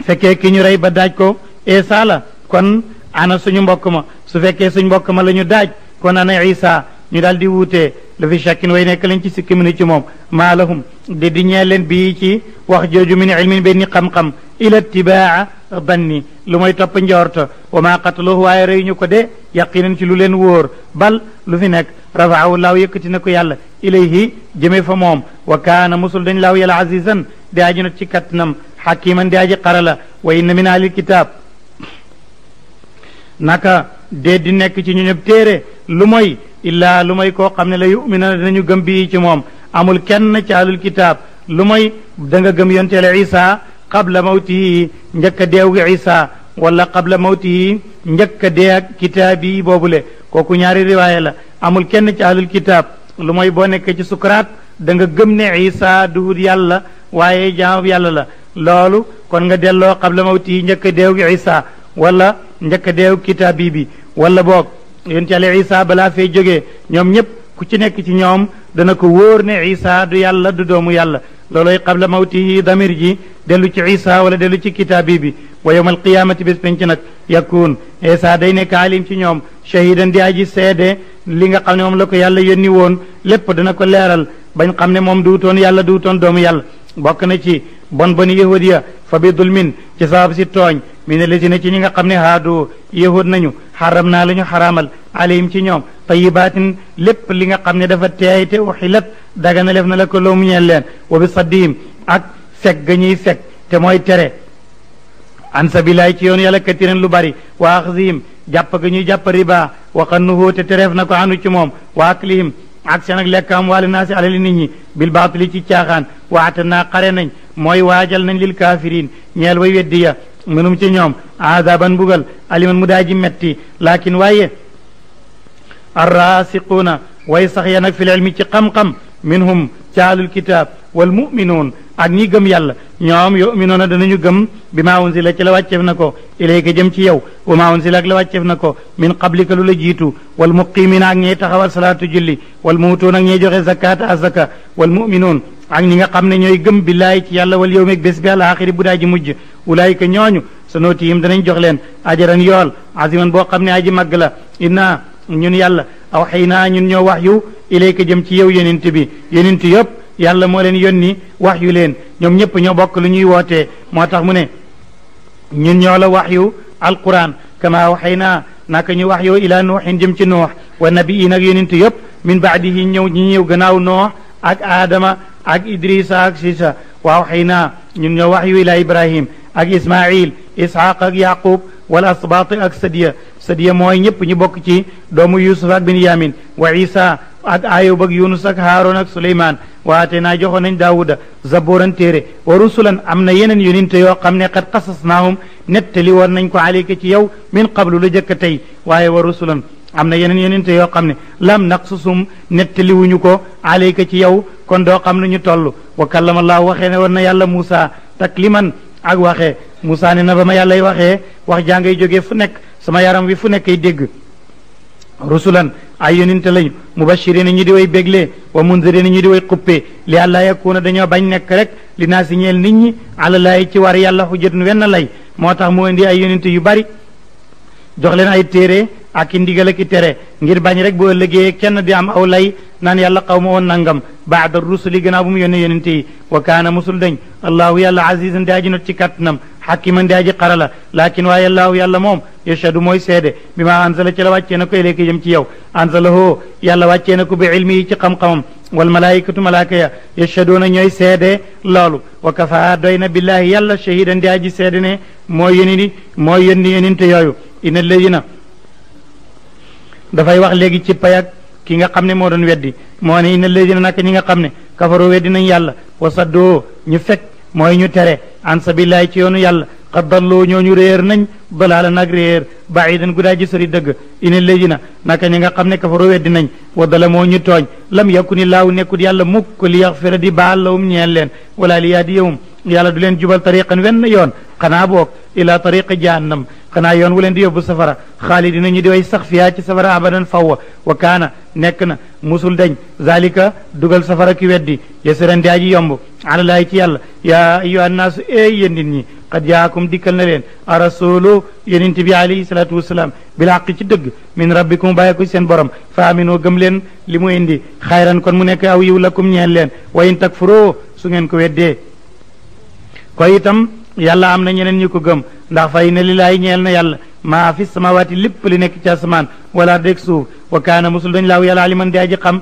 fekkee ki ñu rey ba daaj ko isa la kon ana suñu mbokk ma su fekkee suñ mbokk ma lañu ñu daaj kon ana isa ñu daal di wuutee la fi shakkin way nekk lañ ci sikki minu ci moom maa lahum di di leen bii ci wax jooju min ilmin benn xam-xam ila tibaa banni lu moy topp njorto wa maa qataluhu waaye rey ñu ko de yaqinan ci lu leen woor bal lu fi nekk rafaahu law yëkkati na ko yàlla ilayhi jëme fa moom wa kaana musul dañ laaw yàlla azizan di aji not ci kattanam xakiman di aji xarala wa inna min alil kitaab naka dee di nekk ci ñu ñëpp téere lu mooy illaa lu may koo xam ne la yu'mina nañu gëm bi ci moom amul kenn ci ahlul kitaab lu may da nga gëm yonteele isa qabla mawtihi njëkk a deew gi isa wala qabla mawtihi njëkk a dee yi boobule kooku ñaari riwaaya la amul kenn ci ahlul kitaab boo nekk ci sukuraat da nga gëm ne isa duhut yàlla waaye jaamab yàlla la loolu kon nga delloo xab qabla mawtihi njëkk a deew gi isa wala njëkk a deew kitaab bi wala boog yonent yàlla isa balaa fay jógee ñoom ñëpp ku ci nekk ci ñoom dana ko wóor ne isa du yàlla du doomu yàlla looloy qabla mawtihi damir ji dellu ci isa wala dellu ci kitaabi bi wa yowma alqiyamati bis penc nag yakun isa day nekk alim ci ñoom shahidan di aji seede li nga xam ne moom la ko yàlla ni woon lépp dana ko leeral bañ xam ne moom du duutoon yàlla toon doomu yàlla bokk na ci bon boni yahudiya fa bi dulmin ci sabab si tooñ mi ne lesi na ci ñi nga xam ne haadu yahud nañu xaram naa la ñu xaraamal alayhim ci ñoom tayibatin lépp li nga xam ne dafa teey te uxilat dagana lef na la ko loomu ñeel leen wa bi saddihim ak seg ga ñuy seg te mooy tere an sabilaay ci yoon yàlla katiran lu bari wa axzihim jàpp ga ñuy jàpp riba wa xannuhu te tereef na ko anu ci moom wa aklihim ak seen ak lekkam wala naa si alali nit ñi bil baatili ci caaxaan waata naa xare nañ mooy waajal nañ lil kaafirin ñeel way weddi ya mënum ci ñoom azaban bugal aliman mu daaji metti lakin waaye arrasiquuna way sax ya nag fi lilmi ci xam-xam minhum caalul kitaab wal muminuun ak ñi gëm yàlla ñoom yuminoona danañu gëm bi maa unsila ci la wàcceef na ko ilayka jëm ci yow wa maa unsila ak la wàcceef na ko min qablika lu la jiitu wal muqimina ak ñey taxawal salaatu julli wal muutuun ak ñey joxe zakata azaka wal muminuun ak ñi nga xam ne ñooy gëm billaay ci yàlla wal yow meeg bés bi àlaxiri bu daa ji mujj ulaayika ñooñu sa nooti yim danañ jox leen ajaran yool aziman boo xam ne aji màgg la inna ñun yàlla aw xëy naa ñun ñoo wax yu ilayka jam ci yow yonent bi yonent yëpp yàlla moo leen yónni wax yu leen ñoom ñëpp ñoo bokk lu ñuy wootee moo tax mu ne ñun ñoo la wax yu alquran kama aw xëy naa naka ñu wax yu ilaa nuuxin jëm ci nuux wa nabiyin ak yonent yëpp min baadihi ak idris ak sisa waawxaynaa ñun ñoo waxyu ila ibrahim ak ismail isxaq ak yaqub wal asbaati ak sadiya sadiya mooy ñëpp ñu bokk ci doomu yusuf ak binyamin wa isa ak ayub ak yunus ak haaron ak suleyman waate naa joxoon nañ daawuda zaburan téere wa rusulan am na yeneen yonente yoo qad qasasnaahum nettali woon nañ ko aleyka ci yow min qablu lu jëkk tey waaye wa rusulan am na yeneen yeneen yoo xam ne lam naqsusum nettaliwuñu ko alayka ci yow kon doo xam ne ñu toll wa kallama laa waxee ne woon na yàlla Moussa takliman ak waxee Moussa ne na ba ma yàllay waxe wax jaa ngay fu nekk sama yaram wi fu nekk ay dégg rusulan ay yonente lañu ni ñu di way béglee wa munzirina ñu di way xuppee li àllaa yakuuna dañoo bañ nekk rek li naa si ñeel nit ñi àla laayi ci war yàlla xujjatun wenn lay moo tax mu indi ay yonente yu bari jox leen ay téere ak i ndigal ak tere ngir bañ rek bu ëllëgee kenn di am aw lay naan yàlla xaw ma woon nangam baada rusuli gannaaw bu mu yónnee yonente yi wa kaana musul dañ allahu yàlla azizan di aji not ci kàttanam xakiman di aji xarala laakin waaye allahu yàlla moom yashadu mooy seede bi ma anzala ci la wàccee na ko ilayka jëm ci yow anzalahoo yàlla wàccee na ko bi ilmi yi ci xam-xamam wal malaayikatu malaaka ya yashaduuna ñooy seede loolu wa kafa doy na billahi yàlla shahidan di aji seede ne mooy yónni mooy yónni yóninte yooyu léegi alladina dafay wax léegi ci pay ak ki nga xam ne moo doon weddi moo ne inna alladina nak ñi nga xam ne kafaru weddi nañ yàlla wa saddoo ñu fekk mooy ñu tere an sabillahi ci yoonu yàlla qad dalloo ñu réer nañ dalaala nag réer baidan gudaa ji sori dëgg léegi alladina naka ñi nga xam ne kafaru weddi nañ wa dala moo ñu tooñ lam ni laahu nekkul yàlla mukk li yaxfira di baal lawum ñeel leen wala di yaadiyahum yàlla du leen jubal tariqan wenn yoon ila tariqi jahannam xanaa yoon wu leen di yóbbu safara xaalidina ñu di way sax fiyaa ci safara abadan fawwa wa kaana nekk na musul dañ zalika dugal safara ki weddi yasiran di aji yomb alalaay ci yàlla yaa ayyuha annaasu ey yéen nit ñi qad jaakum dikkal na leen a rasulu yenint bi alayhi salaatu wasalaam bilhaq ci dëgg min rabbikum bàyyi ko seen borom fa aminoo gëm leen li mu indi xayran kon mu nekk aw yiw lakum ñeen leen wa in takfuroo su ngeen ko weddee koy yàlla am na ñeneen ñu ko gëm ndax fay na lillaahi ñeel na yàlla maa fi samawaati lépp li nekk ci asamaan wala deg suuf wa kaana musul dañ laaw yàlla aliman di aji xam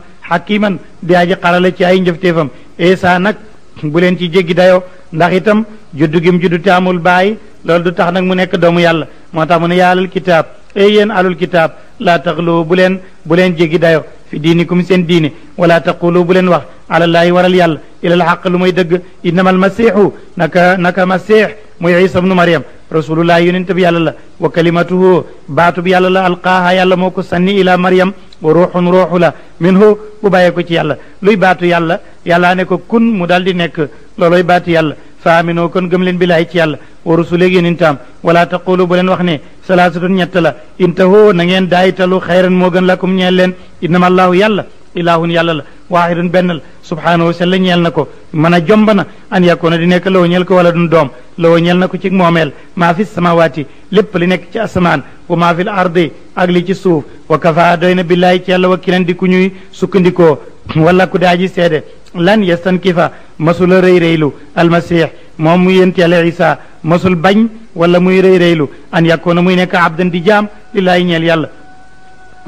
man di aji xarala ci ay njëfteefam Isa nag bu leen ci jéggi dayo ndax itam juddu gim juddu te amul baay loolu du tax nag mu nekk doomu yàlla moo tax mu ne yàlla alal kitaab ey yéen alul kitaab laa taxlu bu leen bu leen jéggi dayo fi diinikum seen diini wala taqulu bu leen wax alallaahi waral yàlla ilal xaq lu muy dëgg innama almasihu naka naka masih muy isa bnu mariam rasulullah yonent bi yàlla la wa kalimatuhu baatu bi yàlla la alqaaha yàlla moo ko sanni ila mariam wa ruuxun ruuxu la minhu bu bàyyee ko ci yàlla luy baatu yàlla yàllaa ne ko kun mu daal di nekk looloy baatu yàlla fa noo kon gëm leen la ci yàlla wa rusuleeg yonentam wala taqulu bu leen wax ne salaasatun ñett la intahoo na ngeen daayitalu xayran moo gën lakum ñeel leen innama allahu yàlla ilaahun yàlla la waaxidun benn la subhaanahu wa sell na ko mën a jomb na an yakuna di nekk lawo ñeel ko wala dun doom lawo ñeel na ko ci moomeel maa fi samawaati lépp li nekk ci asamaan wa maa fi l ardi ak li ci suuf wa kafa doy na billaahi ci wa wakilan di ku ñuy sukkandikoo wala ku daaji seede lan yastankifa masula rëy rëylu almasih moom mu yent yàlla isa masul bañ wala muy rëy rëylu an yakuna muy nekk abdan di jaam lillaahi ñeel yàlla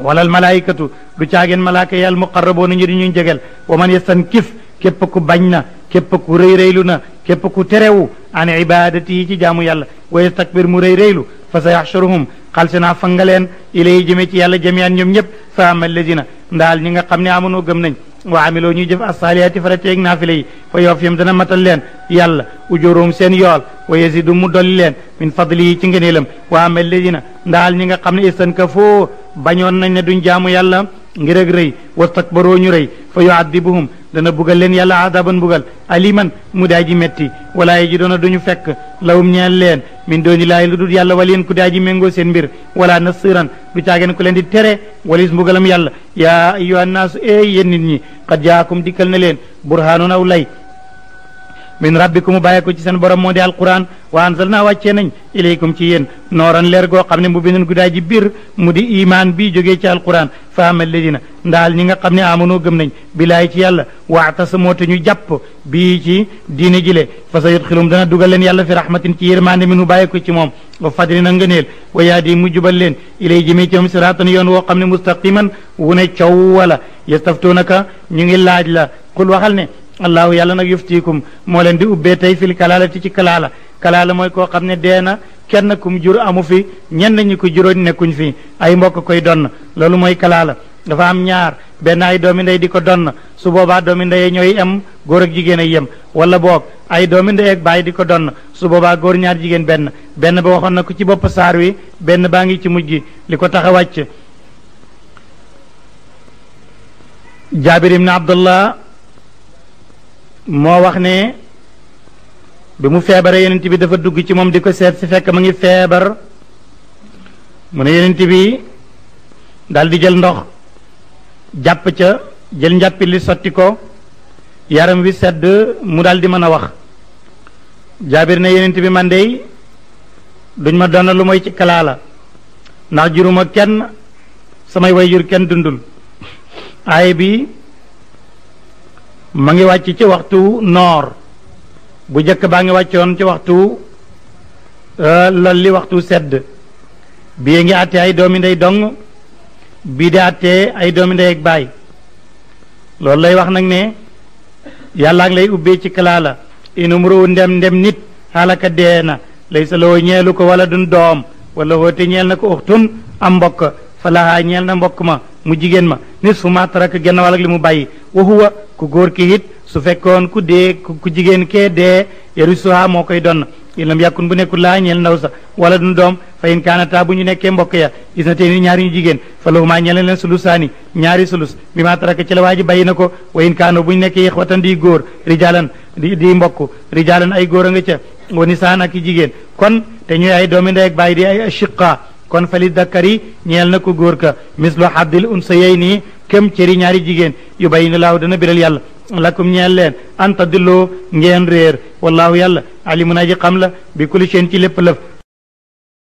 ولا الملائكة بتشاجن ملاك يا المقربون يجري نين جعل ومن يستنكف كيبكو كيف كيبكو ري ريلونا كيبكو تريو عن عبادتي يجي جامو يلا ويستكبر مري ريلو فسيحشرهم قال سنا فنجلن إلى جميت يلا جميعا نيم يب سام اللجنة دال نيجا قمني عمنو قمني وعملوا نيجف الصالحات فرتيك نافلي فيوفيهم دنا متلين يلا وجورهم سنيال ويزيدوا مدللين من فضله تنجنيلم وعمل اللجنة دال نيجا قمني استنكفو bañoon nañ ne duñ jaamu yàlla ngir ak rëy wastakbaroo ñu rëy fa yuaddibuhum dana bugal leen yàlla adaban bugal aliman mu daa ji metti walaaye ji doona duñu fekk lawum ñeel leen min dooni laay lu dul yàlla waliyen ku daa ji méngoo seen mbir wala nasiran du caageen ko leen di tere walis mbugalam yàlla yaa ayyuhan naasu ee yéen nit ñi qad jaakum dikkal na leen burhaanun aw lay من ربكم بايكو تي سن بروم مودي القران وانزلنا واتي نان اليكم تي يين نوران لير غو خامني مبينن غداجي بير مودي ايمان بي جوغي تي القران فام الذين ندال نيغا خامني امنو گم نان بلاي تي يالا واعتصمو تي ني جاب بي تي دين جيلي فسيدخلهم دنا دوغال لين يالا في رحمه تي يرماني منو بايكو تي موم وفادرنا نغنيل ويادي مجبل لين الي جيمي تي ام صراط يون و خامني مستقيما وني تشوالا يستفتونك نيغي لاج لا قل وخالني allaahu yàlla nag yuftiikum moo leen di ubbee tey fil kalaalati ci kalaala kalaala mooy koo xam ne dee na kenn kum jur amu fi ñenn ñi ko juróon nekkuñ fi ay mbokk koy donn loolu mooy kalaala dafa am ñaar benn ay doomi ndey di ko donn su boobaa doomi ndey ñooy am góor ak jigéen ay yem wala boog ay doomi ndey ak bàyyi di ko donn su boobaa góor ñaar jigéen benn benn ba waxoon na ko ci bopp saar wi benn baa ngi ci mujj gi li ko tax a wàcc moo wax ne bi mu feebaree yonent bi dafa dugg ci moom di ko seet si fekk mu ngi feebar mu ne yonent bi daldi jël ndox jàpp ca jël njàppi li sotti ko yaram wi sedd mu daal di mën a wax jaabir na yonent bi man dey duñ ma doon lu mooy ci kalaa la ndax juruma kenn samay way jur kenn dundul aaye bi ma ngi wàcc ci waxtu noor bu jëkk baa ngi wàccoon ci waxtu euh, lal li waxtu sedd bii ngi àttee ay doomi ndey dong bii di àttee ay doomi ndey ak baay loolu lay wax nag ne yàllaa ngi lay ubbee ci kalaa la inum ruwu ndem ndem nit xaalaka dee na lay sa loo ñeelu ko wala dun doom wala woote ñeel na ko uxtun am mbokk falaha ñel na mbokk ma mu jigen ma ni suma tarak taraka genn ak limu bayyi wa huwa ku gor ki hit su fekkon ku de ku jigéen kee dee yarusuha mo koy don ilam yakun bu nekul la ñel ndaw sa wala du dom fa in ta bu ñu nekkee mbokk ya gis na ñaari ñu jigen fa ma ñel leen sulusani ñaari sulus bi ma tarak ci la waji ji wa in kana bu ñu di rijalan di di rijalan ay gor nga ca wa ki jigen kon te ñuy ay domi ndey ak di ay ashiqa kon fali dakkari ñeel na ko góor ka mislu haddil unsayayni këm cëri ñaari jigéen yu bayyinu laahu dana biral yàlla lakum ñeel leen anta dilloo ngeen réer wallaahu yàlla alimun aji xam la bi kulli shay'in ci lépp lëf